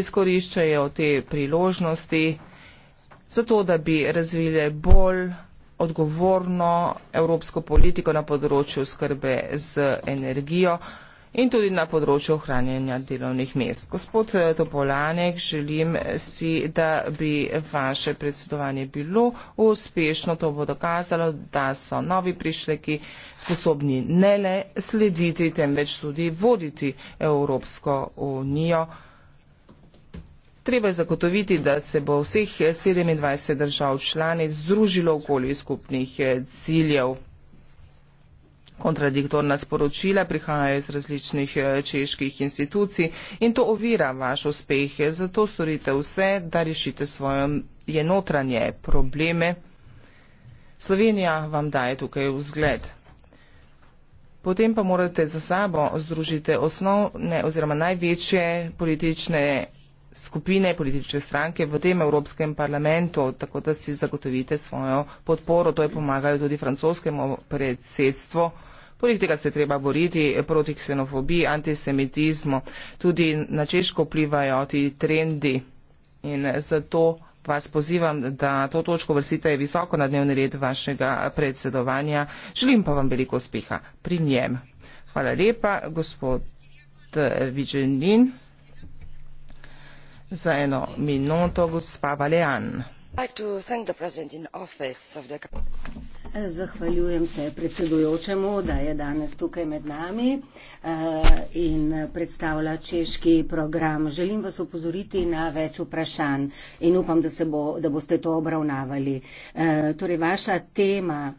izkoriščajo te priložnosti zato da bi razvile bolj odgovorno evropsko politiko na področju skrbe z energijo in tudi na področju ohranjanja delovnih mest. Gospod eh, Topolanek, želim si, da bi vaše predsedovanje bilo uspešno. To bo dokazalo, da so novi prišleki sposobni ne le slediti, temveč tudi voditi Evropsko unijo. Treba je zagotoviti, da se bo vseh 27 eh, držav članic združilo okoli skupnih eh, ciljev. Kontradiktorna sporočila prihajajo iz različnih eh, čeških institucij in to ovira vaš uspeh. Zato storite vse, da rešite svoje jenotranje probleme. Slovenija vam daje tukaj vzgled. Potem pa morate za sabo združiti osnovne oziroma največje politične skupine, politične stranke v tem Evropskem parlamentu, tako da si zagotovite svojo podporo. To je pomagalo tudi francoskemu predsedstvu. Poleg tega se treba boriti proti ksenofobiji, antisemitizmu. Tudi na češko plivajo ti trendi in zato vas pozivam, da to točko vrstite visoko na dnevni red vašega predsedovanja. Želim pa vam veliko uspeha pri njem. Hvala lepa, gospod Viženin za eno minuto gospa valean eh, Zahvaljujem se predsedujočemu, da je danes tukaj med nami eh, in predstavlja češki program. Želim vas upozoriti na več vprašanj in upam, da, bo, da boste to obravnavali. Eh, torej, vaša tema,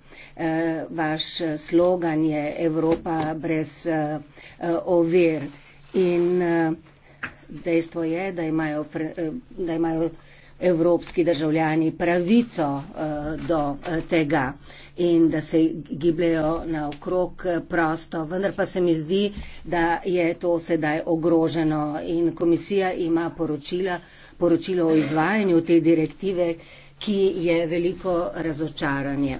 vaš slogan je Evropa brez ovir. In uh, dejstvo je, da imajo, eh, da imajo evropski državljani pravico eh, do eh, tega in da se gibljajo naokrog prosto. Vendar pa se mi zdi, da je to sedaj ogroženo in komisija ima poročila, poročilo o izvajanju te direktive, ki je veliko razočaranje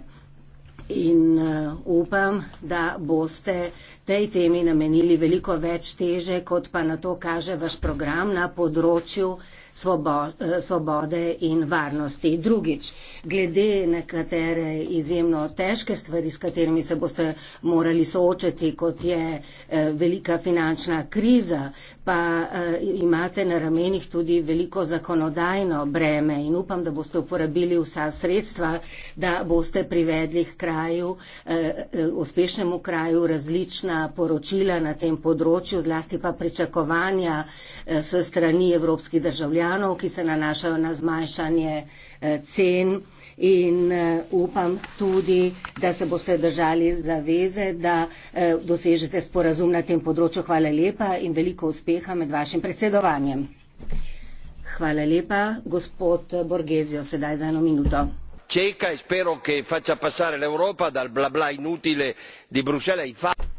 in uh, upam, da boste tej temi namenili veliko več teže, kot pa na to kaže vaš program na področju uh, svobo, svobode in varnosti. Drugič, glede nekatere izjemno težke stvari, s katerimi se boste morali soočati, kot je eh, velika finančna kriza, pa eh, imate na ramenih tudi veliko zakonodajno breme in upam, da boste uporabili vsa sredstva, da boste privedli k kraju, eh, uspešnemu kraju različna poročila na tem področju, zlasti pa pričakovanja s strani evropskih državljanov državljanov, ki se nanašajo na zmanjšanje eh, cen in eh, upam tudi, da se boste držali zaveze, da eh, dosežete sporazum na tem področju. Hvala lepa in veliko uspeha med vašim predsedovanjem. Hvala lepa, gospod Borgezio, sedaj za eno minuto. Čeka in spero, da faccia passare l'Europa dal bla bla inutile di Bruxelles ai fatti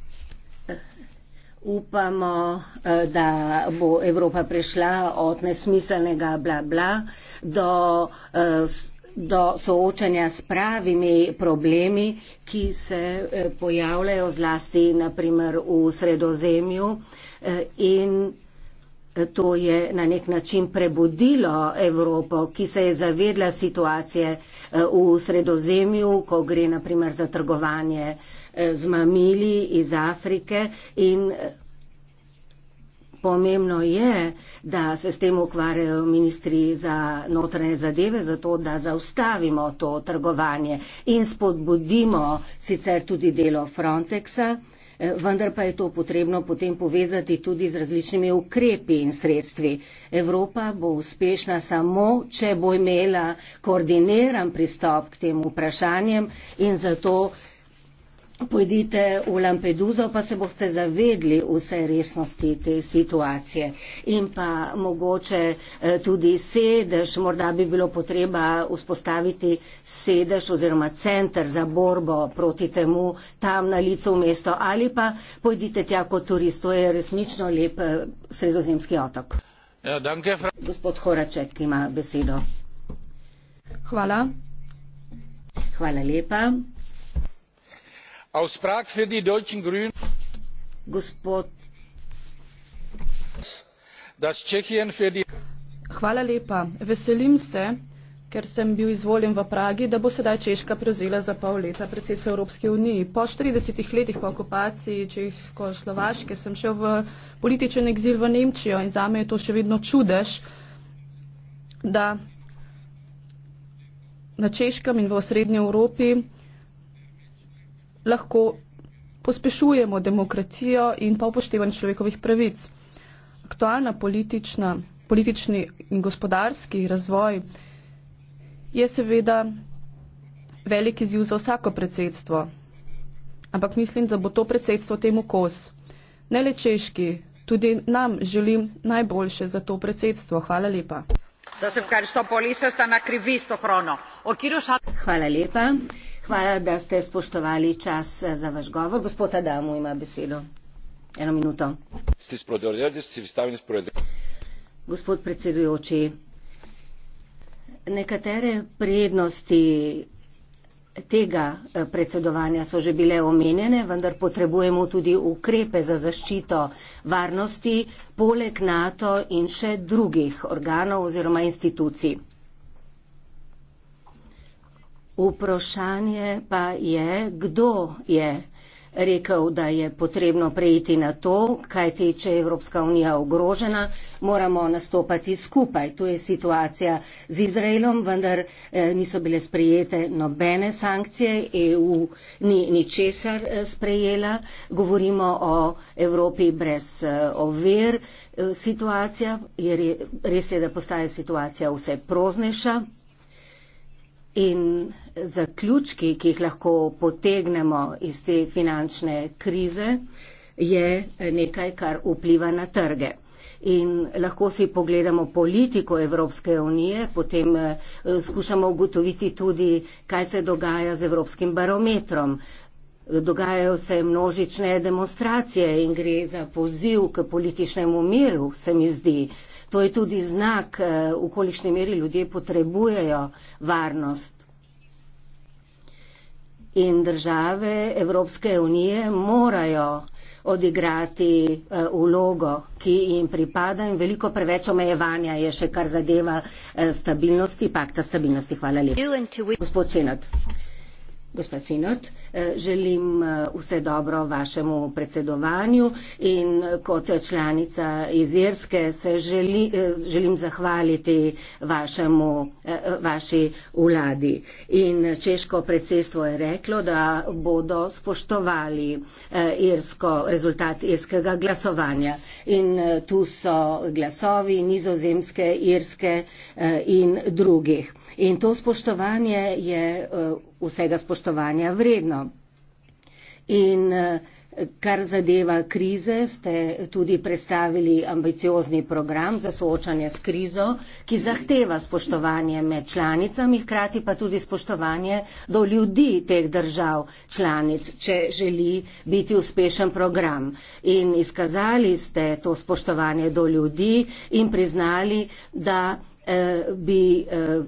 upamo, eh, da bo Evropa prišla od nesmiselnega bla bla do, eh, do soočanja s pravimi problemi, ki se eh, pojavljajo zlasti naprimer v sredozemju in to je na nek način prebudilo Evropo, ki se je zavedla situacije v sredozemju, ko gre naprimer za trgovanje Eh, z mamili iz Afrike in eh, pomembno je, da se s tem ukvarjajo ministri za notranje zadeve, zato da zaustavimo to trgovanje in spodbudimo sicer tudi delo Frontexa. Eh, vendar pa je to potrebno potem povezati tudi z različnimi ukrepi in sredstvi. Evropa bo uspešna samo, če bo imela koordiniran pristop k tem vprašanjem in zato Pojdite v Lampeduzo, pa se boste zavedli vse resnosti te situacije. In pa mogoče eh, tudi sedež, morda bi bilo potreba vzpostaviti sedež oziroma center za borbo proti temu tam na licu v mesto ali pa pojdite tja kot turist. To je resnično lep eh, sredozemski otok. Ja, Gospod Horaček ima besedo. Hvala. Hvala lepa auftrag für die deutschen grünen dass tschechien für die Hvala lepa. Veselim se, ker sem bil izvoljen v Pragi, da bo sedaj Češka prevzela za pol leta predsedstvo Evropske unije. Po 40 letih po okupaciji Čehoslovaške sem šel v političen exil v Nemčijo in zame je to še vedno čudež, da na Češkem in v srednji Evropi lahko pospešujemo demokracijo in pa upoštevanje človekovih pravic. Aktualna politična, politični in gospodarski razvoj je seveda velik izziv za vsako predsedstvo. Ampak mislim, da bo to predsedstvo temu kos. Ne le češki, tudi nam želim najboljše za to predsedstvo. Hvala lepa. Hvala lepa. Hvala, da ste spoštovali čas eh, za vaš govor. Gospod Adamu ima besedo. Eno minuto. Ste sprodelali, ste vstavili sprodelali. Gospod predsedujoči, nekatere prednosti tega eh, predsedovanja so že bile omenjene, vendar potrebujemo tudi ukrepe za zaščito varnosti poleg NATO in še drugih organov oziroma institucij. Vprašanje pa je, kdo je rekel, da je potrebno prejiti na to, kaj ti, če je Evropska unija ogrožena, moramo nastopati skupaj. Tu je situacija z Izraelom, vendar eh, niso bile sprejete nobene sankcije, EU ni ničesar eh, sprejela, govorimo o Evropi brez eh, ovir. Eh, situacija, je re, res je, da postaje situacija vse proznejša in zaključki, ki jih lahko potegnemo iz te finančne krize, je nekaj, kar vpliva na trge. In lahko si pogledamo politiko Evropske unije, potem eh, skušamo ugotoviti tudi, kaj se dogaja z Evropskim barometrom. Dogajajo se množične demonstracije in gre za poziv k političnemu miru, se mi zdi. To je tudi znak, eh, v kolikšni meri ljudje potrebujejo varnost. In države Evropske unije morajo odigrati eh, vlogo, ki jim pripada in veliko preveč omejevanja je še kar zadeva eh, stabilnosti, pakta stabilnosti. Hvala lepa. Gospod Senat. Gospod Sinot, eh, želim eh, vse dobro vašemu predsedovanju in eh, kot članica iz Irske se želi, želim zahvaliti vašemu, vaši vladi. In češko predsedstvo je reklo, da bodo spoštovali irsko, rezultat irskega glasovanja. In tu so glasovi nizozemske, irske in drugih. In to spoštovanje je eh, vsega spoštovanja vredno. In eh, kar zadeva krize, ste tudi predstavili ambiciozni program za soočanje s krizo, ki zahteva spoštovanje med članicami, hkrati pa tudi spoštovanje do ljudi teh držav članic, če želi biti uspešen program. In izkazali ste to spoštovanje do ljudi in priznali, da eh, bi, eh,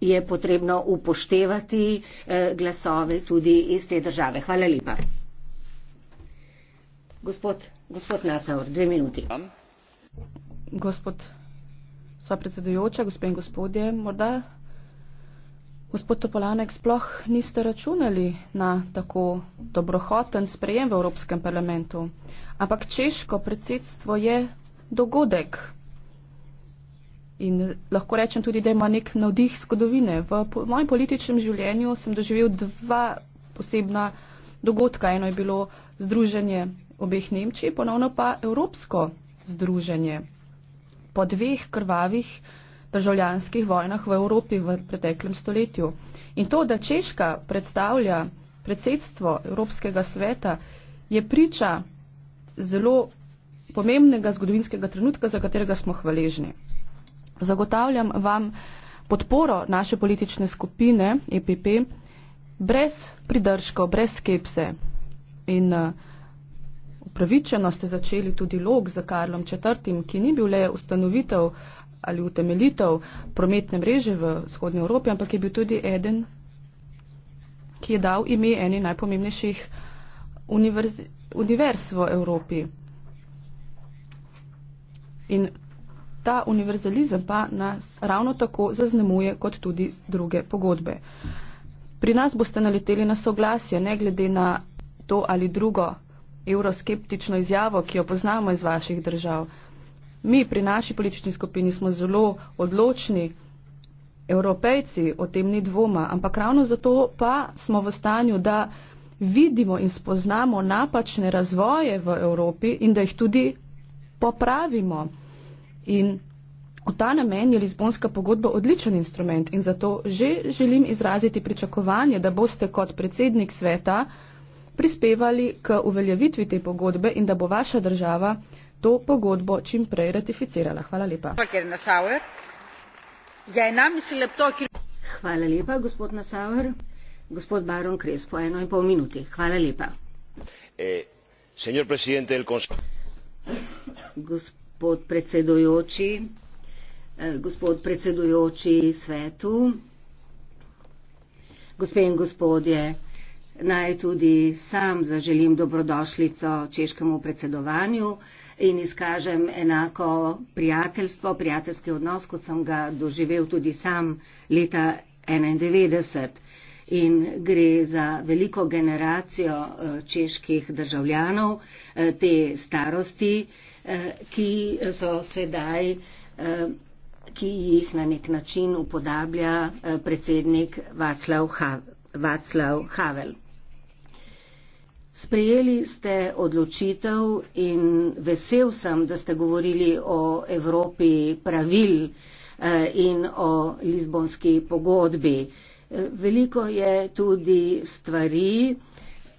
je potrebno upoštevati eh, glasove tudi iz te države. Hvala lepa. Gospod, gospod Nasaur, dve minuti. Gospod, sva predsedujoča, gospe in gospodje, morda gospod Topolanek sploh niste računali na tako dobrohoten sprejem v Evropskem parlamentu, ampak češko predsedstvo je dogodek, In lahko rečem tudi, da ima nek navdih zgodovine. V mojem političnem življenju sem doživel dva posebna dogodka. Eno je bilo združenje obeh Nemčij, ponovno pa evropsko združenje. Po dveh krvavih državljanskih vojnah v Evropi v preteklem stoletju. In to, da Češka predstavlja predsedstvo Evropskega sveta, je priča zelo pomembnega zgodovinskega trenutka, za katerega smo hvaležni. Zagotavljam vam podporo naše politične skupine EPP brez pridržkov, brez skepse. In eh, upravičeno ste začeli tudi log za Karlom Četrtim, ki ni bil le ustanovitev ali utemelitev prometne mreže v vzhodnji Evropi, ampak je bil tudi eden, ki je dal ime eni najpomembnejših univerz, univerz v Evropi. In ta univerzalizem pa nas ravno tako zaznamuje kot tudi druge pogodbe. Pri nas boste naleteli na soglasje, ne glede na to ali drugo euroskeptično izjavo, ki jo poznamo iz vaših držav. Mi pri naši politični skupini smo zelo odločni, evropejci, o tem ni dvoma, ampak ravno zato pa smo v stanju, da vidimo in spoznamo napačne razvoje v Evropi in da jih tudi popravimo. In v ta namen je Lizbonska pogodba odličen instrument in zato že želim izraziti pričakovanje, da boste kot predsednik sveta prispevali k uveljavitvi te pogodbe in da bo vaša država to pogodbo čim prej ratificirala. Hvala lepa. Hvala lepa, gospod Nasauer. Gospod Baron Kres, po eno in pol minuti. Hvala lepa. Eh, señor presidente del Consejo. Gosp podpredsedujoči, eh, gospod predsedujoči svetu, gospe in gospodje, naj tudi sam zaželim dobrodošlico češkemu predsedovanju in izkažem enako prijateljstvo, prijateljski odnos, kot sem ga doživel tudi sam leta 1991. In gre za veliko generacijo eh, čeških državljanov eh, te starosti, Eh, ki so sedaj, eh, ki jih na nek način upodablja eh, predsednik Vaclav Havel. Sprejeli ste odločitev in vesel sem, da ste govorili o Evropi pravil in o Lizbonski pogodbi. Veliko je tudi stvari,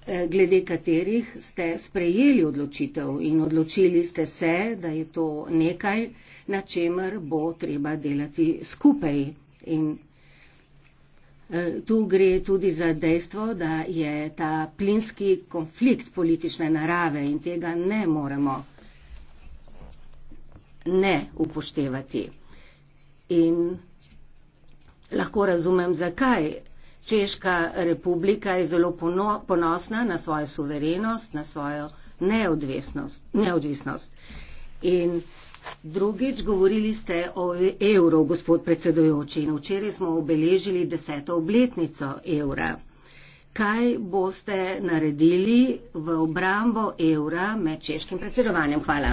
Eh, glede katerih ste sprejeli odločitev in odločili ste se, da je to nekaj, na čemer bo treba delati skupaj. In eh, tu gre tudi za dejstvo, da je ta plinski konflikt politične narave in tega ne moremo ne upoštevati. In lahko razumem, zakaj Češka republika je zelo ponosna na svojo suverenost, na svojo neodvisnost. In drugič, govorili ste o evru, gospod predsedujoči, in včeraj smo obeležili deseto obletnico evra. Kaj boste naredili v obrambo evra med češkim predsedovanjem? Hvala.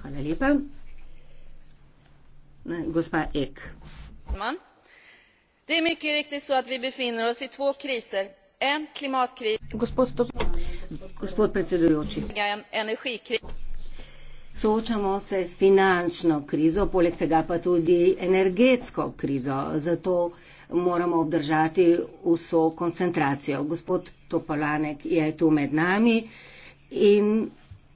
Hvala lepa. Gospa Ek. Man? Det är mycket riktigt så att vi befinner oss i två kriser. En klimatkris och en energikris. Soočamo se s finančno krizo, poleg tega pa tudi energetsko krizo. Zato moramo obdržati vso koncentracijo. Gospod Topolanek je tu med nami in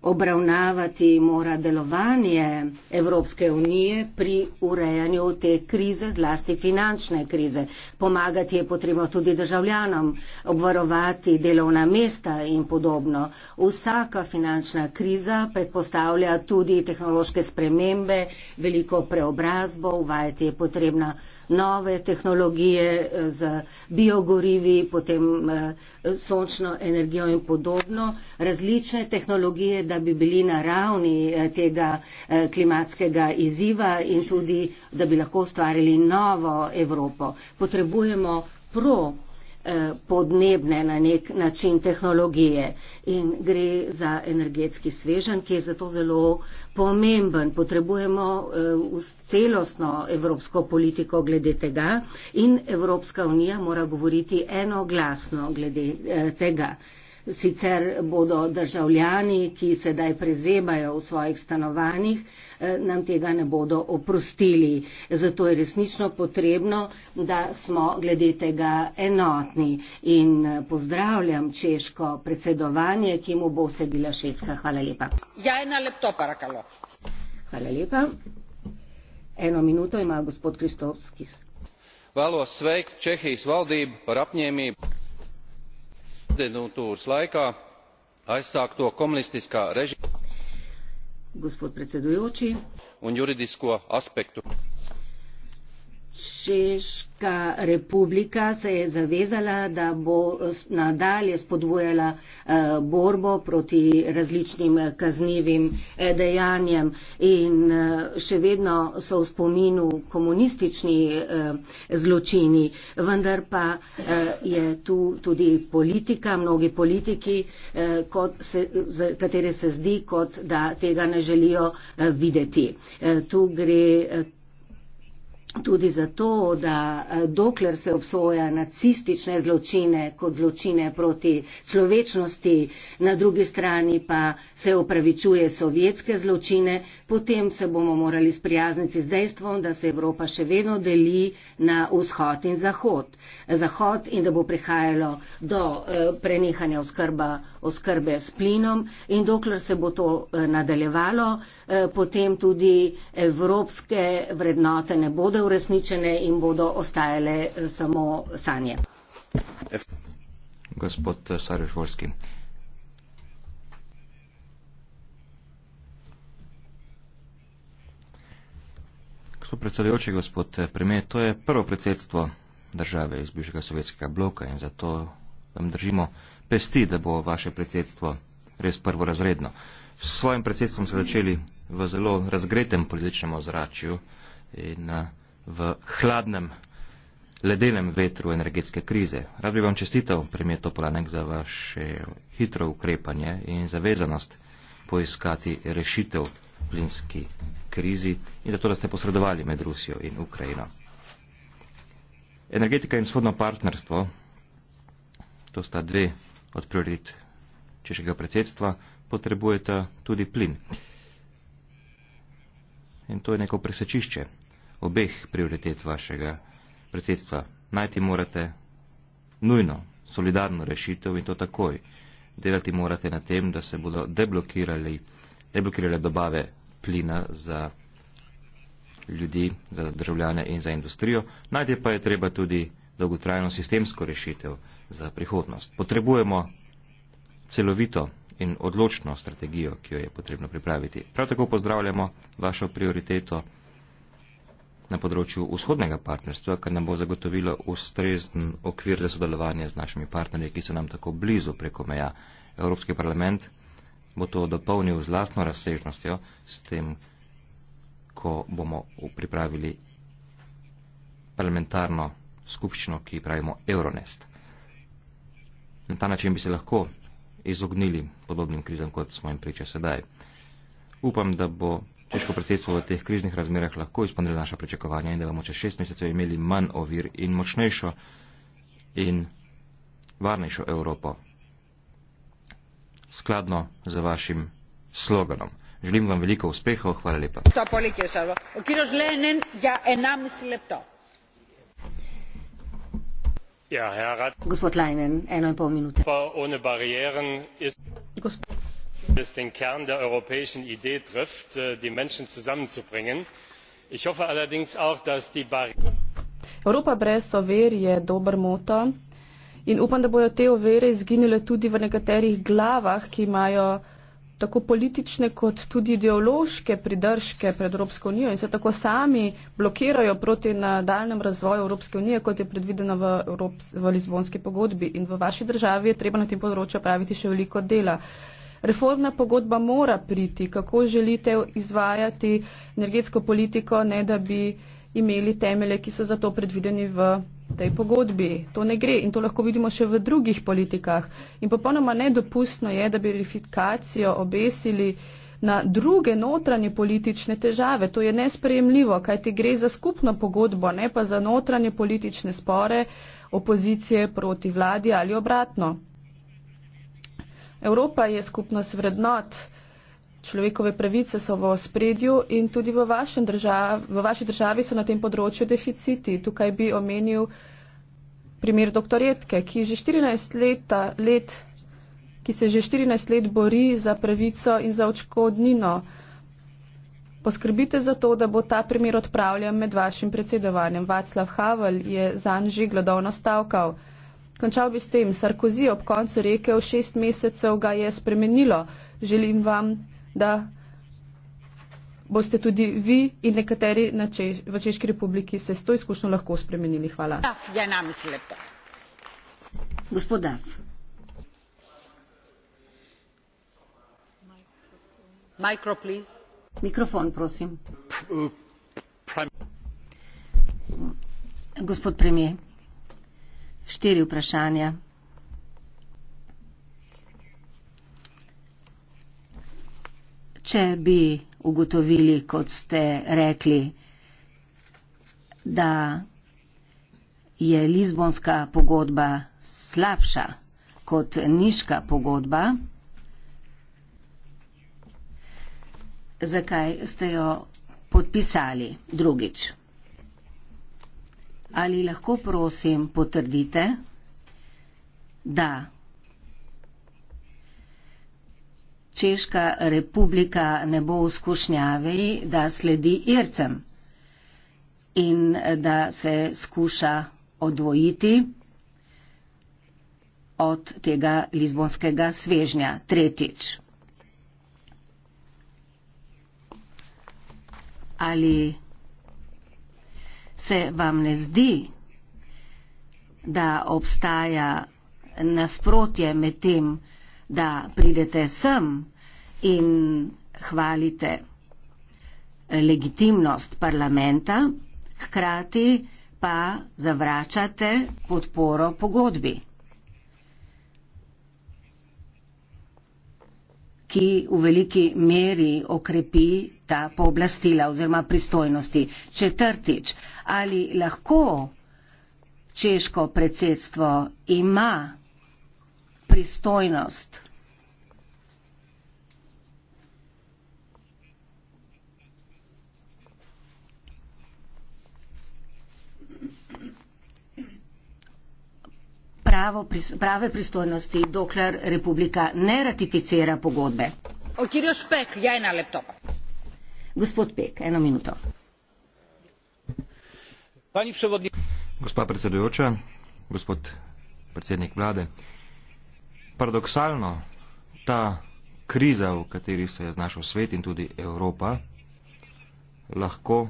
obravnavati mora delovanje Evropske unije pri urejanju te krize, zlasti finančne krize. Pomagati je potrebno tudi državljanom, obvarovati delovna mesta in podobno. Vsaka finančna kriza predpostavlja tudi tehnološke spremembe, veliko preobrazbo, uvajati je potrebno nove tehnologije eh, z biogorivi, potem eh, sončno energijo in podobno, različne tehnologije, da bi bili na ravni eh, tega klimatskega izziva in tudi, da bi lahko ustvarili novo Evropo. Potrebujemo pro Eh, podnebne na nek način tehnologije in gre za energetski svežen, ki je zato zelo pomemben. Potrebujemo eh, celostno evropsko politiko glede tega in Evropska unija mora govoriti enoglasno glede eh, tega. Sicer bodo državljani, ki sedaj prezebajo v svojih stanovanjih, eh, nam tega ne bodo oprostili. Zato je resnično potrebno, da smo glede tega enotni. In eh, pozdravljam češko predsedovanje, ki mu bo sledila Švedska. Hvala lepa. Jajna lepto parakalo. Hvala lepa. Eno minuto ima gospod Kristovskis. Valo sveik, Čehijas valdība par apņēmību un juridisku aspektu. Češka republika se je zavezala, da bo nadalje spodbojala eh, borbo proti različnim kaznivim eh, dejanjem in eh, še vedno so v spominu komunistični zločini, vendar pa je tu tudi politika, mnogi politiki, se, katere se zdi, kot da tega ne želijo videti. Tu gre tudi zato, da eh, dokler se obsoja nacistične zločine kot zločine proti človečnosti, na drugi strani pa se opravičuje sovjetske zločine, potem se bomo morali sprijazniti z dejstvom, da se Evropa še vedno deli na vzhod in zahod. Zahod in da bo prihajalo do eh, prenehanja oskrba, oskrbe s plinom in dokler se bo to eh, nadaljevalo, potem tudi evropske vrednote ne bodo neurešničene in bodo ostajale eh, samo sanje. Gospod eh, Sarjež Vorski. Gospod predsedujoči, gospod eh, premijer, to je prvo predsedstvo države iz bivšega sovjetskega bloka in zato vam držimo pesti, da bo vaše predsedstvo res prvorazredno. S svojim predsedstvom ste začeli v zelo razgretem političnem ozračju in uh, v hladnem, ledenem vetru energetske krize. Rad bi vam čestital, premijer Topolanek, za vaše hitro ukrepanje in zavezanost poiskati rešitev plinski krizi in zato, da ste posredovali med Rusijo in Ukrajino. Energetika in vzhodno partnerstvo, to sta dve od prioritet češkega predsedstva, potrebujete tudi plin. In to je neko presečišče obeh prioritet vašega predsedstva. Najti morate nujno solidarno rešitev in to takoj. Delati morate na tem, da se bodo deblokirali, deblokirale dobave plina za ljudi, za državljane in za industrijo. Najti pa je treba tudi dolgotrajno sistemsko rešitev za prihodnost. Potrebujemo celovito in odločno strategijo, ki jo je potrebno pripraviti. Prav tako pozdravljamo vašo prioriteto na področju vzhodnega partnerstva, kar nam bo zagotovilo ustrezen okvir za sodelovanje z našimi partnerji, ki so nam tako blizu preko meja. Evropski parlament bo to dopolnil z lastno razsežnostjo, s tem, ko bomo pripravili parlamentarno skupščino, ki pravimo Euronest. Na ta način bi se lahko izognili podobnim krizam, kot smo jim priča sedaj. Upam, da bo težko predsedstvo v teh kriznih razmerah lahko izpolnilo naša pričakovanja in da bomo čez šest mesecev imeli manj ovir in močnejšo in varnejšo Evropo. Skladno z vašim sloganom. Želim vam veliko uspehov. Hvala lepa. Ja, ja, Herr Rat. Gospod Leinen, eno in pol minute. Gospod es den kern der europäischen idee trifft äh, die menschen zusammenzubringen. ich hoffe allerdings auch dass die europa brez ovir je dober moto in upam da bodo te ovire izginile tudi v nekaterih glavah ki imajo tako politične kot tudi ideološke pridržke pred evropsko unijo in se tako sami blokirajo proti nadaljnjemu razvoju evropske unije kot je predvideno v, Evrop, v lizbonski pogodbi in v vaši državi je treba na tem področju opraviti še veliko dela reformna pogodba mora priti, kako želite izvajati energetsko politiko, ne da bi imeli temelje, ki so za to predvideni v tej pogodbi. To ne gre in to lahko vidimo še v drugih politikah. In popolnoma nedopustno je, da bi verifikacijo obesili na druge notranje politične težave. To je nesprejemljivo, kajti gre za skupno pogodbo, ne pa za notranje politične spore opozicije proti vladi ali obratno. Evropa je skupnost vrednot, človekove pravice so v ospredju in tudi v, držav, v vaši državi so na tem področju deficiti. Tukaj bi omenil primer doktoretke, ki, že 14 leta, let, ki se že 14 let bori za pravico in za očkodnino. Poskrbite za to, da bo ta primer odpravljen med vašim predsedovanjem. Vaclav Havel je zanj že glodovno stavkal. Končal bi s tem. Sarkozy ob koncu rekel, šest mesecev ga je spremenilo. Želim vam, da boste tudi vi in nekateri na Češ v Češki republiki se s to izkušnjo lahko spremenili. Hvala. Ja, Mikro, Mikrofon, prosim. Uh, Gospod premijer štiri vprašanja. Če bi ugotovili, kot ste rekli, da je Lizbonska pogodba slabša kot Niška pogodba, zakaj ste jo podpisali drugič? Ali lahko prosim potrdite, da Češka republika ne bo v skušnjavi, da sledi Ircem in da se skuša odvojiti od tega lizbonskega svežnja tretjič. Ali se vam ne zdi, da obstaja nasprotje med tem, da pridete sem in hvalite legitimnost parlamenta, hkrati pa zavračate podporo pogodbi, ki v veliki meri okrepi ta pooblastila oziroma pristojnosti. Četrtič, ali lahko češko predsedstvo ima pristojnost prave pristojnosti, dokler Republika ne ratificira pogodbe. O, gospa predsedujoča gospod predsednik vlade paradoksalno ta kriza v kateri se je znašel svet in tudi evropa lahko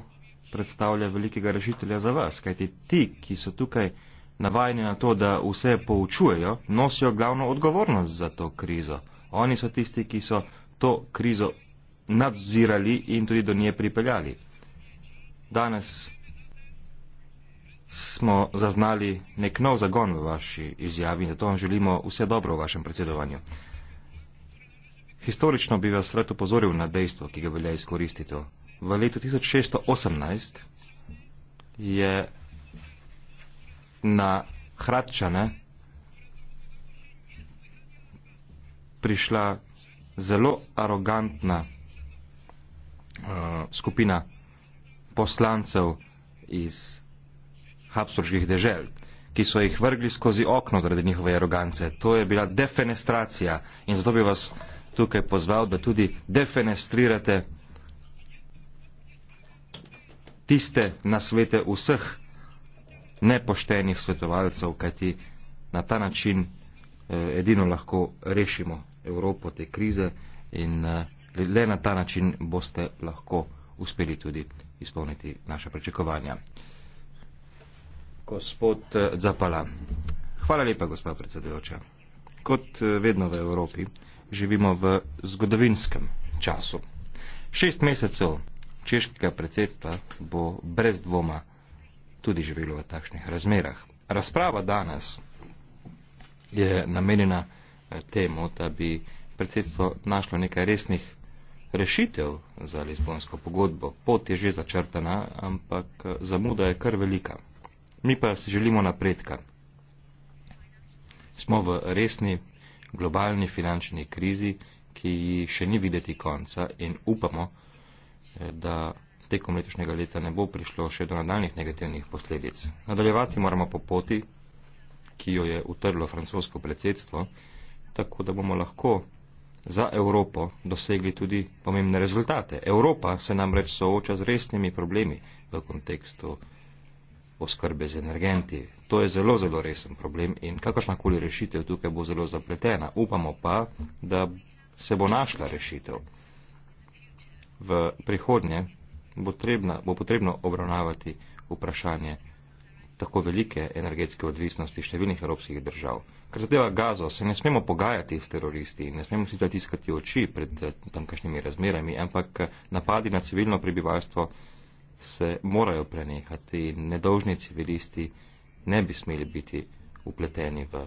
predstavlja velikega rešitelja za vas kajti ti ki so tukaj navajeni na to da vse poučujejo nosijo glavno odgovornost za to krizo oni so tisti ki so to krizo nadzirali in tudi do nje pripeljali. Danes smo zaznali nek nov zagon v vaši izjavi in zato vam želimo vse dobro v vašem predsedovanju. Historično bi vas rad upozoril na dejstvo, ki ga velja izkoristiti. V letu 1618 je na Hradčane prišla zelo arogantna uh, skupina poslancev iz Habsburških dežel, ki so jih vrgli skozi okno zaradi njihove arogance. To je bila defenestracija in zato bi vas tukaj pozval, da tudi defenestrirate tiste nasvete vseh nepoštenih svetovalcev, kajti na ta način eh, edino lahko rešimo Evropo te krize in eh, le na ta način boste lahko uspeli tudi izpolniti naša pričakovanja. Gospod eh, Zapala, hvala lepa, gospod predsedujoča. Kot eh, vedno v Evropi živimo v zgodovinskem času. Šest mesecev češkega predsedstva bo brez dvoma tudi živelo v takšnih razmerah. Razprava danes je namenjena eh, temu, da bi predsedstvo našlo nekaj resnih rešitev za Lizbonsko pogodbo. Pot je že začrtana, ampak eh, zamuda je kar velika. Mi pa si želimo napredka. Smo v resni globalni finančni krizi, ki še ni videti konca in upamo, eh, da tekom letošnjega leta ne bo prišlo še do nadaljnih negativnih posledic. Nadaljevati moramo po poti, ki jo je utrlo francosko predsedstvo, tako da bomo lahko za Evropo dosegli tudi pomembne rezultate. Evropa se namreč sooča z resnimi problemi v kontekstu oskrbe z energenti. To je zelo, zelo resen problem in kakršnakoli rešitev tukaj bo zelo zapletena. Upamo pa, da se bo našla rešitev. V prihodnje bo, trebna, bo potrebno obravnavati vprašanje tako velike energetske odvisnosti številnih evropskih držav. Kar zadeva gazo, se ne smemo pogajati s teroristi, ne smemo si zatiskati oči pred eh, tamkajšnjimi razmerami, ampak eh, napadi na civilno prebivalstvo se morajo prenehati in nedolžni civilisti ne bi smeli biti upleteni v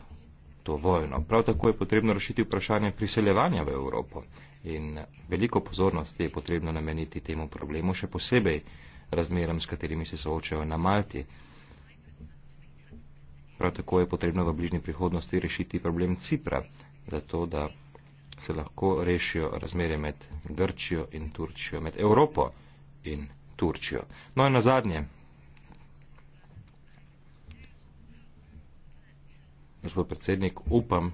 to vojno. Prav tako je potrebno rešiti vprašanje priseljevanja v Evropo in veliko pozornosti je potrebno nameniti temu problemu, še posebej razmeram, s katerimi se soočajo na Malti. Prav tako je potrebno v bližnji prihodnosti rešiti problem Cipra, zato da se lahko rešijo razmere med Grčijo in Turčijo, med Evropo in Turčijo. No in na zadnje, gospod predsednik, upam,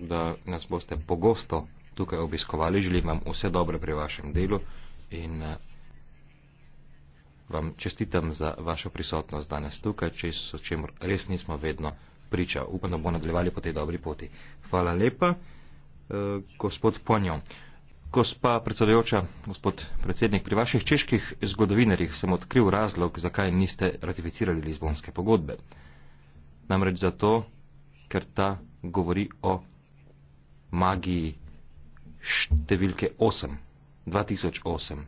da nas boste pogosto tukaj obiskovali. Želim vam vse dobre pri vašem delu in eh, vam čestitam za vašo prisotnost danes tukaj, če so čem res nismo vedno priča. Upam, da bomo nadaljevali po tej dobri poti. Hvala lepa, eh, gospod Ponjo. Gospa predsedojoča, gospod predsednik, pri vaših čeških zgodovinarjih sem odkril razlog, zakaj niste ratificirali Lizbonske pogodbe. Namreč zato, ker ta govori o magiji številke 8, 2008.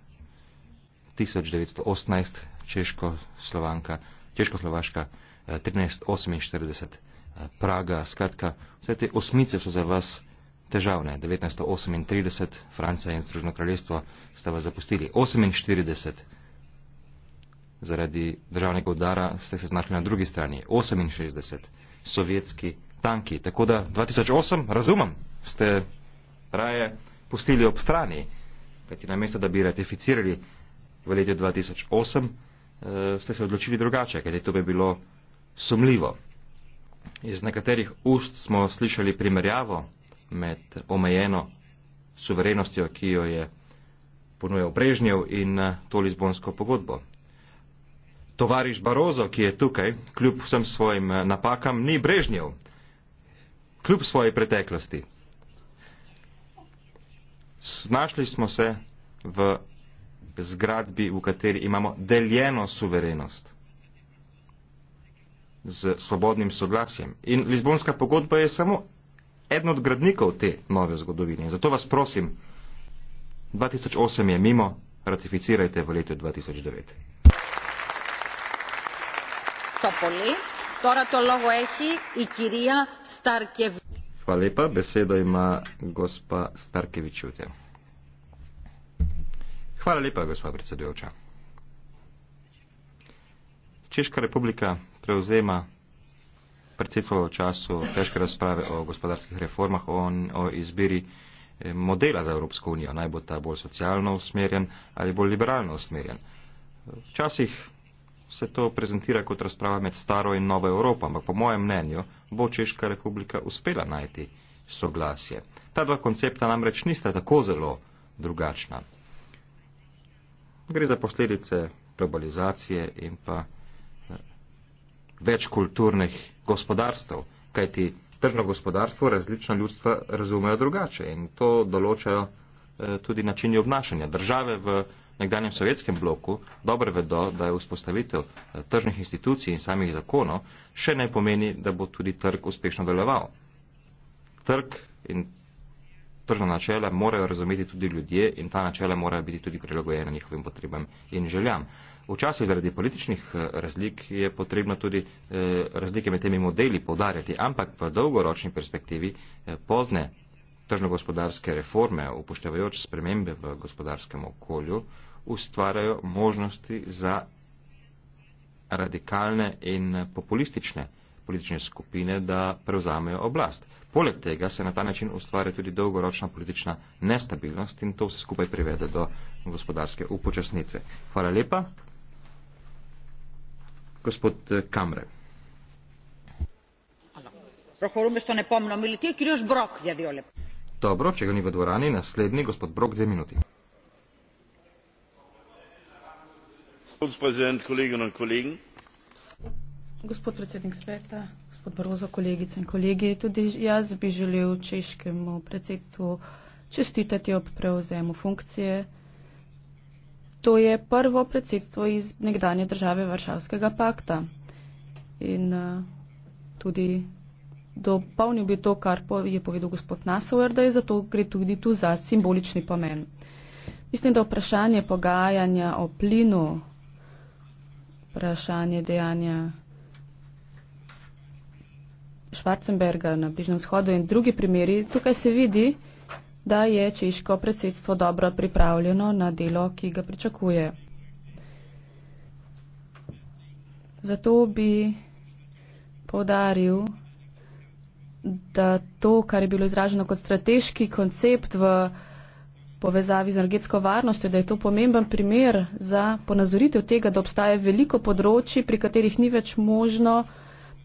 1918, Češko-Slovanka, Češko-Slovaška 1348, eh, eh, Praga, skratka, vse te osmice so za vas težavne. 1938, Francija in Združeno kraljestvo sta vas zapustili. 48, zaradi državnega udara ste se znašli na drugi strani. 68, sovjetski tanki. Tako da 2008, razumem, ste raje pustili ob strani, kajti namesto, da bi ratificirali v letu 2008, eh, ste se odločili drugače, ker to bi bilo sumljivo. Iz nekaterih ust smo slišali primerjavo med omejeno suverenostjo, ki jo je ponujal Brežnjev in eh, to Lizbonsko pogodbo. Tovariš Barozo, ki je tukaj, kljub vsem svojim eh, napakam, ni Brežnjev, kljub svoji preteklosti. Snašli smo se v zgradbi, v kateri imamo deljeno suverenost z svobodnim soglasjem. In Lizbonska pogodba je samo eden od gradnikov te nove zgodovine. Zato vas prosim, 2008 je mimo, ratificirajte v letu 2009. Hvala lepa, besedo ima gospa Starkevičutja. Hvala lepa, gospod predsedujoča. Češka republika prevzema predsedstvo v času težke razprave o gospodarskih reformah, o, o izbiri eh, modela za Evropsko unijo. Naj bo ta bolj socialno usmerjen ali bolj liberalno usmerjen. Včasih se to prezentira kot razprava med staro in novo Evropo, ampak po mojem mnenju bo Češka republika uspela najti soglasje. Ta dva koncepta namreč nista tako zelo drugačna gre za posledice globalizacije in pa eh, večkulturnih gospodarstv, kajti tržno gospodarstvo različna ljudstva razumejo drugače in to določajo eh, tudi načini obnašanja. Države v nekdanjem sovjetskem bloku dobro vedo, da je vzpostavitev eh, tržnih institucij in samih zakonov še ne pomeni, da bo tudi trg uspešno deloval. Trg in tržna načela morajo razumeti tudi ljudje in ta načela morajo biti tudi prilagojena njihovim potrebam in željam. Včasih zaradi političnih eh, razlik je potrebno tudi eh, razlike med temi modeli podarjati, ampak v dolgoročni perspektivi eh, pozne tržno-gospodarske reforme, upoštevajoč spremembe v gospodarskem okolju, ustvarjajo možnosti za radikalne in populistične politične skupine, da prevzamejo oblast. Poleg tega se na ta način ustvarja tudi dolgoročna politična nestabilnost in to vse skupaj privede do gospodarske upočasnitve. Hvala lepa. Gospod eh, Kamre. Dobro, če ga ni v dvorani, naslednji gospod Brok, dve minuti. Gospod predsednik, kolegi in kolegi. Gospod predsednik sveta, gospod Barozo, kolegice in kolegi, tudi jaz bi želel češkemu predsedstvu čestitati ob prevzemu funkcije. To je prvo predsedstvo iz nekdanje države Varšavskega pakta. In uh, tudi dopolnil bi to, kar po, je povedal gospod Nasauer, da je zato gre tudi tu za simbolični pomen. Mislim, da vprašanje pogajanja o plinu, vprašanje dejanja Schwarzenberga na Bližnem shodu in drugi primeri, tukaj se vidi, da je češko predsedstvo dobro pripravljeno na delo, ki ga pričakuje. Zato bi povdaril, da to, kar je bilo izraženo kot strateški koncept v povezavi z energetsko varnostjo, da je to pomemben primer za ponazoritev tega, da obstaja veliko področji, pri katerih ni več možno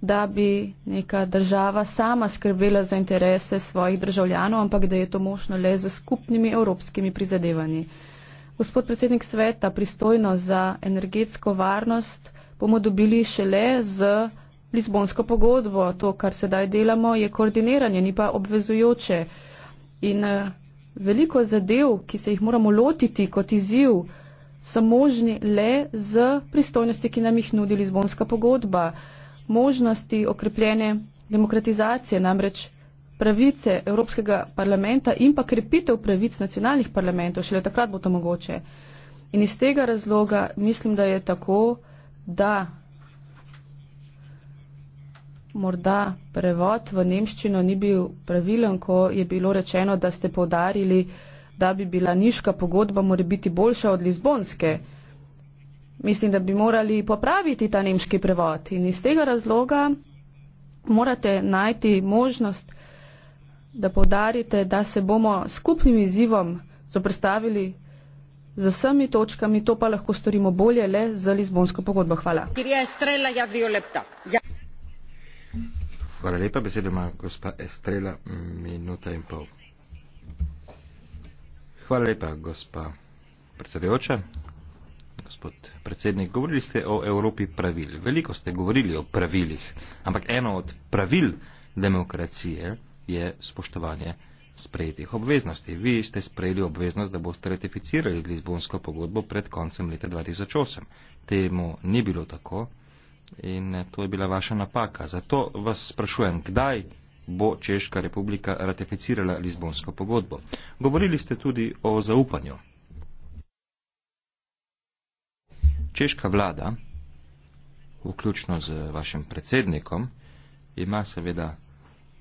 da bi neka država sama skrbela za interese svojih državljanov, ampak da je to možno le z skupnimi evropskimi prizadevanji. Gospod predsednik sveta, pristojno za energetsko varnost bomo dobili šele z Lizbonsko pogodbo. To, kar sedaj delamo, je koordiniranje, ni pa obvezujoče. In eh, veliko zadev, ki se jih moramo lotiti kot izziv, so možni le z pristojnosti, ki nam jih nudi Lizbonska pogodba možnosti okrepljene demokratizacije, namreč pravice Evropskega parlamenta in pa krepitev pravic nacionalnih parlamentov, šele takrat bo to mogoče. In iz tega razloga mislim, da je tako, da morda prevod v nemščino ni bil pravilen, ko je bilo rečeno, da ste povdarili, da bi bila niška pogodba mora biti boljša od lizbonske mislim, da bi morali popraviti ta nemški prevod in iz tega razloga morate najti možnost, da podarite, da se bomo skupnim izzivom zoprstavili z vsemi točkami, to pa lahko storimo bolje le z Lizbonsko pogodbo. Hvala. Ja, ja. Hvala lepa, besedo ima gospa Estrela, minuta in pol. Hvala lepa, gospa predsedujoča, gospod predsednik. Govorili ste o Evropi pravil. Veliko ste govorili o pravilih, ampak eno od pravil demokracije je spoštovanje sprejetih obveznosti. Vi ste sprejeli obveznost, da boste ratificirali Lizbonsko pogodbo pred koncem leta 2008. Temu ni bilo tako in to je bila vaša napaka. Zato vas sprašujem, kdaj bo Češka republika ratificirala Lizbonsko pogodbo. Govorili ste tudi o zaupanju. Češka vlada, vključno z vašim predsednikom, ima seveda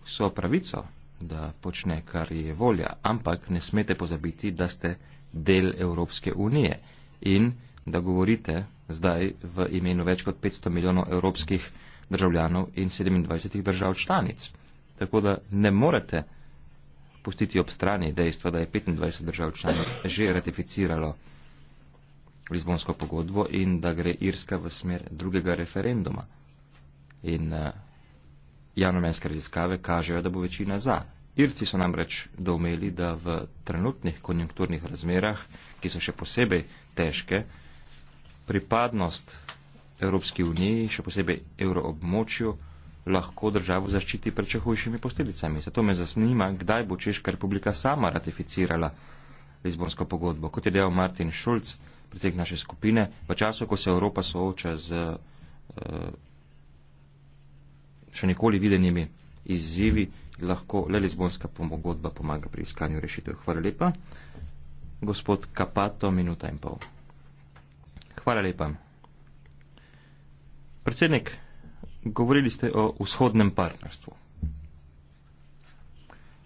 vso pravico, da počne, kar je volja, ampak ne smete pozabiti, da ste del Evropske unije in da govorite zdaj v imenu več kot 500 milijonov evropskih državljanov in 27 držav članic. Tako da ne morete pustiti ob strani dejstva, da je 25 držav članic že ratificiralo Lizbonsko pogodbo in da gre Irska v smer drugega referenduma. In uh, eh, javnomenske raziskave kažejo, da bo večina za. Irci so namreč domeli, da v trenutnih konjunkturnih razmerah, ki so še posebej težke, pripadnost Evropski uniji, še posebej evroobmočju, lahko državo zaščiti pred še hujšimi posledicami. Zato me zanima, kdaj bo Češka republika sama ratificirala Lizbonsko pogodbo. Kot je dejal Martin Šulc, predsednik naše skupine, v času, ko se Evropa sooča z eh, še nikoli videnimi izzivi, lahko le Lizbonska pomogodba pomaga pri iskanju rešitev. Hvala lepa. Gospod Kapato, minuta in pol. Hvala lepa. Predsednik, govorili ste o vzhodnem partnerstvu.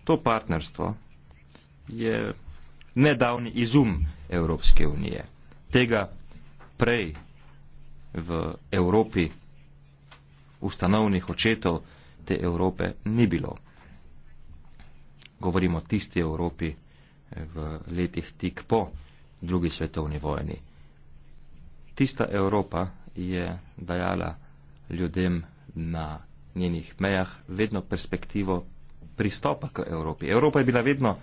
To partnerstvo je nedavni izum Evropske unije tega prej v Evropi ustanovnih očetov te Evrope ni bilo. Govorimo o tisti Evropi eh, v letih tik po drugi svetovni vojni. Tista Evropa je dajala ljudem na njenih mejah vedno perspektivo pristopa k Evropi. Evropa je bila vedno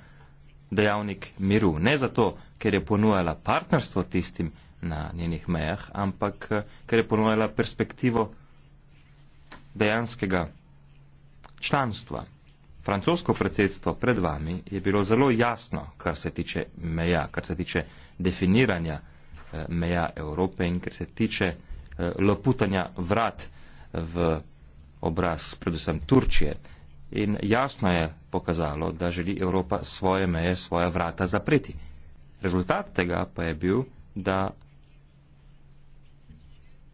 dejavnik miru. Ne zato, ker je ponujala partnerstvo tistim na njenih mejah, ampak eh, ker je ponujala perspektivo dejanskega članstva. Francosko predsedstvo pred vami je bilo zelo jasno, kar se tiče meja, kar se tiče definiranja eh, meja Evrope in kar se tiče eh, loputanja vrat v obraz predvsem Turčije in jasno je pokazalo, da želi Evropa svoje meje, svoja vrata zapreti. Rezultat tega pa je bil, da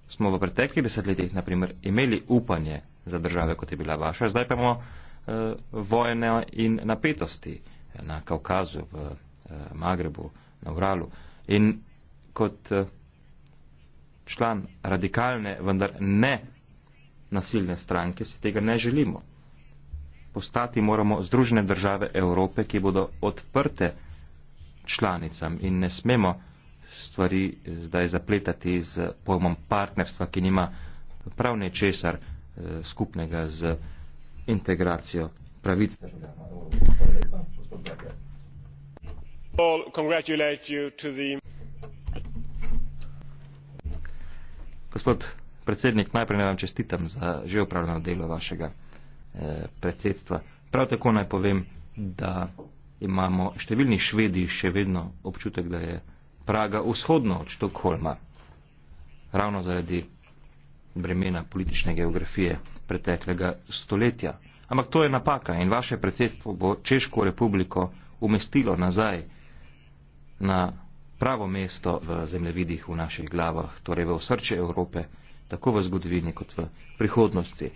smo v preteklih desetletjih naprimer, imeli upanje za države, kot je bila vaša, zdaj pa imamo eh, vojne in napetosti na Kaukazu, v eh, Magrebu, na Uralu. In kot eh, član radikalne, vendar ne nasilne stranke, si tega ne želimo postati moramo združene države Evrope, ki bodo odprte članicam in ne smemo stvari zdaj zapletati z pojmom partnerstva, ki nima prav nečesar eh, skupnega z integracijo pravic. Gospod predsednik, najprej vam čestitam za že upravljeno delo vašega. Eh, predsedstva. Prav tako naj povem, da imamo številni švedi še vedno občutek, da je Praga vzhodno od Štokholma, ravno zaradi bremena politične geografije preteklega stoletja. Ampak to je napaka in vaše predsedstvo bo Češko republiko umestilo nazaj na pravo mesto v zemljevidih v naših glavah, torej v srče Evrope, tako v zgodovini kot v prihodnosti.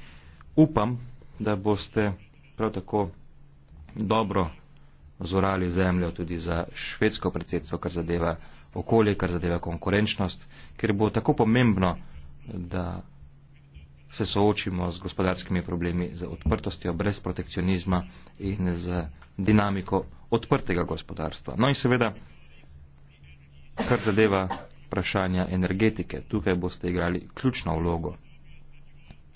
Upam, da boste prav tako dobro zorali zemljo tudi za švedsko predsedstvo, kar zadeva okolje, kar zadeva konkurenčnost, ker bo tako pomembno, da se soočimo z gospodarskimi problemi, z odprtostjo, brez protekcionizma in z dinamiko odprtega gospodarstva. No in seveda, kar zadeva vprašanja energetike, tukaj boste igrali ključno vlogo.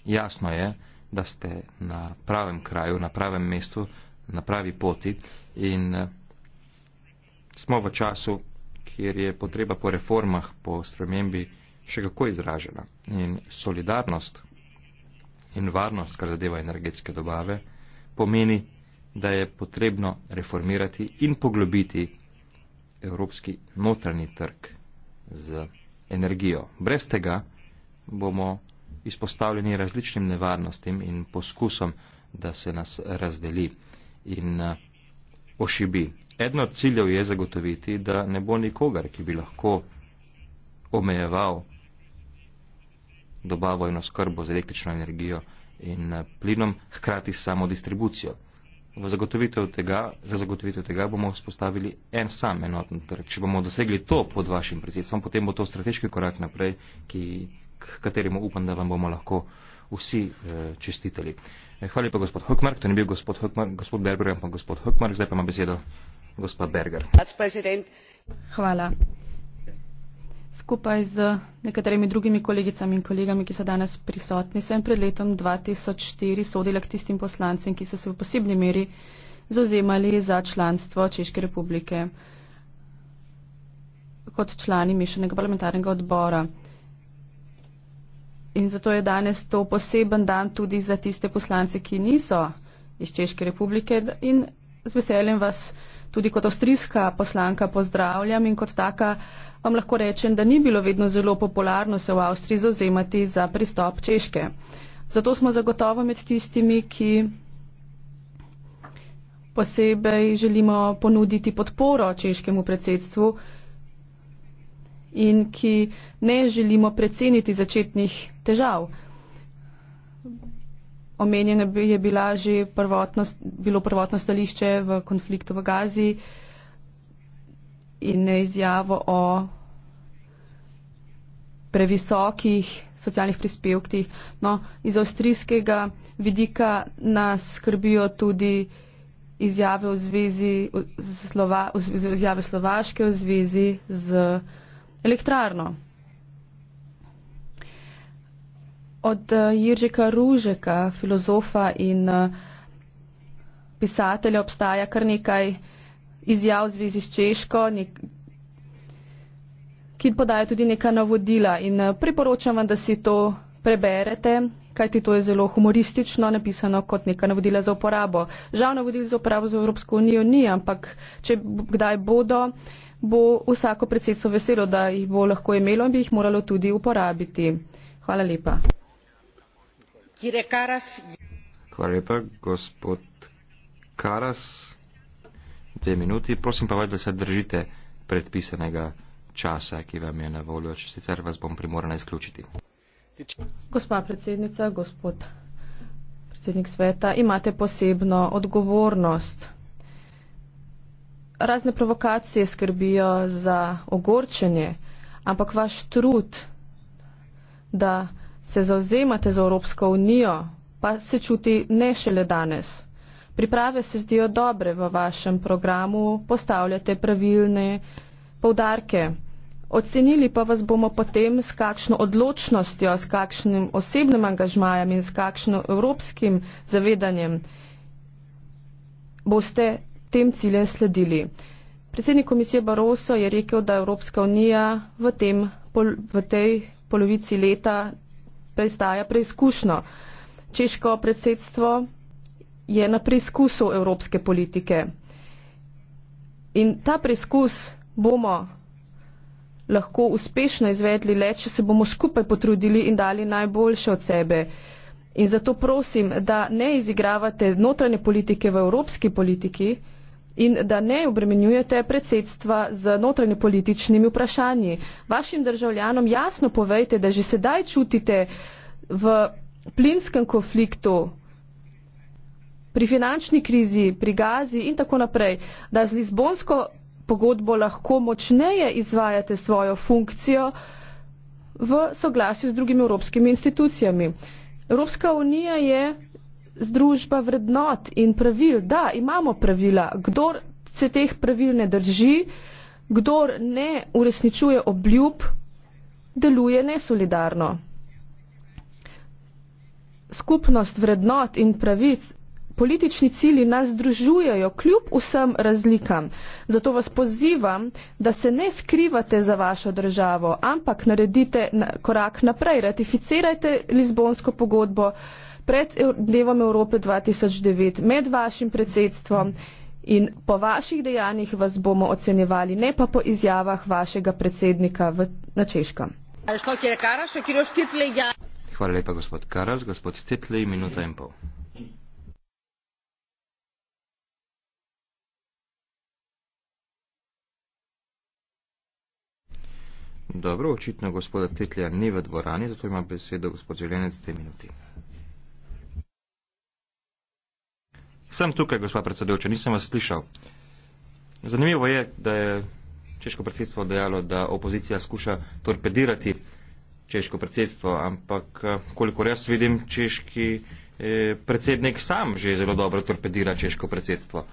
Jasno je, da ste na pravem kraju, na pravem mestu, na pravi poti in eh, smo v času, kjer je potreba po reformah, po spremembi še kako izražena in solidarnost in varnost, kar zadeva energetske dobave, pomeni, da je potrebno reformirati in poglobiti evropski notranji trg z energijo. Brez tega bomo izpostavljeni različnim nevarnostim in poskusom, da se nas razdeli in eh, ošibi. Edno od ciljev je zagotoviti, da ne bo nikogar, ki bi lahko omejeval dobavo in oskrbo z električno energijo in eh, plinom, hkrati samo distribucijo. V zagotovitev tega, za zagotovitev tega bomo vzpostavili en sam enoten trg. Če bomo dosegli to pod vašim predsedstvom, potem bo to strateški korak naprej, ki k kateremu upam, da vam bomo lahko vsi eh, čestitali. Eh, hvala lepa, gospod Hukmark. To ni bil gospod Hukmark, gospod Berger, ampak gospod Hukmark. Zdaj pa ima besedo gospod Berger. Hvala. Skupaj z nekaterimi drugimi kolegicami in kolegami, ki so danes prisotni, sem pred letom 2004 sodila k tistim poslancem, ki so se v posebni meri zauzemali za članstvo Češke republike kot člani Mišljenega parlamentarnega odbora in zato je danes to poseben dan tudi za tiste poslance, ki niso iz Češke republike in z veseljem vas tudi kot avstrijska poslanka pozdravljam in kot taka vam lahko rečem, da ni bilo vedno zelo popularno se v Avstriji zauzemati za pristop Češke. Zato smo zagotovo med tistimi, ki posebej želimo ponuditi podporo češkemu predsedstvu, in ki ne želimo preceniti začetnih težav. Omenjeno je bila že prvotno, bilo prvotno stališče v konfliktu v Gazi in ne izjavo o previsokih socialnih prispevkih. No, iz avstrijskega vidika nas skrbijo tudi izjave, v zvezi, v slova, v zvezi, izjave slovaške v zvezi z elektrarno. Od eh, Jiržika Ružeka, filozofa in eh, pisatelja, obstaja kar nekaj izjav v zvezi s Češko, nek, ki podajo tudi neka navodila. In eh, priporočam vam, da si to preberete, kajti to je zelo humoristično napisano kot neka navodila za uporabo. Žal navodil za uporabo za Evropsko unijo ni, ampak če kdaj bodo, bo vsako predsedstvo veselo, da jih bo lahko imelo in bi jih moralo tudi uporabiti. Hvala lepa. Hvala lepa, gospod Karas. Dve minuti. Prosim pa vas, da se držite predpisanega časa, ki vam je na voljo, če sicer vas bom primorana izključiti. Gospa predsednica, gospod predsednik sveta, imate posebno odgovornost razne provokacije skrbijo za ogorčenje, ampak vaš trud, da se zauzemate za Evropsko unijo, pa se čuti ne šele danes. Priprave se zdijo dobre v vašem programu, postavljate pravilne povdarke. Ocenili pa vas bomo potem s kakšno odločnostjo, s kakšnim osebnim angažmajem in s kakšnim evropskim zavedanjem boste tem ciljem sledili. Predsednik komisije Barroso je rekel, da Evropska unija v, tem, pol, v tej polovici leta prestaja preizkušno. Češko predsedstvo je na preizkusu evropske politike. In ta preizkus bomo lahko uspešno izvedli le, če se bomo skupaj potrudili in dali najboljše od sebe. In zato prosim, da ne izigravate notranje politike v evropski politiki, in da ne obremenjujete predsedstva z notranjopolitičnimi vprašanji. Vašim državljanom jasno povejte, da že sedaj čutite v plinskem konfliktu, pri finančni krizi, pri gazi in tako naprej, da z Lizbonsko pogodbo lahko močneje izvajate svojo funkcijo v soglasju z drugimi evropskimi institucijami. Evropska unija je združba vrednot in pravil. Da, imamo pravila. Kdor se teh pravil ne drži, kdor ne uresničuje obljub, deluje nesolidarno. Skupnost vrednot in pravic, politični cili nas združujejo kljub vsem razlikam. Zato vas pozivam, da se ne skrivate za vašo državo, ampak naredite korak naprej, ratificirajte Lizbonsko pogodbo pred dnevom Evrope 2009, med vašim predsedstvom in po vaših dejanjih vas bomo ocenjevali, ne pa po izjavah vašega predsednika v, na Češkem. Hvala lepa, gospod Karas. Ja. Gospod Titli, minuta in pol. Dobro, očitno gospoda Titlja ni v dvorani, zato ima besedo gospod Željenec te minuti. Sem tukaj, gospod predsedujoča, nisem vas slišal. Zanimivo je, da je češko predsedstvo dejalo, da opozicija skuša torpedirati češko predsedstvo, ampak eh, koliko jaz vidim, češki eh, predsednik sam že zelo dobro torpedira češko predsedstvo.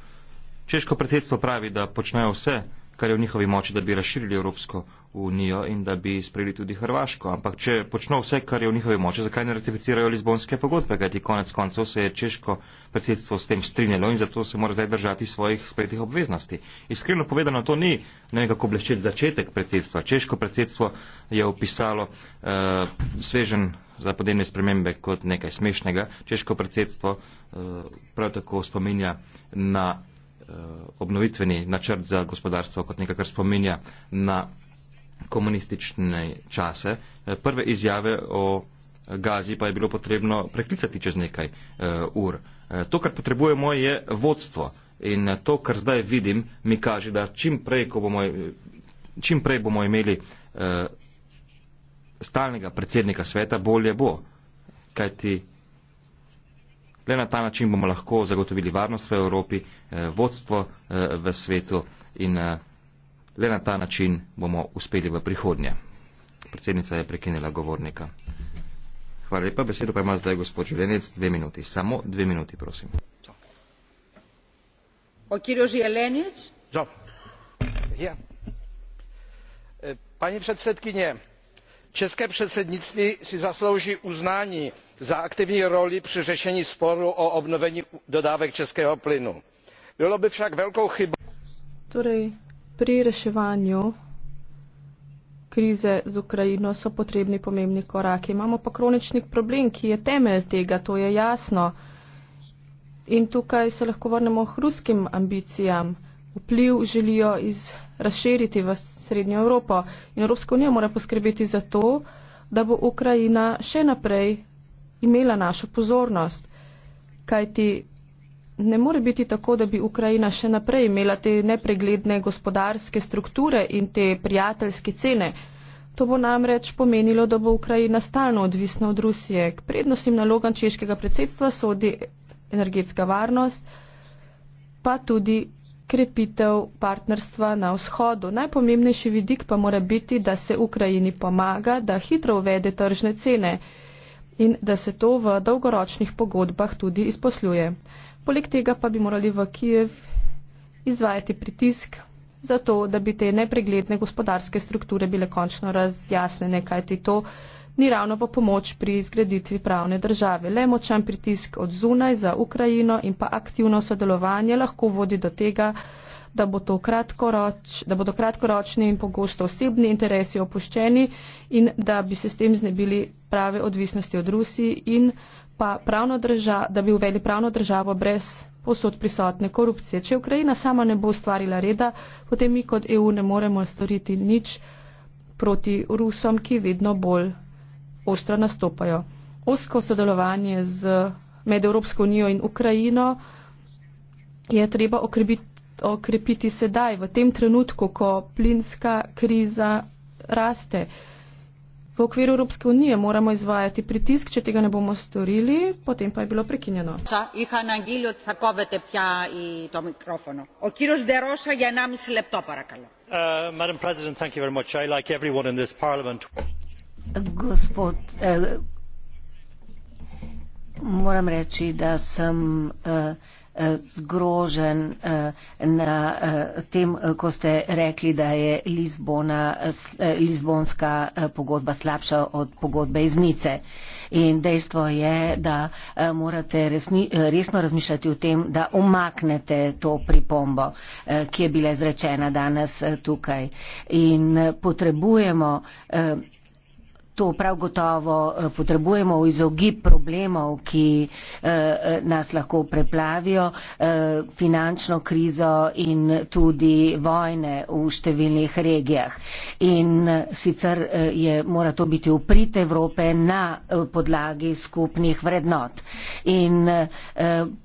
Češko predsedstvo pravi, da počnejo vse, kar je v njihovi moči, da bi razširili Evropsko unijo in da bi sprejeli tudi Hrvaško. Ampak če počno vse, kar je v njihovi moči, zakaj ne ratificirajo Lizbonske pogodbe, kajti konec koncev se je češko predsedstvo s tem strinjalo in zato se mora zdaj držati svojih sprejetih obveznosti. Iskreno povedano, to ni nekako bleščet začetek predsedstva. Češko predsedstvo je opisalo uh, svežen za podnebne spremembe kot nekaj smešnega. Češko predsedstvo uh, prav tako spominja na eh, obnovitveni načrt za gospodarstvo kot nekakr spominja na komunistične čase. Eh, prve izjave o gazi pa je bilo potrebno preklicati čez nekaj eh, ur. Eh, to, kar potrebujemo, je vodstvo. In to, kar zdaj vidim, mi kaže, da čim prej, bomo, čim prej bomo imeli stalnega predsednika sveta, bolje bo. Kajti le na ta način bomo lahko zagotovili varnost v Evropi, vodstvo v svetu in Le na ta način bomo uspeli v prihodnje. Predsednica je prekinila govornika. Hvala lepa, besedo pa ima zdaj gospod Želenec, dve minuti. Samo dve minuti, prosim. Okirjo Želenec? Ja. Ja. Pani predsednikinje, České předsednictví si zaslouží uznání za aktivní roli při řešení sporu o obnovení dodávek českého plynu. Bylo by však velkou chybou. Torej, Pri reševanju krize z Ukrajino so potrebni pomembni koraki. Imamo pa kronični problem, ki je temelj tega, to je jasno. In tukaj se lahko vrnemo k ruskim ambicijam. Vpliv želijo iz, razširiti v Srednjo Evropo in Evropska unija mora poskrbeti za to, da bo Ukrajina še naprej imela našo pozornost. Kajti ne more biti tako, da bi Ukrajina še naprej imela te nepregledne gospodarske strukture in te prijateljske cene. To bo namreč pomenilo, da bo Ukrajina stalno odvisna od Rusije. K prednostim nalogam češkega predsedstva sodi energetska varnost, pa tudi krepitev partnerstva na vzhodu. Najpomembnejši vidik pa mora biti, da se Ukrajini pomaga, da hitro uvede tržne cene in da se to v dolgoročnih pogodbah tudi izposluje. Poleg tega pa bi morali v Kijev izvajati pritisk za to, da bi te nepregledne gospodarske strukture bile končno razjasnene, kaj ti to ni ravno v pomoč pri zgraditvi pravne države. Le močan pritisk od zunaj za Ukrajino in pa aktivno sodelovanje lahko vodi do tega, da, bo kratkoroč, da bodo kratkoročni in pogosto osebni interesi opuščeni in da bi se s tem znebili prave odvisnosti od Rusije in pa pravno drža, da bi uvedli pravno državo brez posod prisotne korupcije. Če Ukrajina sama ne bo ustvarila reda, potem mi kot EU ne moremo storiti nič proti Rusom, ki vedno bolj ostro nastopajo. Osko sodelovanje z, med Evropsko unijo in Ukrajino je treba okrepiti, okrepiti sedaj, v tem trenutku, ko plinska kriza raste. V okviru Evropske unije moramo izvajati pritisk, če tega ne bomo storili, potem pa je bilo prekinjeno. Gospod, eh, moram reči, da sem eh, Eh, zgrožen eh, na eh, tem, ko ste rekli, da je Lizbona, Lizbonska pogodba slabša od pogodbe iz Nice. In dejstvo je, da morate resni, resno razmišljati o tem, da omaknete to pripombo, ki je bila izrečena danes tukaj. In potrebujemo To prav gotovo eh, potrebujemo v izogib problemov, ki eh, eh, nas lahko preplavijo, finančno krizo in tudi vojne v številnih regijah. In sicer je, mora to biti uprite Evrope na podlagi skupnih vrednot. In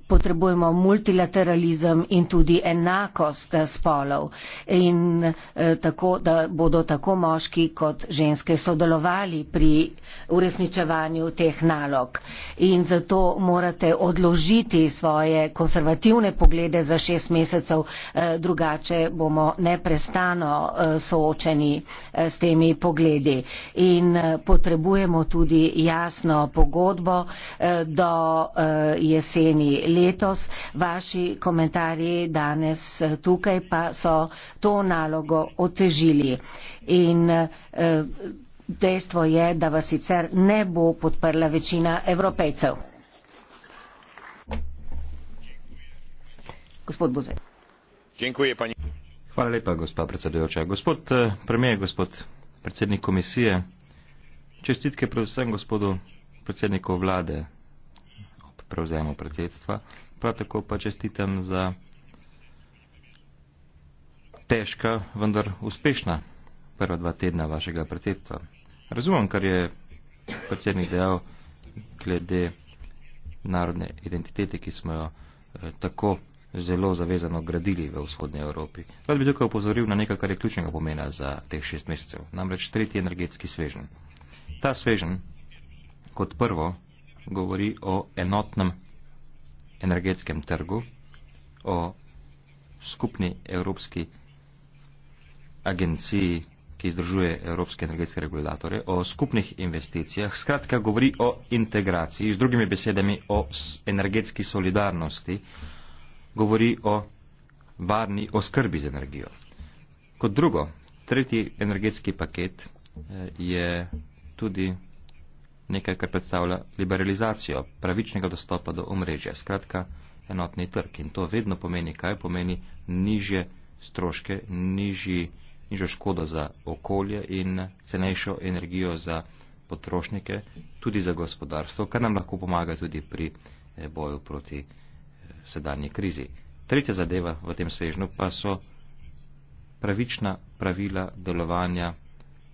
potrebujemo multilateralizem in tudi enakost eh, spolov in eh, tako, da bodo tako moški kot ženske sodelovali pri uresničevanju teh nalog. In zato morate odložiti svoje konservativne poglede za šest mesecev, eh, drugače bomo neprestano soočeni s temi pogledi. In potrebujemo tudi jasno pogodbo do jeseni leta letos. Vaši komentarji danes eh, tukaj pa so to nalogo otežili. In, eh, Dejstvo je, da vas sicer ne bo podprla večina evropejcev. Gospod Buzve. Hvala lepa, gospa predsedujoča. Gospod eh, premijer, gospod predsednik komisije, čestitke predvsem gospodu predsedniku vlade prevzemu predsedstva. Prav tako pa čestitam za težka, vendar uspešna prva dva tedna vašega predsedstva. Razumem, kar je predsednik dejal glede narodne identitete, ki smo jo eh, tako zelo zavezano gradili v vzhodnji Evropi. Rad bi tukaj upozoril na nekaj, kar je ključnega pomena za teh šest mesecev, namreč tretji energetski svežen. Ta svežen kot prvo govori o enotnem energetskem trgu, o skupni evropski agenciji, ki združuje evropske energetske regulatore, o skupnih investicijah, skratka govori o integraciji, z drugimi besedami o energetski solidarnosti, govori o varni oskrbi z energijo. Kot drugo, tretji energetski paket eh, je tudi nekaj, kar predstavlja liberalizacijo pravičnega dostopa do omrežja, skratka enotni trg. In to vedno pomeni kaj? Pomeni niže stroške, nižji, nižjo škodo za okolje in cenejšo energijo za potrošnike, tudi za gospodarstvo, kar nam lahko pomaga tudi pri eh, boju proti eh, sedanji krizi. Tretja zadeva v tem svežnju pa so pravična pravila delovanja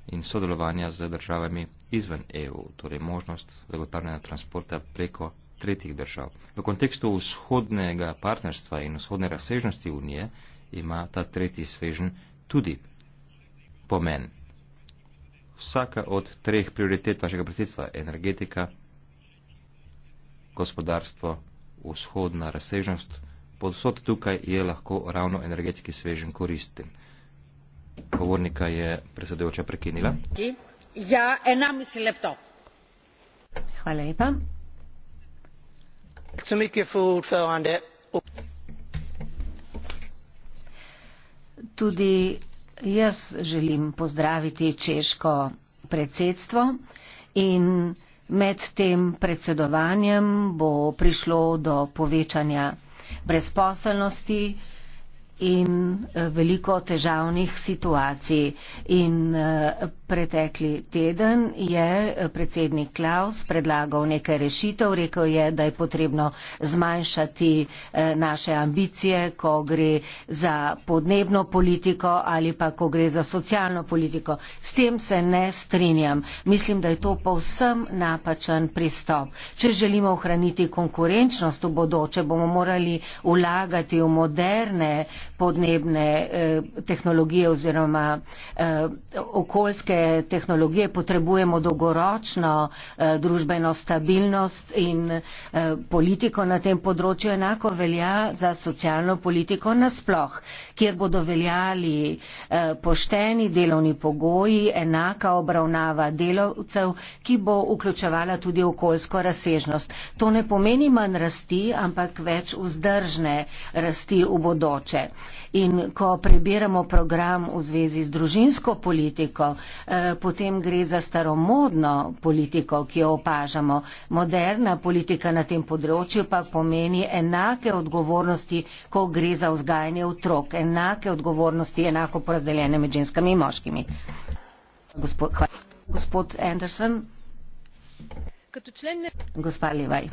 in sodelovanja z državami izven EU, torej možnost zagotavljanja transporta preko tretjih držav. V kontekstu vzhodnega partnerstva in vzhodne razsežnosti Unije ima ta tretji svežen tudi pomen. Vsaka od treh prioritet vašega predsedstva je energetika, gospodarstvo, vzhodna razsežnost, podsod tukaj je lahko ravno energetski svežen koristen. Govornika je predsedujoča prekinila. Okay tudi jaz želim pozdraviti češko predsedstvo in med tem predsedovanjem bo prišlo do povečanja brezposelnosti in eh, veliko težavnih situacij in prav je da Pretekli teden je predsednik Klaus predlagal nekaj rešitev, rekel je, da je potrebno zmanjšati eh, naše ambicije, ko gre za podnebno politiko ali pa ko gre za socialno politiko. S tem se ne strinjam. Mislim, da je to povsem napačen pristop. Če želimo ohraniti konkurenčnost v bodoče, bomo morali vlagati v moderne podnebne eh, tehnologije oziroma eh, okoljske te tehnologije potrebujemo dolgoročno eh, družbeno stabilnost in eh, politiko na tem področju. Enako velja za socialno politiko nasploh, kjer bodo veljali eh, pošteni delovni pogoji, enaka obravnava delovcev, ki bo vključevala tudi okoljsko razsežnost. To ne pomeni manj rasti, ampak več vzdržne rasti v bodoče in ko prebiramo program v zvezi z družinsko politiko, eh, potem gre za staromodno politiko, ki jo opažamo. Moderna politika na tem področju pa pomeni enake odgovornosti, ko gre za vzgajanje otrok, enake odgovornosti, enako porazdeljene med ženskami in moškimi. Gospod, hvala. Gospod Anderson. Gospa Levaj.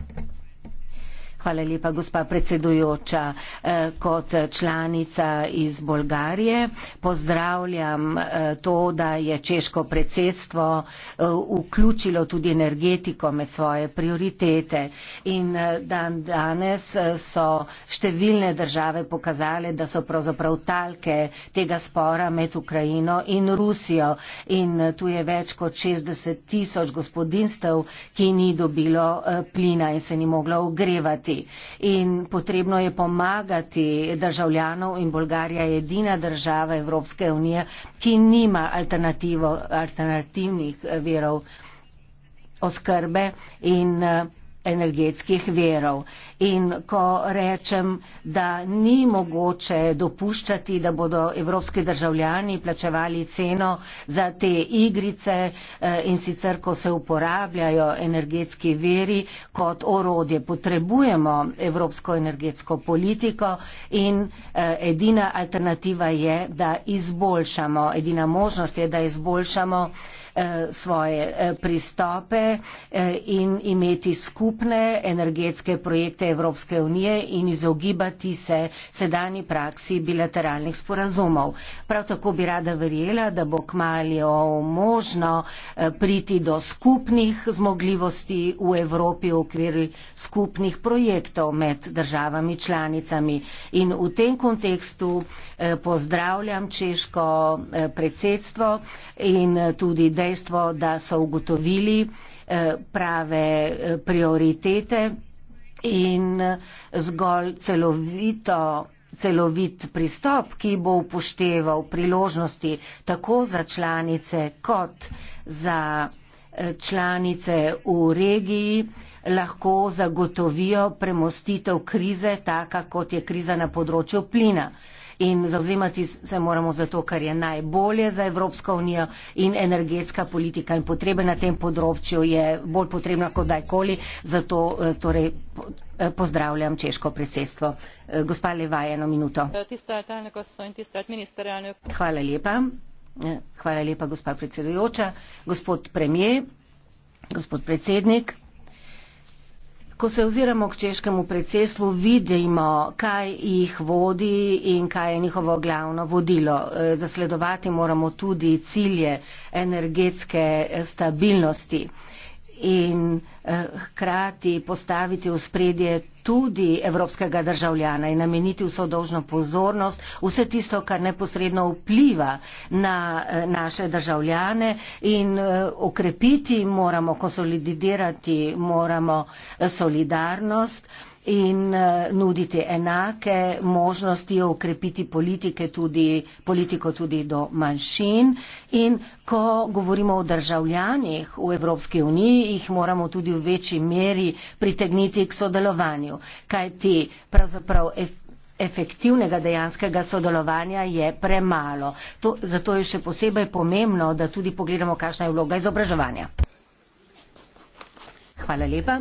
Hvala lepa, gospa predsedujoča. Eh, kot članica iz Bolgarije pozdravljam eh, to, da je češko predsedstvo eh, vključilo tudi energetiko med svoje prioritete. In dan danes so številne države pokazale, da so pravzaprav talke tega spora med Ukrajino in Rusijo. In tu je več kot 60 tisoč gospodinstv, ki ni dobilo plina in se ni moglo ogrevati varnosti in potrebno je pomagati državljanov in Bolgarija je edina država Evropske unije, ki nima alternativnih eh, verov oskrbe in uh, energetskih verov. In ko rečem, da ni mogoče dopuščati, da bodo evropski državljani plačevali ceno za te igrice eh, in sicer, ko se uporabljajo energetski veri kot orodje, potrebujemo evropsko energetsko politiko in eh, edina alternativa je, da izboljšamo, edina možnost je, da izboljšamo Eh, svoje eh, pristope eh, in imeti skupne energetske projekte Evropske unije in izogibati se sedajni praksi bilateralnih sporazumov. Prav tako bi rada verjela, da bo kmalo možno priti do skupnih zmogljivosti v Evropi v okviru skupnih projektov med državami članicami. In v tem kontekstu pozdravljam češko predsedstvo in tudi dejstvo, da so ugotovili eh, prave eh, prioritete in eh, zgolj celovito celovit pristop, ki bo upošteval priložnosti tako za članice kot za članice v regiji, lahko zagotovijo premostitev krize, taka kot je kriza na področju plina in zauzemati se moramo za to, kar je najbolje za Evropsko unijo in energetska politika in potrebe na tem področju je bolj potrebna kot dajkoli, zato eh, torej eh, pozdravljam češko predsedstvo. Eh, gospa Leva, eno minuto. Hvala lepa. Hvala lepa, gospa predsedujoča. Gospod premije, gospod predsednik. Ko se oziramo k češkemu predsedstvu, vidimo, kaj jih vodi in kaj je njihovo glavno vodilo. E, zasledovati moramo tudi cilje energetske stabilnosti in eh, hkrati postaviti v spredje tudi evropskega državljana in nameniti vso dožno pozornost, vse tisto, kar neposredno vpliva na eh, naše državljane in eh, okrepiti moramo, konsolidirati moramo solidarnost in eh, nuditi enake možnosti okrepiti politike tudi, politiko tudi do manjšin. In ko govorimo o državljanih v Evropski uniji, jih moramo tudi v večji meri pritegniti k sodelovanju, kajti pravzaprav efektivnega dejanskega sodelovanja je premalo. To, zato je še posebej pomembno, da tudi pogledamo, kakšna je vloga izobraževanja. Hvala lepa.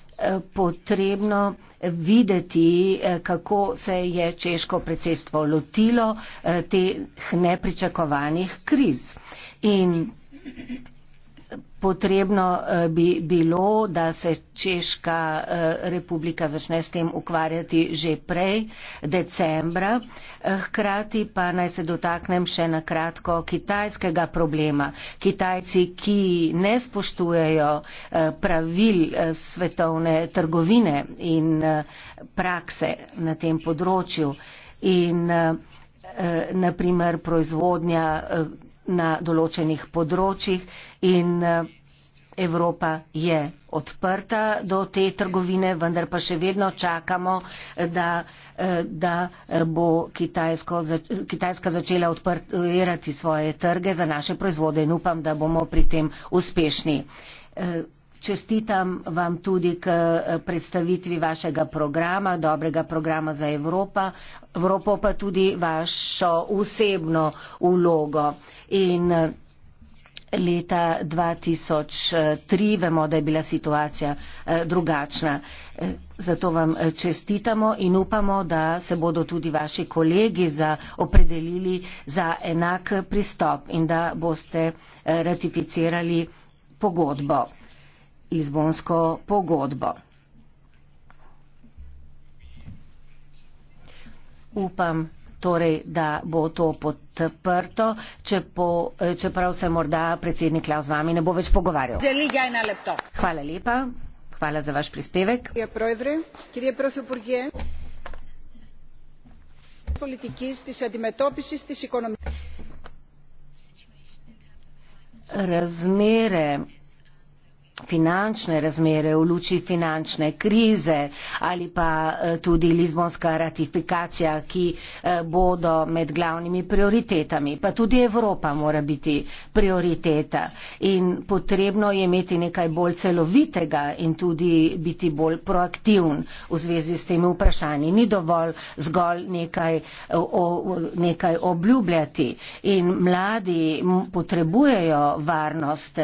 potrebno videti, eh, kako se je češko predsedstvo lotilo eh, teh nepričakovanih kriz. In potrebno eh, bi bilo, da se Češka eh, republika začne s tem ukvarjati že prej, decembra. Eh, hkrati pa naj se dotaknem še na kratko kitajskega problema. Kitajci, ki ne spoštujejo pravil svetovne trgovine in prakse na tem področju in naprimer proizvodnja na določenih področjih in eh, Evropa je odprta do te trgovine, vendar pa še vedno čakamo, eh, da, eh, da bo Kitajska začela odprirati svoje trge za naše proizvode in upam, da bomo pri tem uspešni čestitam vam tudi k eh, predstavitvi vašega programa, dobrega programa za Evropa, Evropo pa tudi vašo osebno ulogo. In eh, leta 2003 vemo, da je bila situacija eh, drugačna. Zato vam čestitamo in upamo, da se bodo tudi vaši kolegi za opredelili za enak pristop in da boste ratificirali pogodbo. Lizbonsko pogodbo. Upam torej, da bo to podprto, čeprav se morda predsednik Klaus z vami ne bo več pogovarjal. Hvala lepa, hvala za vaš prispevek. Razmere finančne razmere v luči finančne krize ali pa eh, tudi Lizbonska ratifikacija, ki eh, bodo med glavnimi prioritetami. Pa tudi Evropa mora biti prioriteta in potrebno je imeti nekaj bolj celovitega in tudi biti bolj proaktivn v zvezi s temi vprašanji. Ni dovolj zgolj nekaj, o, nekaj obljubljati in mladi potrebujejo varnost.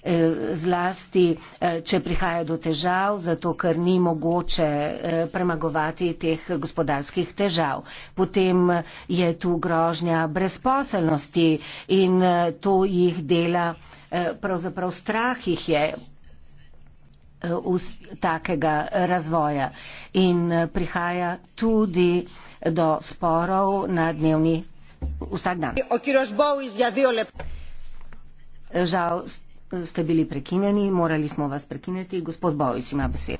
Eh, zlasti, eh, če prihaja do težav, zato ker ni mogoče eh, premagovati teh gospodarskih težav. Potem je tu grožnja brezposelnosti in to jih dela, pravzaprav strah jih je takega razvoja in prihaja tudi do sporov na dnevni vsak dan. Ja, Žal ste bili prekinjeni, morali smo vas prekineti. Gospod Bojus ima besedo.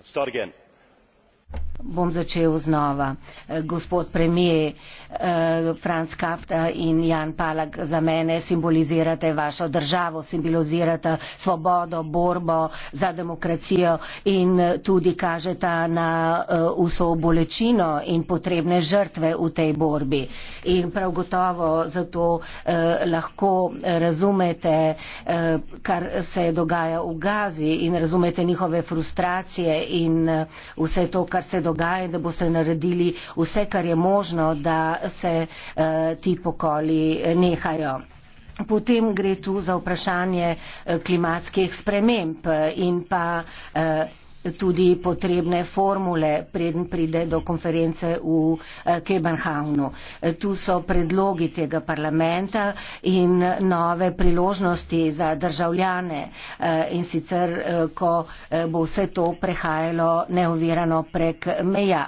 Start again. Bom začel znova. Eh, gospod premije, eh, Franz Kafta in Jan Palak, za mene simbolizirate vašo državo, simbolizirate svobodo, borbo za demokracijo in eh, tudi kažete na vso bolečino in potrebne žrtve v tej borbi. In prav gotovo zato lahko razumete, kar se dogaja v Gazi in razumete njihove frustracije in vse to, kar se dogaja dogaja in da boste naredili vse, kar je možno, da se eh, ti pokoli eh, nehajo. Potem gre tu za vprašanje eh, klimatskih sprememb in pa. Eh, tudi potrebne formule, preden pride do konference v eh, Kebenhavnu. Eh, tu so predlogi tega parlamenta in nove priložnosti za državljane eh, in sicer, ko bo vse to prehajalo neovirano prek meja,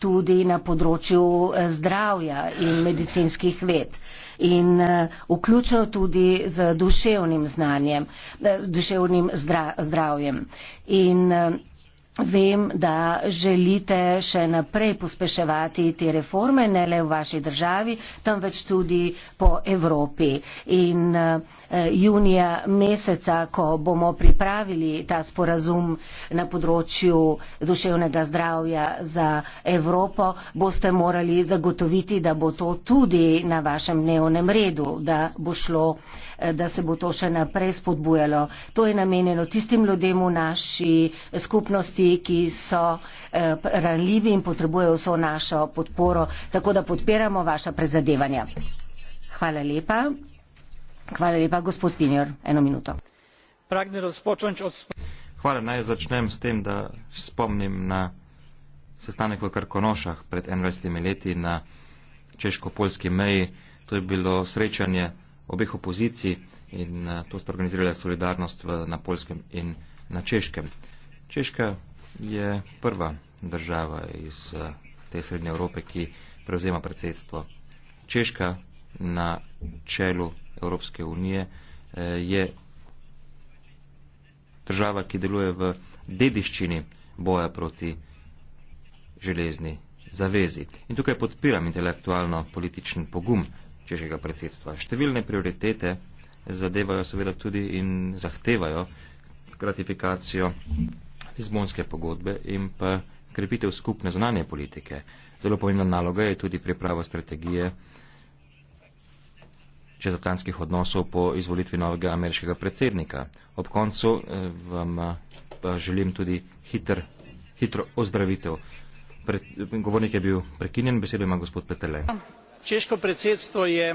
tudi na področju zdravja in medicinskih ved in eh, vključno tudi z duševnim znanjem, eh, duševnim zdravjem. In eh, Vem, da želite še naprej pospeševati te reforme, ne le v vaši državi, temveč tudi po Evropi. In, uh, Eh, junija meseca, ko bomo pripravili ta sporazum na področju duševnega zdravja za Evropo, boste morali zagotoviti, da bo to tudi na vašem dnevnem redu, da bo šlo eh, da se bo to še naprej spodbujalo. To je namenjeno tistim ljudem v naši skupnosti, ki so eh, ranljivi in potrebujejo vso našo podporo, tako da podpiramo vaša prezadevanja. Hvala lepa hvala naj začnem s tem da spomnim na sestanek v krkonošah pred enajstimi leti na češko poljski meji to je bilo srečanje obeh opozicij in eh, to sta organizirala solidarnost v, na poljskem in na češkem češka je prva država iz eh, te srednje evrope ki prevzema predsedstvo češka na čelu Evropske unije eh, je država, ki deluje v dediščini boja proti železni zavezi. In tukaj podpiram intelektualno političen pogum češega predsedstva. Številne prioritete zadevajo seveda tudi in zahtevajo gratifikacijo izbonske pogodbe in pa krepitev skupne zunanje politike. Zelo pomembna naloga je tudi priprava strategije čezatlantskih odnosov po izvolitvi novega ameriškega predsednika. Ob koncu eh, vam eh, pa želim tudi hiter, hitro ozdravitev. Pre, govornik je bil prekinjen, besedo ima gospod Petele. Češko predsedstvo je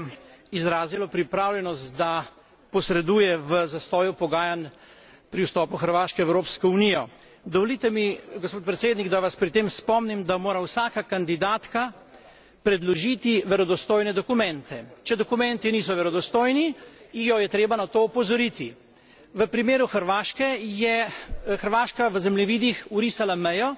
izrazilo pripravljenost, da posreduje v zastoju pogajanj pri vstopu Hrvaške v Evropsko unijo. Dovolite mi, gospod predsednik, da vas pri tem spomnim, da mora vsaka kandidatka predložiti verodostojne dokumente. če dokumenti niso verodostojni jo je treba na to opozoriti. v primeru hrvaške je hrvaška v zemljevidih vrisala mejo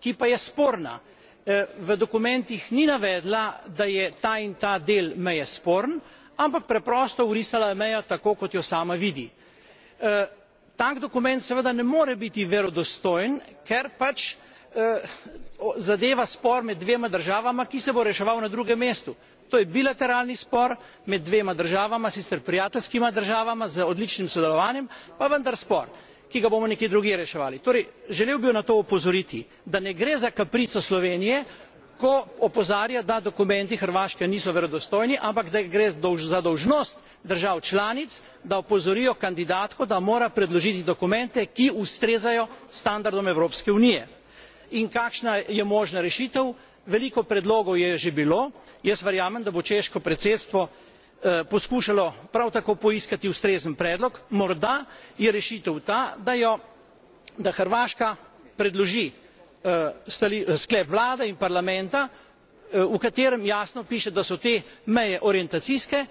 ki pa je sporna. E, v dokumentih ni navedla da je ta in ta del meje sporen ampak preprosto vrisala je mejo tako kot jo sama vidi. E, tak dokument seveda ne more biti verodostojen ker pač Eh, zadeva spor med dvema državama ki se bo reševal na drugem mestu. to je bilateralni spor med dvema državama sicer prijateljskima državama z odličnim sodelovanjem pa vendar spor ki ga bomo nekje drugje reševali. torej želel bi jo na to opozoriti da ne gre za kaprico slovenije ko opozarja da dokumenti hrvaške niso verodostojni ampak da gre za dolžnost držav članic da opozorijo kandidatko da mora predložiti dokumente ki ustrezajo standardom evropske unije in kakšna je možna rešitev veliko predlogov je že bilo jaz verjamem da bo češko predsedstvo eh, poskušalo prav tako poiskati ustrezen predlog morda je rešitev ta da jo da hrvaška predloži eh, eh, sklep vlade in parlamenta v katerem jasno piše da so te meje orientacijske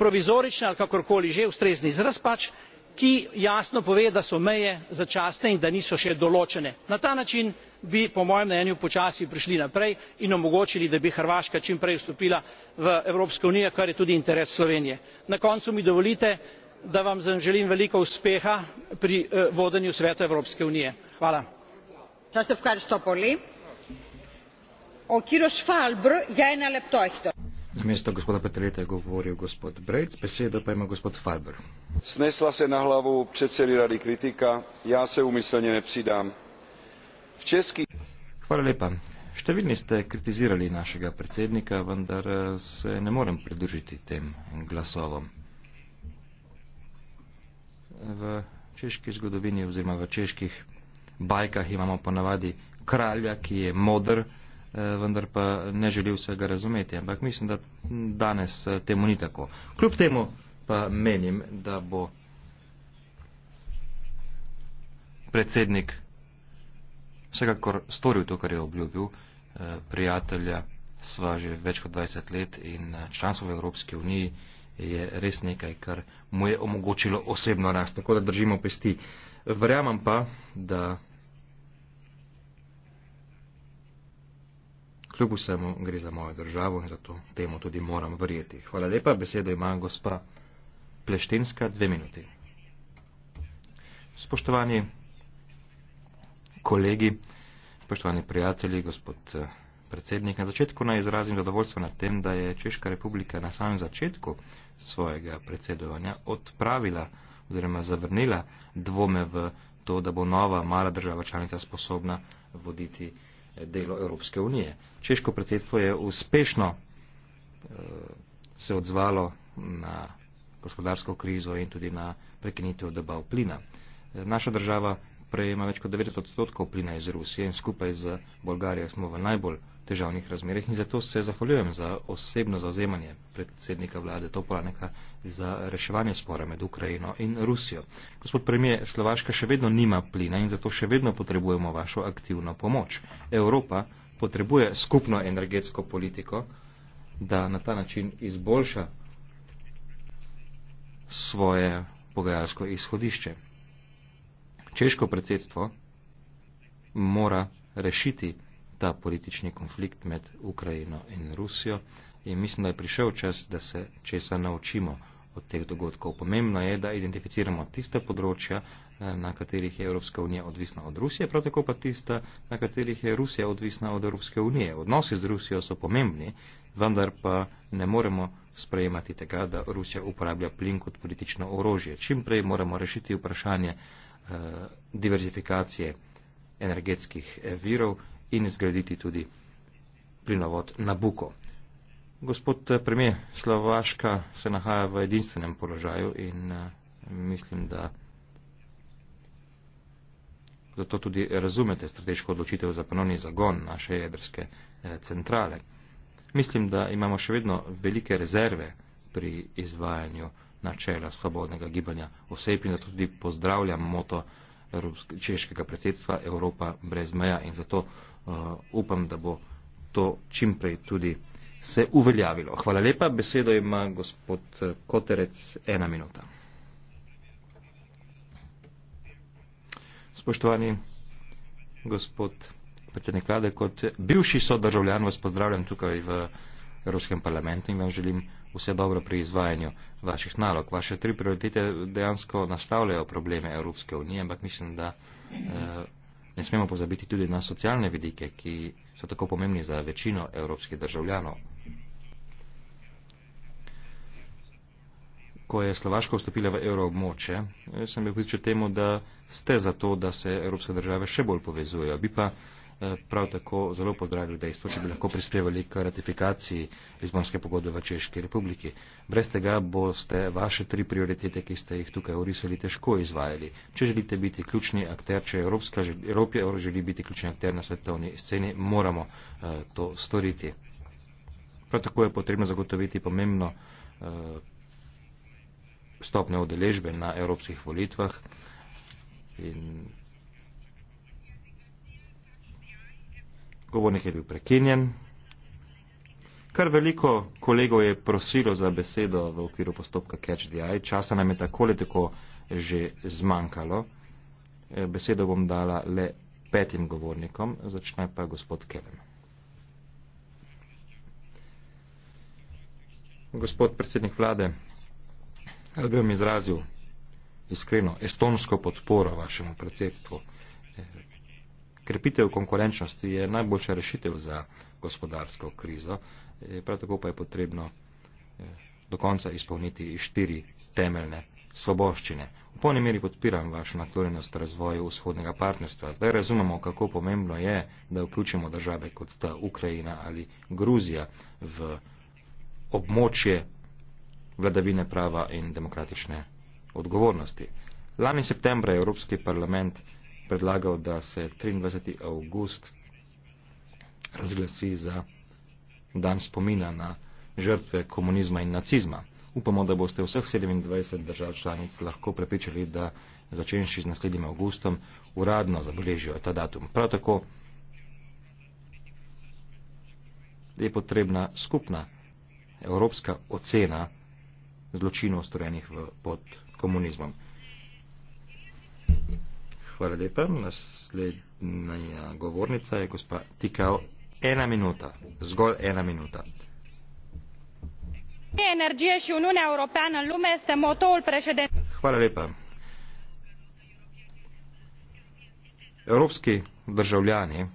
provizorične ali kakorkoli že ustrezni izraz pač ki jasno pove da so meje začasne in da niso še določene. na ta način bi po mojem mnenju počasi prišli naprej in omogočili da bi hrvaška čim prej vstopila v evropsko unijo kar je tudi interes slovenije. na koncu mi dovolite da vam zaželim veliko uspeha pri eh, vodenju sveta evropske unije. hvala. Na mesto gospoda Petreta je govoril gospod Brejc, besedo pa ima gospod Farber. Snesla se na glavo predsedi radi kritika, ja se umiselne ne psidam. V Česki... Hvala lepa. Številni ste kritizirali našega predsednika, vendar eh, se ne morem pridružiti tem glasovom. V češki zgodovini oziroma v čeških bajkah imamo ponavadi kralja, ki je modr, Eh, vendar pa ne želi vsega razumeti. Ampak mislim, da danes eh, temu ni tako. Kljub temu pa menim, da bo predsednik vsekakor storil to, kar je obljubil, eh, prijatelja sva že več kot 20 let in članstvo v Evropski uniji je res nekaj, kar mu je omogočilo osebno rast, tako da držimo pesti. Verjamem pa, da Kljub vsemu gre za mojo državo in zato temu tudi moram verjeti. Hvala lepa, besedo ima gospa Pleštinska, dve minuti. Spoštovani kolegi, spoštovani prijatelji, gospod eh, predsednik, na začetku naj izrazim zadovoljstvo nad tem, da je Češka republika na samem začetku svojega predsedovanja odpravila oziroma zavrnila dvome v to, da bo nova mala država članica sposobna voditi delo Evropske unije. Češko predsedstvo je uspešno eh, se odzvalo na gospodarsko krizo in tudi na prekinitev dobav plina. Eh, naša država prej ima več kot 90 odstotkov plina iz Rusije in skupaj z Bolgarijo smo v najbolj težavnih razmerah in zato se zahvaljujem za osebno zauzemanje predsednika vlade Topolaneka za reševanje spora med Ukrajino in Rusijo. Gospod premije, Slovaška še vedno nima plina in zato še vedno potrebujemo vašo aktivno pomoč. Evropa potrebuje skupno energetsko politiko, da na ta način izboljša svoje pogajalsko izhodišče češko predsedstvo mora rešiti ta politični konflikt med Ukrajino in Rusijo in mislim, da je prišel čas, da se česa naučimo od teh dogodkov. Pomembno je, da identificiramo tiste področja, eh, na katerih je Evropska unija odvisna od Rusije, prav tako pa tista, na katerih je Rusija odvisna od Evropske unije. Odnosi z Rusijo so pomembni, vendar pa ne moremo sprejemati tega, da Rusija uporablja plin kot politično orožje. Čim prej moramo rešiti vprašanje, Eh, diverzifikacije energetskih eh, virov in zgraditi tudi plinovod Nabuko. Gospod eh, premijer, Slovaška se nahaja v edinstvenem položaju in mislim, da zato tudi razumete strateško odločitev za ponovni zagon naše jedrske centrale. Mislim, da imamo še vedno velike rezerve pri izvajanju načela svobodnega gibanja. Osebi na to tudi pozdravljam moto Evropske, češkega predsedstva Evropa brez meja in zato uh, upam, da bo to čimprej tudi se uveljavilo. Hvala lepa, besedo ima gospod uh, Koterec, ena minuta. Spoštovani gospod predsednik vlade, kot bivši sodržavljan vas pozdravljam tukaj v Evropskem parlamentu in vam želim vse dobro pri izvajanju vaših nalog. Vaše tri prioritete dejansko nastavljajo probleme Evropske unije, ampak mislim, da eh, ne smemo pozabiti tudi na socialne vidike, ki so tako pomembni za večino evropskih državljanov. Ko je Slovaška vstopila v euroobmoče, eh, sem bil pričel temu, da ste za to, da se evropske države še bolj povezujejo. Bi pa Eh, prav tako zelo pozdravil dejstvo, če bi lahko prispevali k ratifikaciji Lizbonske pogodbe v Češki republiki. Brez tega boste vaše tri prioritete, ki ste jih tukaj orisali, težko izvajali. Če želite biti ključni akter, če Evropska Evropija želi biti ključni akter na svetovni sceni, moramo eh, to storiti. Prav tako je potrebno zagotoviti pomembno eh, stopnjo udeležbe na evropskih volitvah. In govornik je bil prekinjen. Kar veliko kolegov je prosilo za besedo v okviru postopka Catch the Eye. Časa nam je tako ali tako že zmanjkalo. E, besedo bom dala le petim govornikom, začne pa gospod Kelem. Gospod predsednik vlade, ali bi vam izrazil iskreno estonsko podporo vašemu predsedstvu? E, Krepitev konkurenčnosti je najboljša rešitev za gospodarsko krizo, eh, prav tako pa je potrebno eh, do konca izpolniti štiri temeljne sloboščine. V polni meri podpiram vašo naklonjenost razvoju vzhodnega partnerstva. Zdaj razumemo, kako pomembno je, da vključimo države kot sta Ukrajina ali Gruzija v območje vladavine prava in demokratične odgovornosti. Lani septembra je Evropski parlament predlagal, da se 23. avgust razglasi za dan spomina na žrtve komunizma in nacizma. Upamo, da boste vseh 27 držav članic lahko prepričali, da začenši z naslednjim avgustom uradno zabeležijo ta datum. Prav tako je potrebna skupna evropska ocena zločinov storjenih pod komunizmom. Hvala lepa. Naslednja govornica je gospa Tikao. Ena minuta, zgolj ena minuta. Hvala lepa. Evropski državljani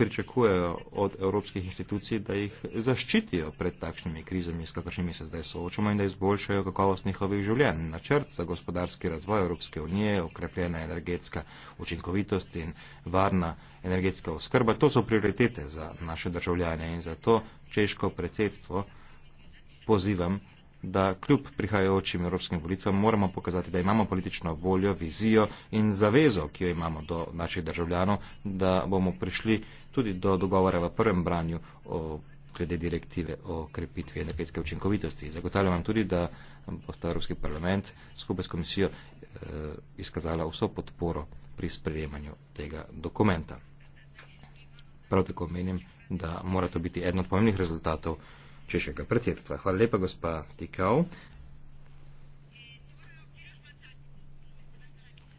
pričakujejo od evropskih institucij, da jih zaščitijo pred takšnimi krizami, s kakršnimi se zdaj soočamo in da izboljšajo kakovost njihovih življenj. Načrt za gospodarski razvoj Evropske unije, okrepljena energetska učinkovitost in varna energetska oskrba, to so prioritete za naše državljanje in zato češko predsedstvo pozivam da kljub prihajajočim evropskim volitvam moramo pokazati, da imamo politično voljo, vizijo in zavezo, ki jo imamo do naših državljanov, da bomo prišli tudi do dogovora v prvem branju o glede direktive o krepitvi energetske učinkovitosti. Zagotavljam vam tudi, da bosta Evropski parlament skupaj s komisijo eh, izkazala vso podporo pri sprejemanju tega dokumenta. Prav tako menim, da mora to biti eden od pomembnih rezultatov eh, češnjega pretjetstva. Hvala lepa, gospa Tikao.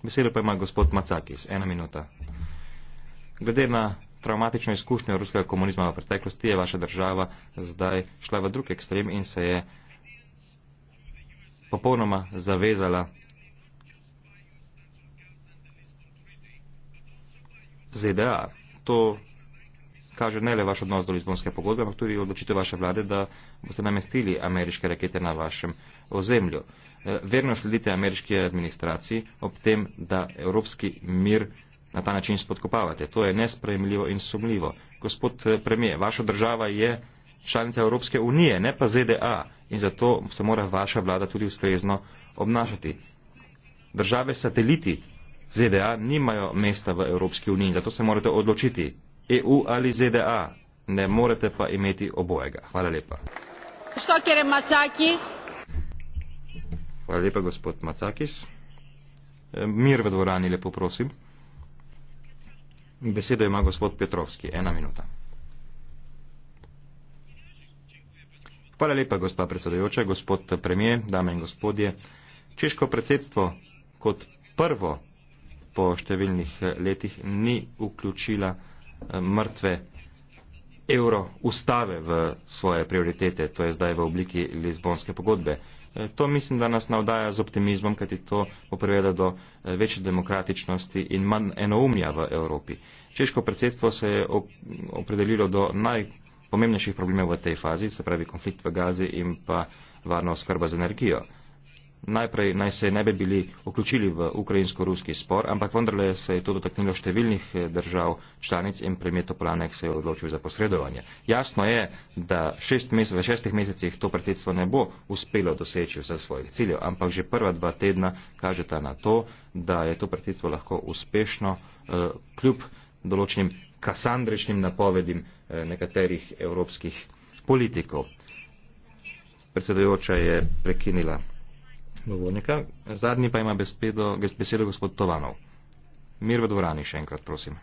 Besedo pa ima gospod Macakis, ena minuta. Glede na traumatično izkušnjo ruskega komunizma v preteklosti je vaša država zdaj šla v drug ekstrem in se je popolnoma zavezala ZDA. To kaže ne le vaš odnos do Lizbonske pogodbe, ampak tudi odločitev vaše vlade, da boste namestili ameriške rakete na vašem ozemlju. Eh, verno sledite ameriški administraciji ob tem, da evropski mir na ta način spodkopavate. To je nespremljivo in sumljivo. Gospod eh, premije, vaša država je članica Evropske unije, ne pa ZDA in zato se mora vaša vlada tudi ustrezno obnašati. Države sateliti ZDA nimajo mesta v Evropski uniji, zato se morate odločiti, EU ali ZDA, ne morete pa imeti obojega. Hvala lepa. Što, Hvala lepa, gospod Macakis. E, mir v dvorani, lepo prosim. Besedo ima gospod Petrovski. Ena minuta. Hvala lepa, gospa predsedojoča, gospod premije, dame in gospodje. Češko predsedstvo kot prvo po številnih e, letih ni vključila mrtve evro ustave v svoje prioritete, to je zdaj v obliki Lizbonske pogodbe. E, to mislim, da nas navdaja z optimizmom, kajti to opreveda do e, večje demokratičnosti in manj enoumja v Evropi. Češko predsedstvo se je opredelilo do najpomembnejših problemov v tej fazi, se pravi konflikt v Gazi in pa varno skrba z energijo najprej naj se ne bi bili vključili v ukrajinsko ruski spor ampak vendarle se je to dotaknilo številnih eh, držav članic in premijer topolanek se je odločil za posredovanje jasno je da šest mesec, v šestih mesecih to predsedstvo ne bo uspelo doseči vseh svojih ciljev ampak že prva dva tedna kažeta na to da je to predsedstvo lahko uspešno eh, kljub določenim kasandričnim napovedim eh, nekaterih evropskih politikov predsedujoča je prekinila govornika. Zadnji pa ima besedo, besedo gospod Tovanov. Mir v dvorani še enkrat, prosim.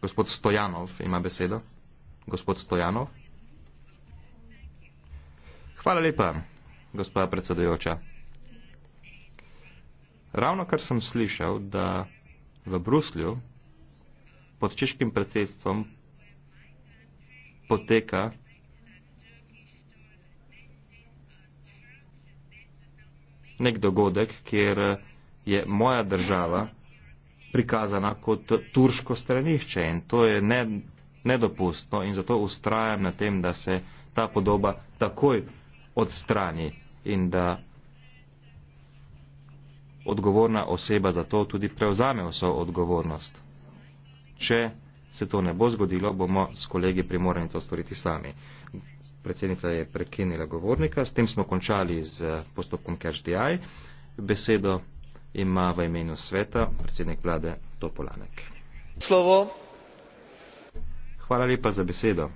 Gospod Stojanov ima besedo. Gospod Stojanov. Hvala lepa, gospa predsedujoča. Ravno kar sem slišal, da v Bruslju pod češkim predsedstvom poteka nek dogodek, kjer je moja država prikazana kot turško stranišče in to je nedopustno in zato ustrajam na tem, da se ta podoba takoj odstrani in da odgovorna oseba za to tudi prevzame vso odgovornost. Če se to ne bo zgodilo, bomo s kolegi primorani to storiti sami. Predsednica je prekinila govornika. S tem smo končali z eh, postopkom CashDI. Besedo ima v imenu sveta predsednik vlade Topolanek. Slovo. Hvala lepa za besedo.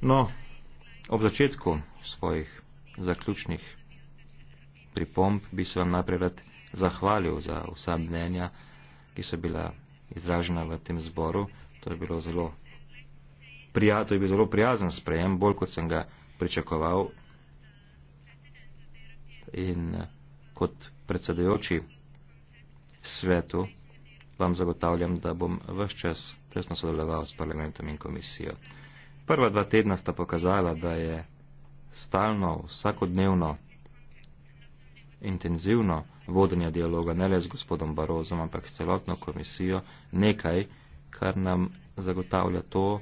No, ob začetku svojih zaključnih pripomb bi se vam najprej rad zahvalil za vsa mnenja, ki so bila izražena v tem zboru. To je bilo zelo, prija, to je bil zelo prijazen sprejem, bolj kot sem ga pričakoval. In kot predsedujoči svetu vam zagotavljam, da bom vse čas tesno sodeloval s parlamentom in komisijo. Prva dva tedna sta pokazala, da je stalno, vsakodnevno, intenzivno vodenje dialoga ne le z gospodom Barozom, ampak s celotno komisijo nekaj, kar nam zagotavlja to,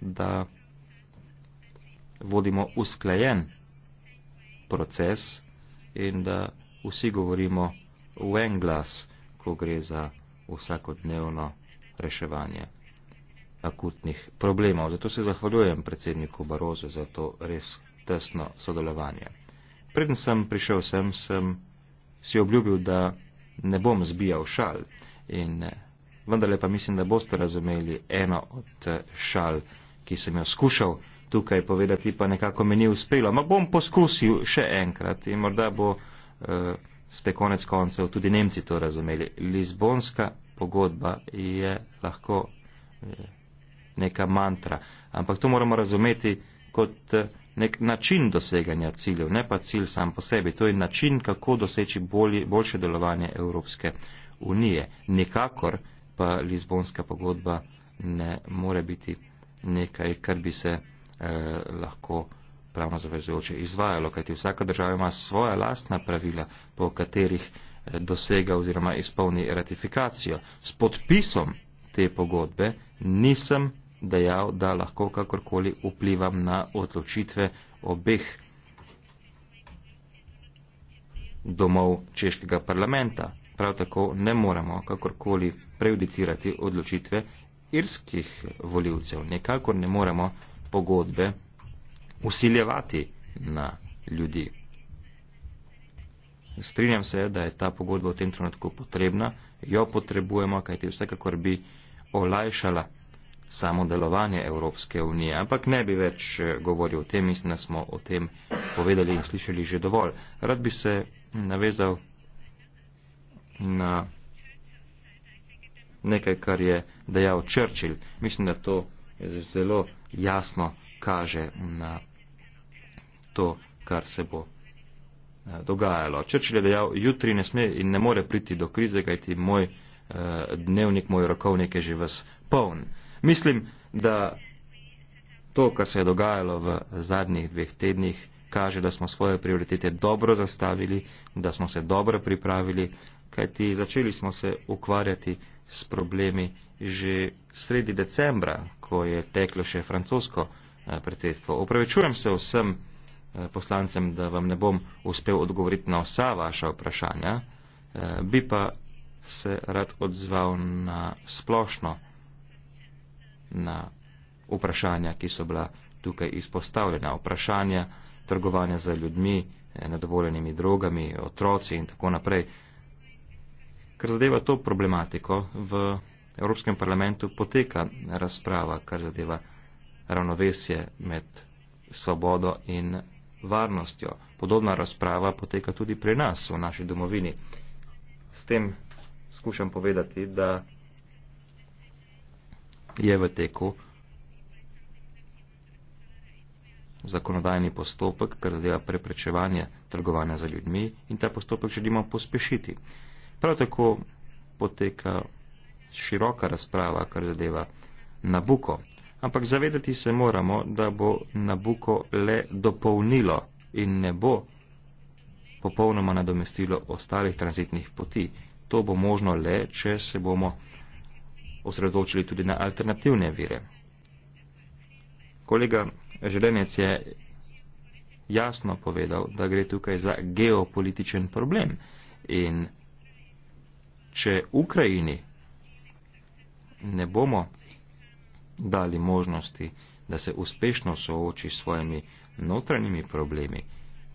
da vodimo usklajen proces in da vsi govorimo v en glas, ko gre za vsakodnevno reševanje akutnih problemov. Zato se zahvaljujem predsedniku Barozu za to res tesno sodelovanje. Preden sem prišel sem, sem si obljubil, da ne bom zbijal šal in vendar pa mislim, da boste razumeli eno od eh, šal, ki sem jo skušal tukaj povedati, pa nekako mi ni uspelo. Ma bom poskusil še enkrat in morda bo, eh, ste konec koncev tudi Nemci to razumeli. Lizbonska pogodba je lahko eh, neka mantra, ampak to moramo razumeti kot eh, nek način doseganja ciljev, ne pa cilj sam po sebi. To je način, kako doseči bolje, boljše delovanje Evropske unije. Nikakor pa Lizbonska pogodba ne more biti nekaj, kar bi se eh, lahko pravno zavezujoče izvajalo, kajti vsaka država ima svoja lastna pravila, po katerih eh, dosega oziroma izpolni ratifikacijo. S podpisom te pogodbe nisem dejal, da lahko kakorkoli vplivam na odločitve obeh domov češkega parlamenta prav tako ne moremo kakorkoli prejudicirati odločitve irskih voljivcev, nekako ne moremo pogodbe usiljevati na ljudi. Strinjam se, da je ta pogodba v tem trenutku potrebna, jo potrebujemo, kajti vsekakor bi olajšala samo delovanje Evropske unije. Ampak ne bi več eh, govoril o tem, mislim, da smo o tem povedali in slišali že dovolj. Rad bi se navezal na nekaj, kar je dejal Churchill. Mislim, da to zelo jasno kaže na to, kar se bo eh, dogajalo. Churchill je dejal, jutri ne sme in ne more priti do krize, kajti moj eh, dnevnik, moj rokovnik je že ves poln. Mislim, da to, kar se je dogajalo v zadnjih dveh tednih, kaže, da smo svoje prioritete dobro zastavili, da smo se dobro pripravili kajti začeli smo se ukvarjati s problemi že sredi decembra, ko je teklo še francosko eh, predsedstvo. Opravičujem se vsem eh, poslancem, da vam ne bom uspel odgovoriti na vsa vaša vprašanja, eh, bi pa se rad odzval na splošno na vprašanja, ki so bila tukaj izpostavljena. Vprašanja trgovanja za ljudmi, nedovoljenimi drogami, otroci in tako naprej. Kar zadeva to problematiko, v Evropskem parlamentu poteka razprava, kar zadeva ravnovesje med svobodo in varnostjo. Podobna razprava poteka tudi pri nas, v naši domovini. S tem skušam povedati, da je v teku zakonodajni postopek, kar zadeva preprečevanje trgovanja za ljudmi in ta postopek želimo pospešiti. Prav tako poteka široka razprava, kar zadeva Nabuko. Ampak zavedati se moramo, da bo Nabuko le dopolnilo in ne bo popolnoma nadomestilo ostalih tranzitnih poti. To bo možno le, če se bomo osredotočili tudi na alternativne vire. Kolega Želenec je jasno povedal, da gre tukaj za geopolitičen problem in če Ukrajini ne bomo dali možnosti, da se uspešno sooči s svojimi notranjimi problemi,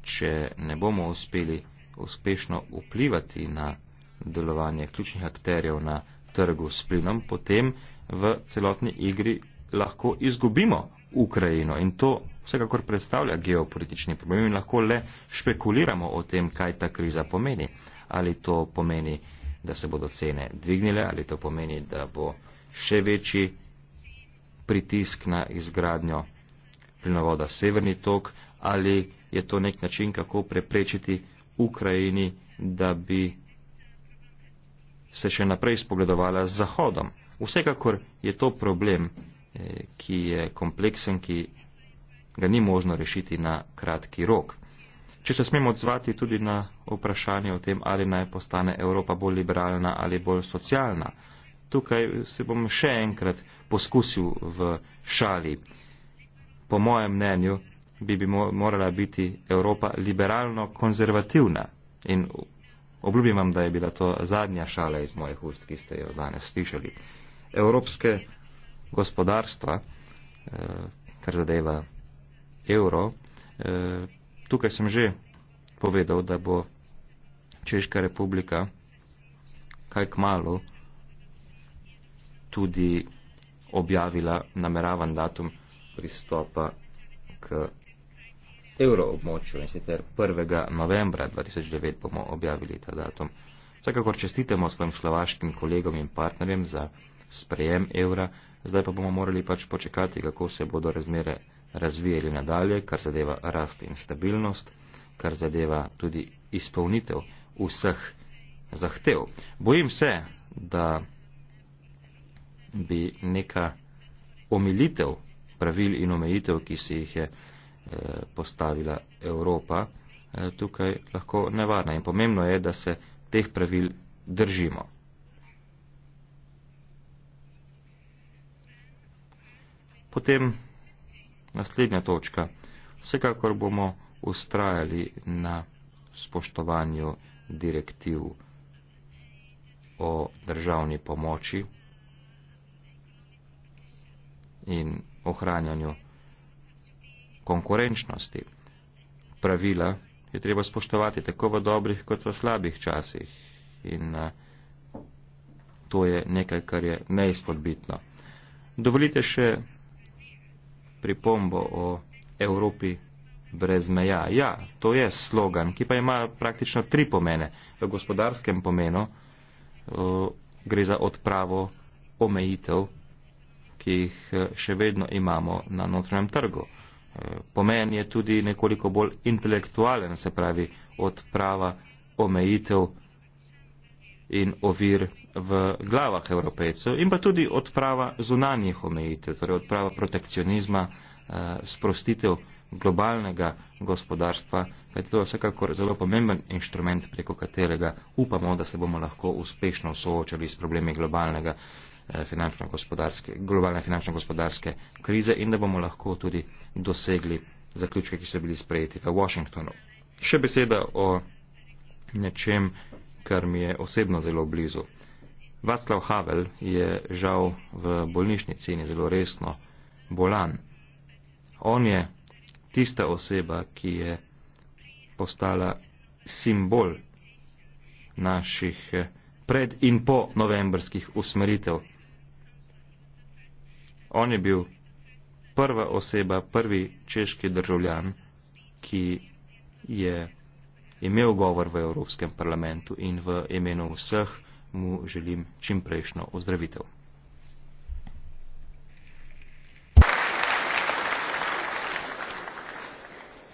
če ne bomo uspeli uspešno vplivati na delovanje ključnih akterjev na trgu s plinom, potem v celotni igri lahko izgubimo Ukrajino. In to vsekakor predstavlja geopolitični problem in lahko le špekuliramo o tem, kaj ta kriza pomeni. Ali to pomeni da se bodo cene dvignile, ali to pomeni, da bo še večji pritisk na izgradnjo plinovoda Severni tok, ali je to nek način, kako preprečiti Ukrajini, da bi se še naprej spogledovala z Zahodom. Vsekakor je to problem, eh, ki je kompleksen, ki ga ni možno rešiti na kratki rok. Če se smemo odzvati tudi na vprašanje o tem, ali naj postane Evropa bolj liberalna ali bolj socialna, tukaj se bom še enkrat poskusil v šali. Po mojem mnenju bi, bi morala biti Evropa liberalno-konzervativna in obljubim vam, da je bila to zadnja šala iz mojih ust, ki ste jo danes slišali. Evropske gospodarstva, eh, kar zadeva evro, eh, Tukaj sem že povedal, da bo Češka republika kaj k malu tudi objavila nameravan datum pristopa k evroobmočju in sicer 1. novembra 2009 bomo objavili ta datum. Vsekakor čestitemo svojim slovaškim kolegom in partnerjem za sprejem evra, zdaj pa bomo morali pač počekati, kako se bodo razmere razvijali nadalje, kar zadeva rast in stabilnost, kar zadeva tudi izpolnitev vseh zahtev. Bojim se, da bi neka omilitev pravil in omejitev, ki si jih je eh, postavila Evropa, eh, tukaj lahko nevarna. In pomembno je, da se teh pravil držimo. Potem Naslednja točka. Vsekakor bomo ustrajali na spoštovanju direktiv o državni pomoči in ohranjanju konkurenčnosti. Pravila je treba spoštovati tako v dobrih kot v slabih časih in eh, to je nekaj, kar je neizpodbitno. Dovolite še pripombo o Evropi brez meja. Ja, to je slogan, ki pa ima praktično tri pomene. V gospodarskem pomenu o, gre za odpravo omejitev, ki jih e, še vedno imamo na notranjem trgu. E, pomen je tudi nekoliko bolj intelektualen, se pravi odprava omejitev in ovir v glavah evropejcev in pa tudi odprava zunanjih omejitev, torej odprava protekcionizma, eh, sprostitev globalnega gospodarstva, kajti to je vsekakor zelo pomemben inštrument, preko katerega upamo, da se bomo lahko uspešno soočali s problemi globalnega eh, finančno-gospodarske, globalne finančno-gospodarske krize in da bomo lahko tudi dosegli zaključke, ki so bili sprejeti v Washingtonu. Še beseda o nečem, kar mi je osebno zelo blizu. Václav Havel je žal v bolnišnici in je zelo resno bolan. On je tista oseba, ki je postala simbol naših eh, pred in po novembrskih usmeritev. On je bil prva oseba, prvi češki državljan, ki je imel govor v Evropskem parlamentu in v imenu vseh, mu želim čimprejšno ozdravitev.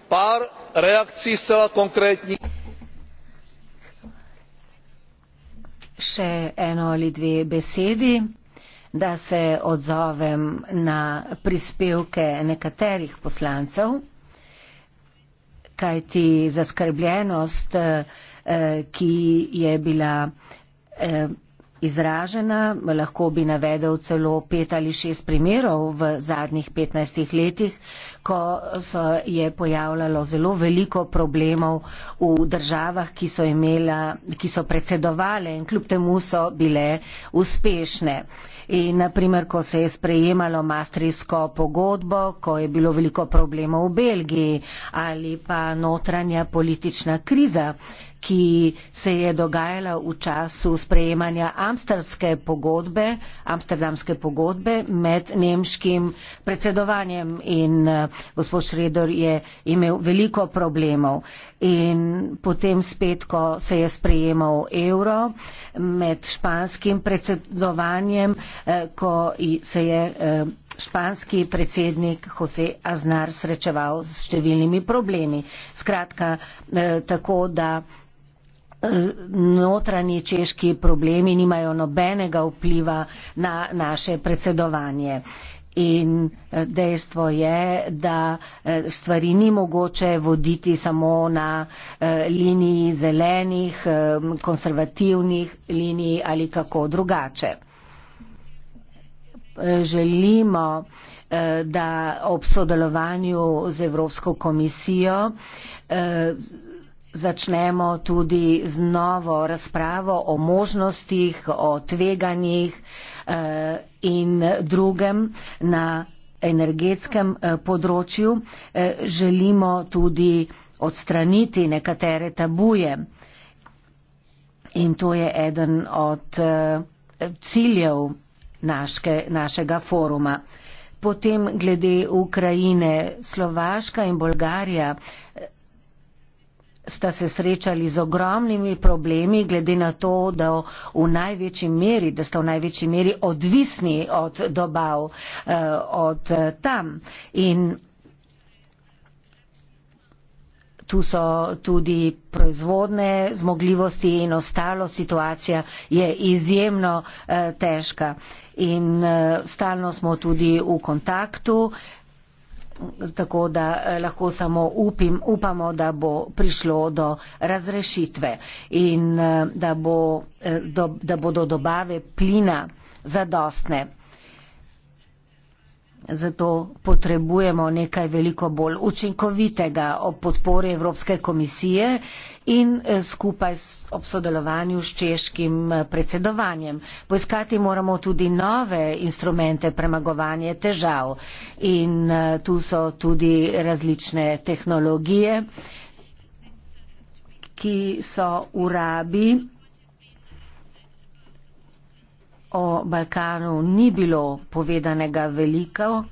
Par reakcij zelo konkretnih. Še eno ali dve besedi, da se odzovem na prispevke nekaterih poslancev, kajti zaskrbljenost, eh, ki je bila Eh, izražena, lahko bi navedel celo pet ali šest primerov v zadnjih 15 letih, ko se je pojavljalo zelo veliko problemov v državah, ki so, imela, ki so predsedovale in kljub temu so bile uspešne. In naprimer, ko se je sprejemalo mastrijsko pogodbo, ko je bilo veliko problemov v Belgiji ali pa notranja politična kriza, ki se je dogajala v času sprejemanja Amsterdamske pogodbe, Amsterdamske pogodbe med nemškim predsedovanjem in eh, gospod Šredor je imel veliko problemov. In potem spet, ko se je sprejemal evro med španskim predsedovanjem, eh, ko se je eh, španski predsednik Jose Aznar srečeval s številnimi problemi. Skratka, tako da notranji češki problemi nimajo nobenega vpliva na naše predsedovanje. In eh, dejstvo je, da eh, stvari ni mogoče voditi samo na eh, liniji zelenih, konservativnih linij ali kako drugače. Želimo, da ob sodelovanju z Evropsko komisijo začnemo tudi z novo razpravo o možnostih, o tveganjih eh, in drugem na energetskem eh, področju. Eh, želimo tudi odstraniti nekatere tabuje. In to je eden od ciljev naške, našega foruma. Potem glede Ukrajine, Slovaška in Bolgarija sta se srečali z ogromnimi problemi, glede na to, da, v meri, da sta v največji meri odvisni od dobav uh, od uh, tam. In tu so tudi proizvodne zmogljivosti in ostalo situacija je izjemno uh, težka. In uh, stalno smo tudi v kontaktu. Uh, tako da eh, lahko samo upim, upamo, da bo prišlo do razrešitve in eh, da, bo, eh, do, da bodo dobave plina zadostne. Zato potrebujemo nekaj veliko bolj učinkovitega ob podpori Evropske komisije in eh, skupaj s, ob sodelovanju s češkim eh, predsedovanjem. Poiskati moramo tudi nove instrumente premagovanja težav in eh, tu so tudi različne tehnologije, ki so v rabi. O Balkanu ni bilo povedanega veliko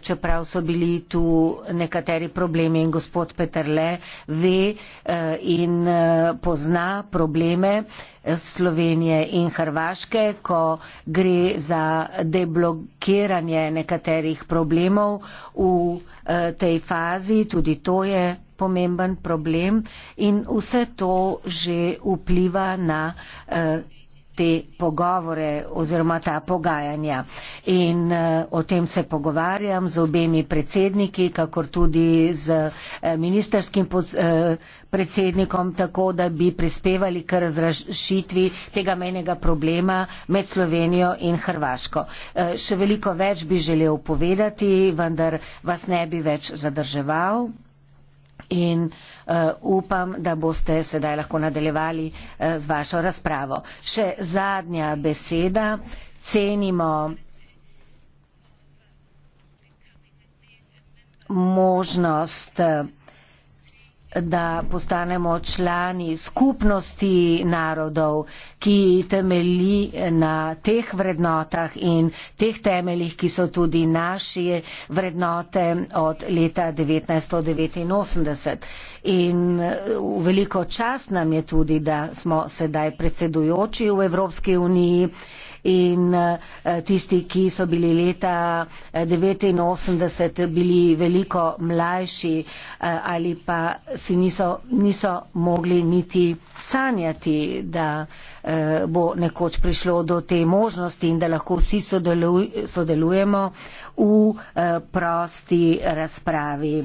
čeprav so bili tu nekateri problemi in gospod Peterle ve eh, in eh, pozna probleme eh, Slovenije in Hrvaške, ko gre za deblokiranje nekaterih problemov v tej fazi, tudi to je pomemben problem in vse to že vpliva na te pogovore oziroma ta pogajanja. In eh, o tem se pogovarjam z obemi predsedniki, kakor tudi z eh, ministerskim eh, predsednikom, tako da bi prispevali k razrešitvi tega menjega problema med Slovenijo in Hrvaško. Še veliko več bi želel povedati, vendar vas ne bi več zadrževal. In uh, Eh, upam, da boste sedaj lahko nadaljevali eh, z vašo razpravo. Še zadnja beseda. Cenimo možnost eh, da postanemo člani skupnosti narodov, ki temelji na teh vrednotah in teh temeljih, ki so tudi naše vrednote od leta 1989. In veliko čast nam je tudi, da smo sedaj predsedujoči v Evropski uniji in eh, tisti, ki so bili leta 1989 eh, bili veliko mlajši eh, ali pa si niso, niso mogli niti sanjati, da bo nekoč prišlo do te možnosti in da lahko vsi sodeluj, sodelujemo v prosti razpravi.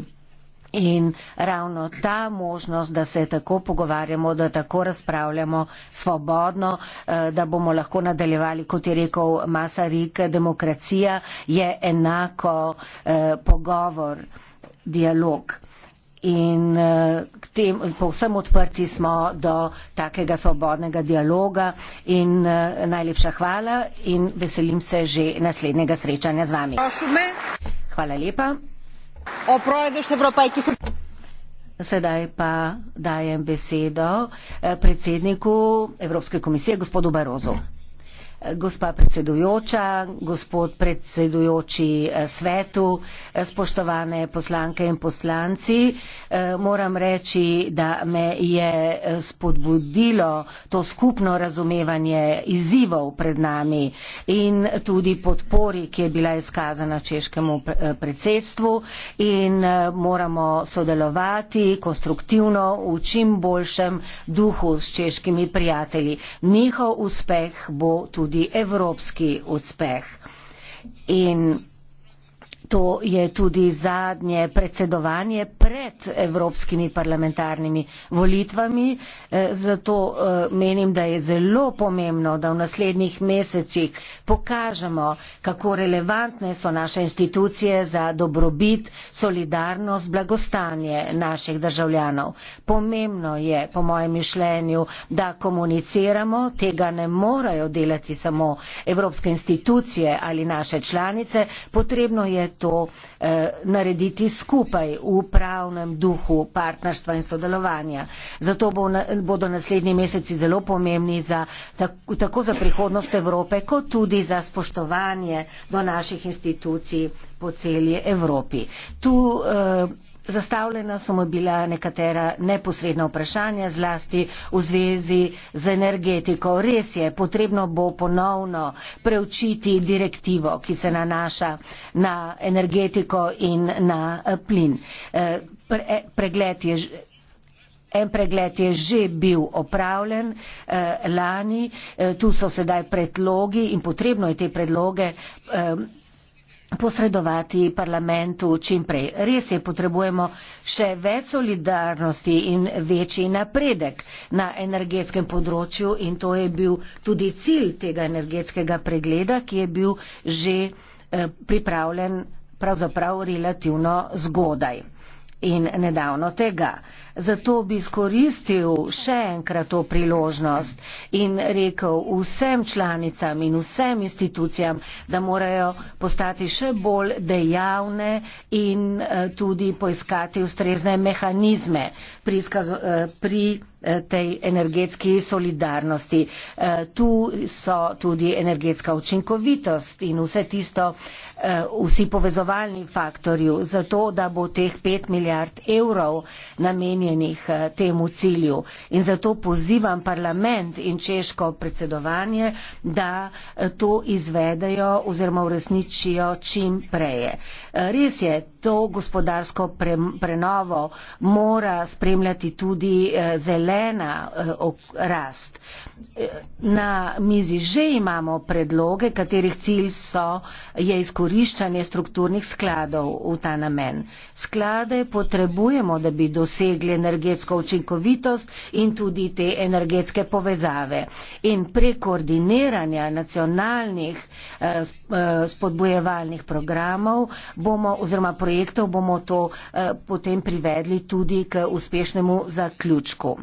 In ravno ta možnost, da se tako pogovarjamo, da tako razpravljamo svobodno, eh, da bomo lahko nadaljevali, kot je rekel Masarik, demokracija je enako eh, pogovor, dialog. In eh, tem, povsem odprti smo do takega svobodnega dialoga in najlepša hvala in veselim se že naslednjega srečanja z vami. Hvala lepa. Ο πρόεδρος της Ευρωπαϊκής Sedaj pa dajem besedo eh, predsedniku Evropske komisije, gospodu Barozu. Ja gospa predsedujoča, gospod predsedujoči eh, svetu, eh, spoštovane poslanke in poslanci. Eh, moram reči, da me je spodbudilo to skupno razumevanje izzivov pred nami in tudi podpori, ki je bila izkazana češkemu predsedstvu in moramo sodelovati konstruktivno v čim boljšem duhu s češkimi prijatelji. Njihov uspeh bo tudi tudi evropski uspeh. In to je tudi zadnje predsedovanje pred evropskimi parlamentarnimi volitvami, eh, zato eh, menim, da je zelo pomembno, da v naslednjih mesecih pokažemo, kako relevantne so naše institucije za dobrobit, solidarnost, blagostanje naših državljanov. Pomembno je, po mojem mišljenju, da komuniciramo, tega ne morajo delati samo evropske institucije ali naše članice, potrebno je to eh, narediti skupaj v pravnem duhu partnerstva in sodelovanja. Zato bo na, bodo naslednji meseci zelo pomembni za, tako za prihodnost Evrope, kot tudi za spoštovanje do naših institucij po celi Evropi. Tu, eh, Zastavljena so mu bila nekatera neposredna vprašanja, zlasti v zvezi z energetiko. Res je, potrebno bo ponovno preučiti direktivo, ki se nanaša na energetiko in na eh, plin. Eh, eh, pregled je, en pregled je že bil opravljen lani, tu so sedaj predlogi in potrebno je te predloge posredovati parlamentu čim prej. Res je, potrebujemo še več solidarnosti in večji napredek na energetskem področju in to je bil tudi cilj tega energetskega pregleda, ki je bil že eh, pripravljen pravzaprav relativno zgodaj in nedavno tega. Zato bi skoristil še enkrat to priložnost in rekel vsem članicam in vsem institucijam, da morajo postati še bolj dejavne in eh, tudi poiskati ustrezne mehanizme pri, skazo, eh, pri Eh, tej energetski solidarnosti. Eh, tu so tudi energetska učinkovitost in vse tisto, eh, vsi povezovalni faktorji za to, da bo teh 5 milijard evrov namenjenih temu cilju. In zato pozivam parlament in češko predsedovanje, da to izvedejo oziroma uresničijo čim preje. Res je, to gospodarsko pre prenovo mora spremljati tudi zelo zelena eh, rast. Eh, na mizi že imamo predloge, katerih cilj so, je izkoriščanje strukturnih skladov v ta namen. Sklade potrebujemo, da bi dosegli energetsko učinkovitost in tudi te energetske povezave. In prek koordiniranja nacionalnih eh, spodbojevalnih programov bomo, oziroma projektov bomo to potem privedli tudi k uspešnemu zaključku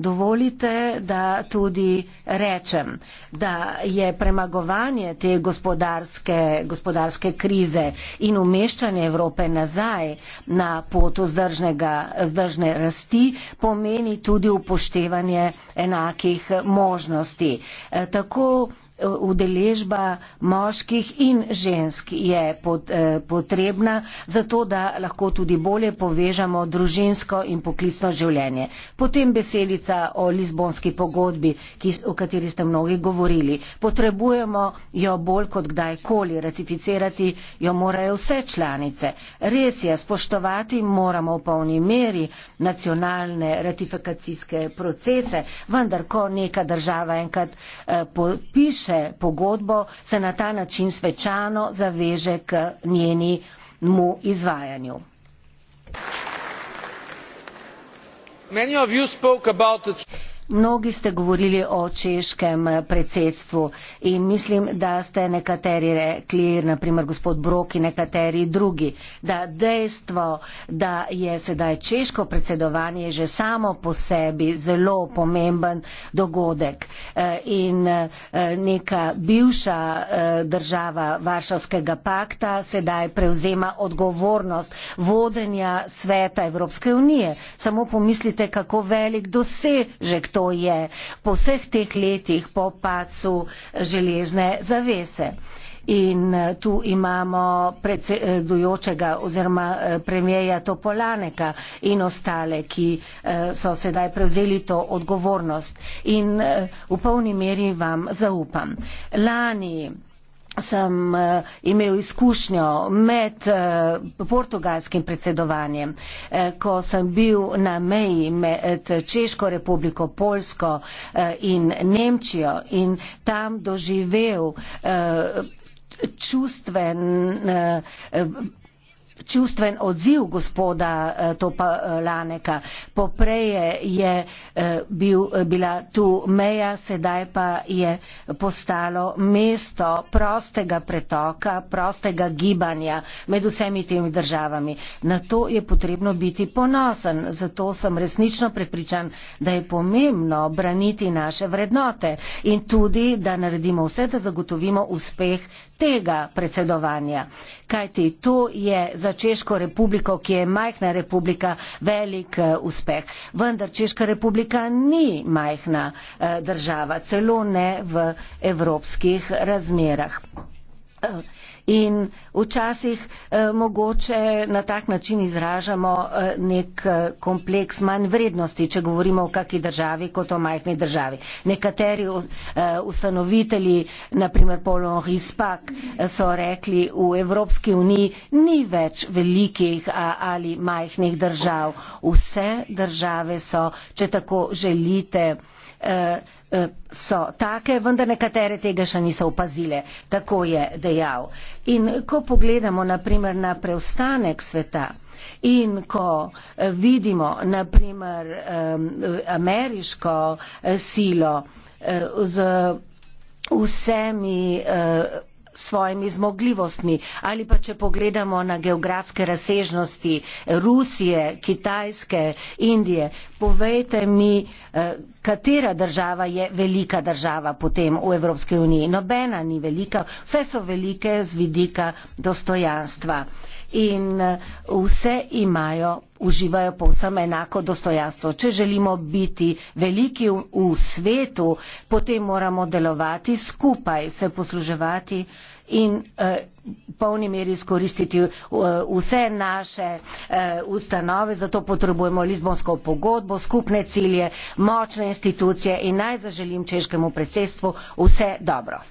dovolite, da tudi rečem, da je premagovanje te gospodarske, gospodarske krize in umeščanje Evrope nazaj na pot vzdržne rasti pomeni tudi upoštevanje enakih možnosti. E, tako udeležba moških in žensk je pot, eh, potrebna, zato da lahko tudi bolje povežamo družinsko in poklicno življenje. Potem besedica o Lizbonski pogodbi, ki, o kateri ste mnogi govorili. Potrebujemo jo bolj kot kdajkoli ratificirati, jo morajo vse članice. Res je, spoštovati moramo v polni meri nacionalne ratifikacijske procese, vendar ko neka država enkrat eh, popiše, podpiše pogodbo, se na ta način svečano zaveže k njenimu izvajanju. Many of you spoke about the... Mnogi ste govorili o češkem predsedstvu in mislim, da ste nekateri rekli, naprimer gospod Brok in nekateri drugi, da dejstvo, da je sedaj češko predsedovanje že samo po sebi zelo pomemben dogodek e, in e, neka bivša e, država Varšavskega pakta sedaj prevzema odgovornost vodenja sveta Evropske unije. Samo pomislite, kako velik dosežek to to je po vseh teh letih po pacu železne zavese. In eh, tu imamo predsedujočega oziroma eh, premijeja Topolaneka in ostale, ki eh, so sedaj prevzeli to odgovornost. In v polni meri vam zaupam. Lani sem eh, imel izkušnjo med eh, portugalskim predsedovanjem, eh, ko sem bil na meji med Češko republiko, Polsko in Nemčijo in tam doživel čustven čustven odziv gospoda eh, Topa eh, Laneka. Popreje je eh, bil, bila tu meja, sedaj pa je postalo mesto prostega pretoka, prostega gibanja med vsemi temi državami. Na to je potrebno biti ponosen, zato sem resnično prepričan, da je pomembno braniti naše vrednote in tudi, da naredimo vse, da zagotovimo uspeh tega predsedovanja. Kajti to je za Češko republiko, ki je majhna republika, velik eh, uspeh. Vendar Češka republika ni majhna eh, država, celo ne v evropskih razmerah. Uh in včasih eh, mogoče na tak način izražamo eh, nek eh, kompleks manj vrednosti, če govorimo o kakšni državi kot o majhni državi. Nekateri eh, ustanovitelji, naprimer Polon Rispak, eh, so rekli, v Evropski uniji ni več velikih a, ali majhnih držav. Vse države so, če tako želite, eh, so take, vendar nekatere tega še niso opazile, tako je dejal. In ko pogledamo naprimer na preostanek sveta in ko eh, vidimo naprimer ameriško eh, silo eh, z vsemi svojimi zmogljivostmi. Ali pa če pogledamo na geografske razsežnosti Rusije, Kitajske, Indije, povejte mi, eh, katera država je velika država potem v Evropski uniji. Nobena ni velika, vse so velike z vidika dostojanstva in eh, vse imajo, uživajo povsem enako dostojanstvo. Če želimo biti veliki v, v svetu, potem moramo delovati skupaj, se posluževati in eh, v eh, polni meri izkoristiti eh, vse naše eh, ustanove. Zato potrebujemo Lizbonsko pogodbo, skupne cilje, močne institucije in naj zaželim češkemu predsedstvu vse dobro.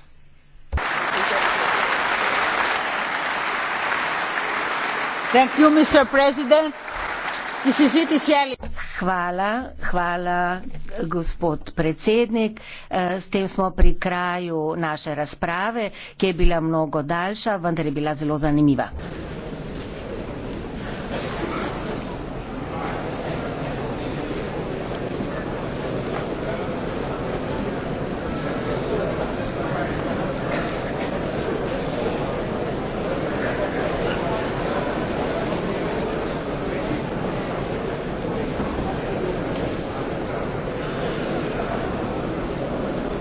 hvala gospod predsednik eh, s tem smo pri kraju naše razprave ki je bila mnogo daljša vendar je bila zelo zanimiva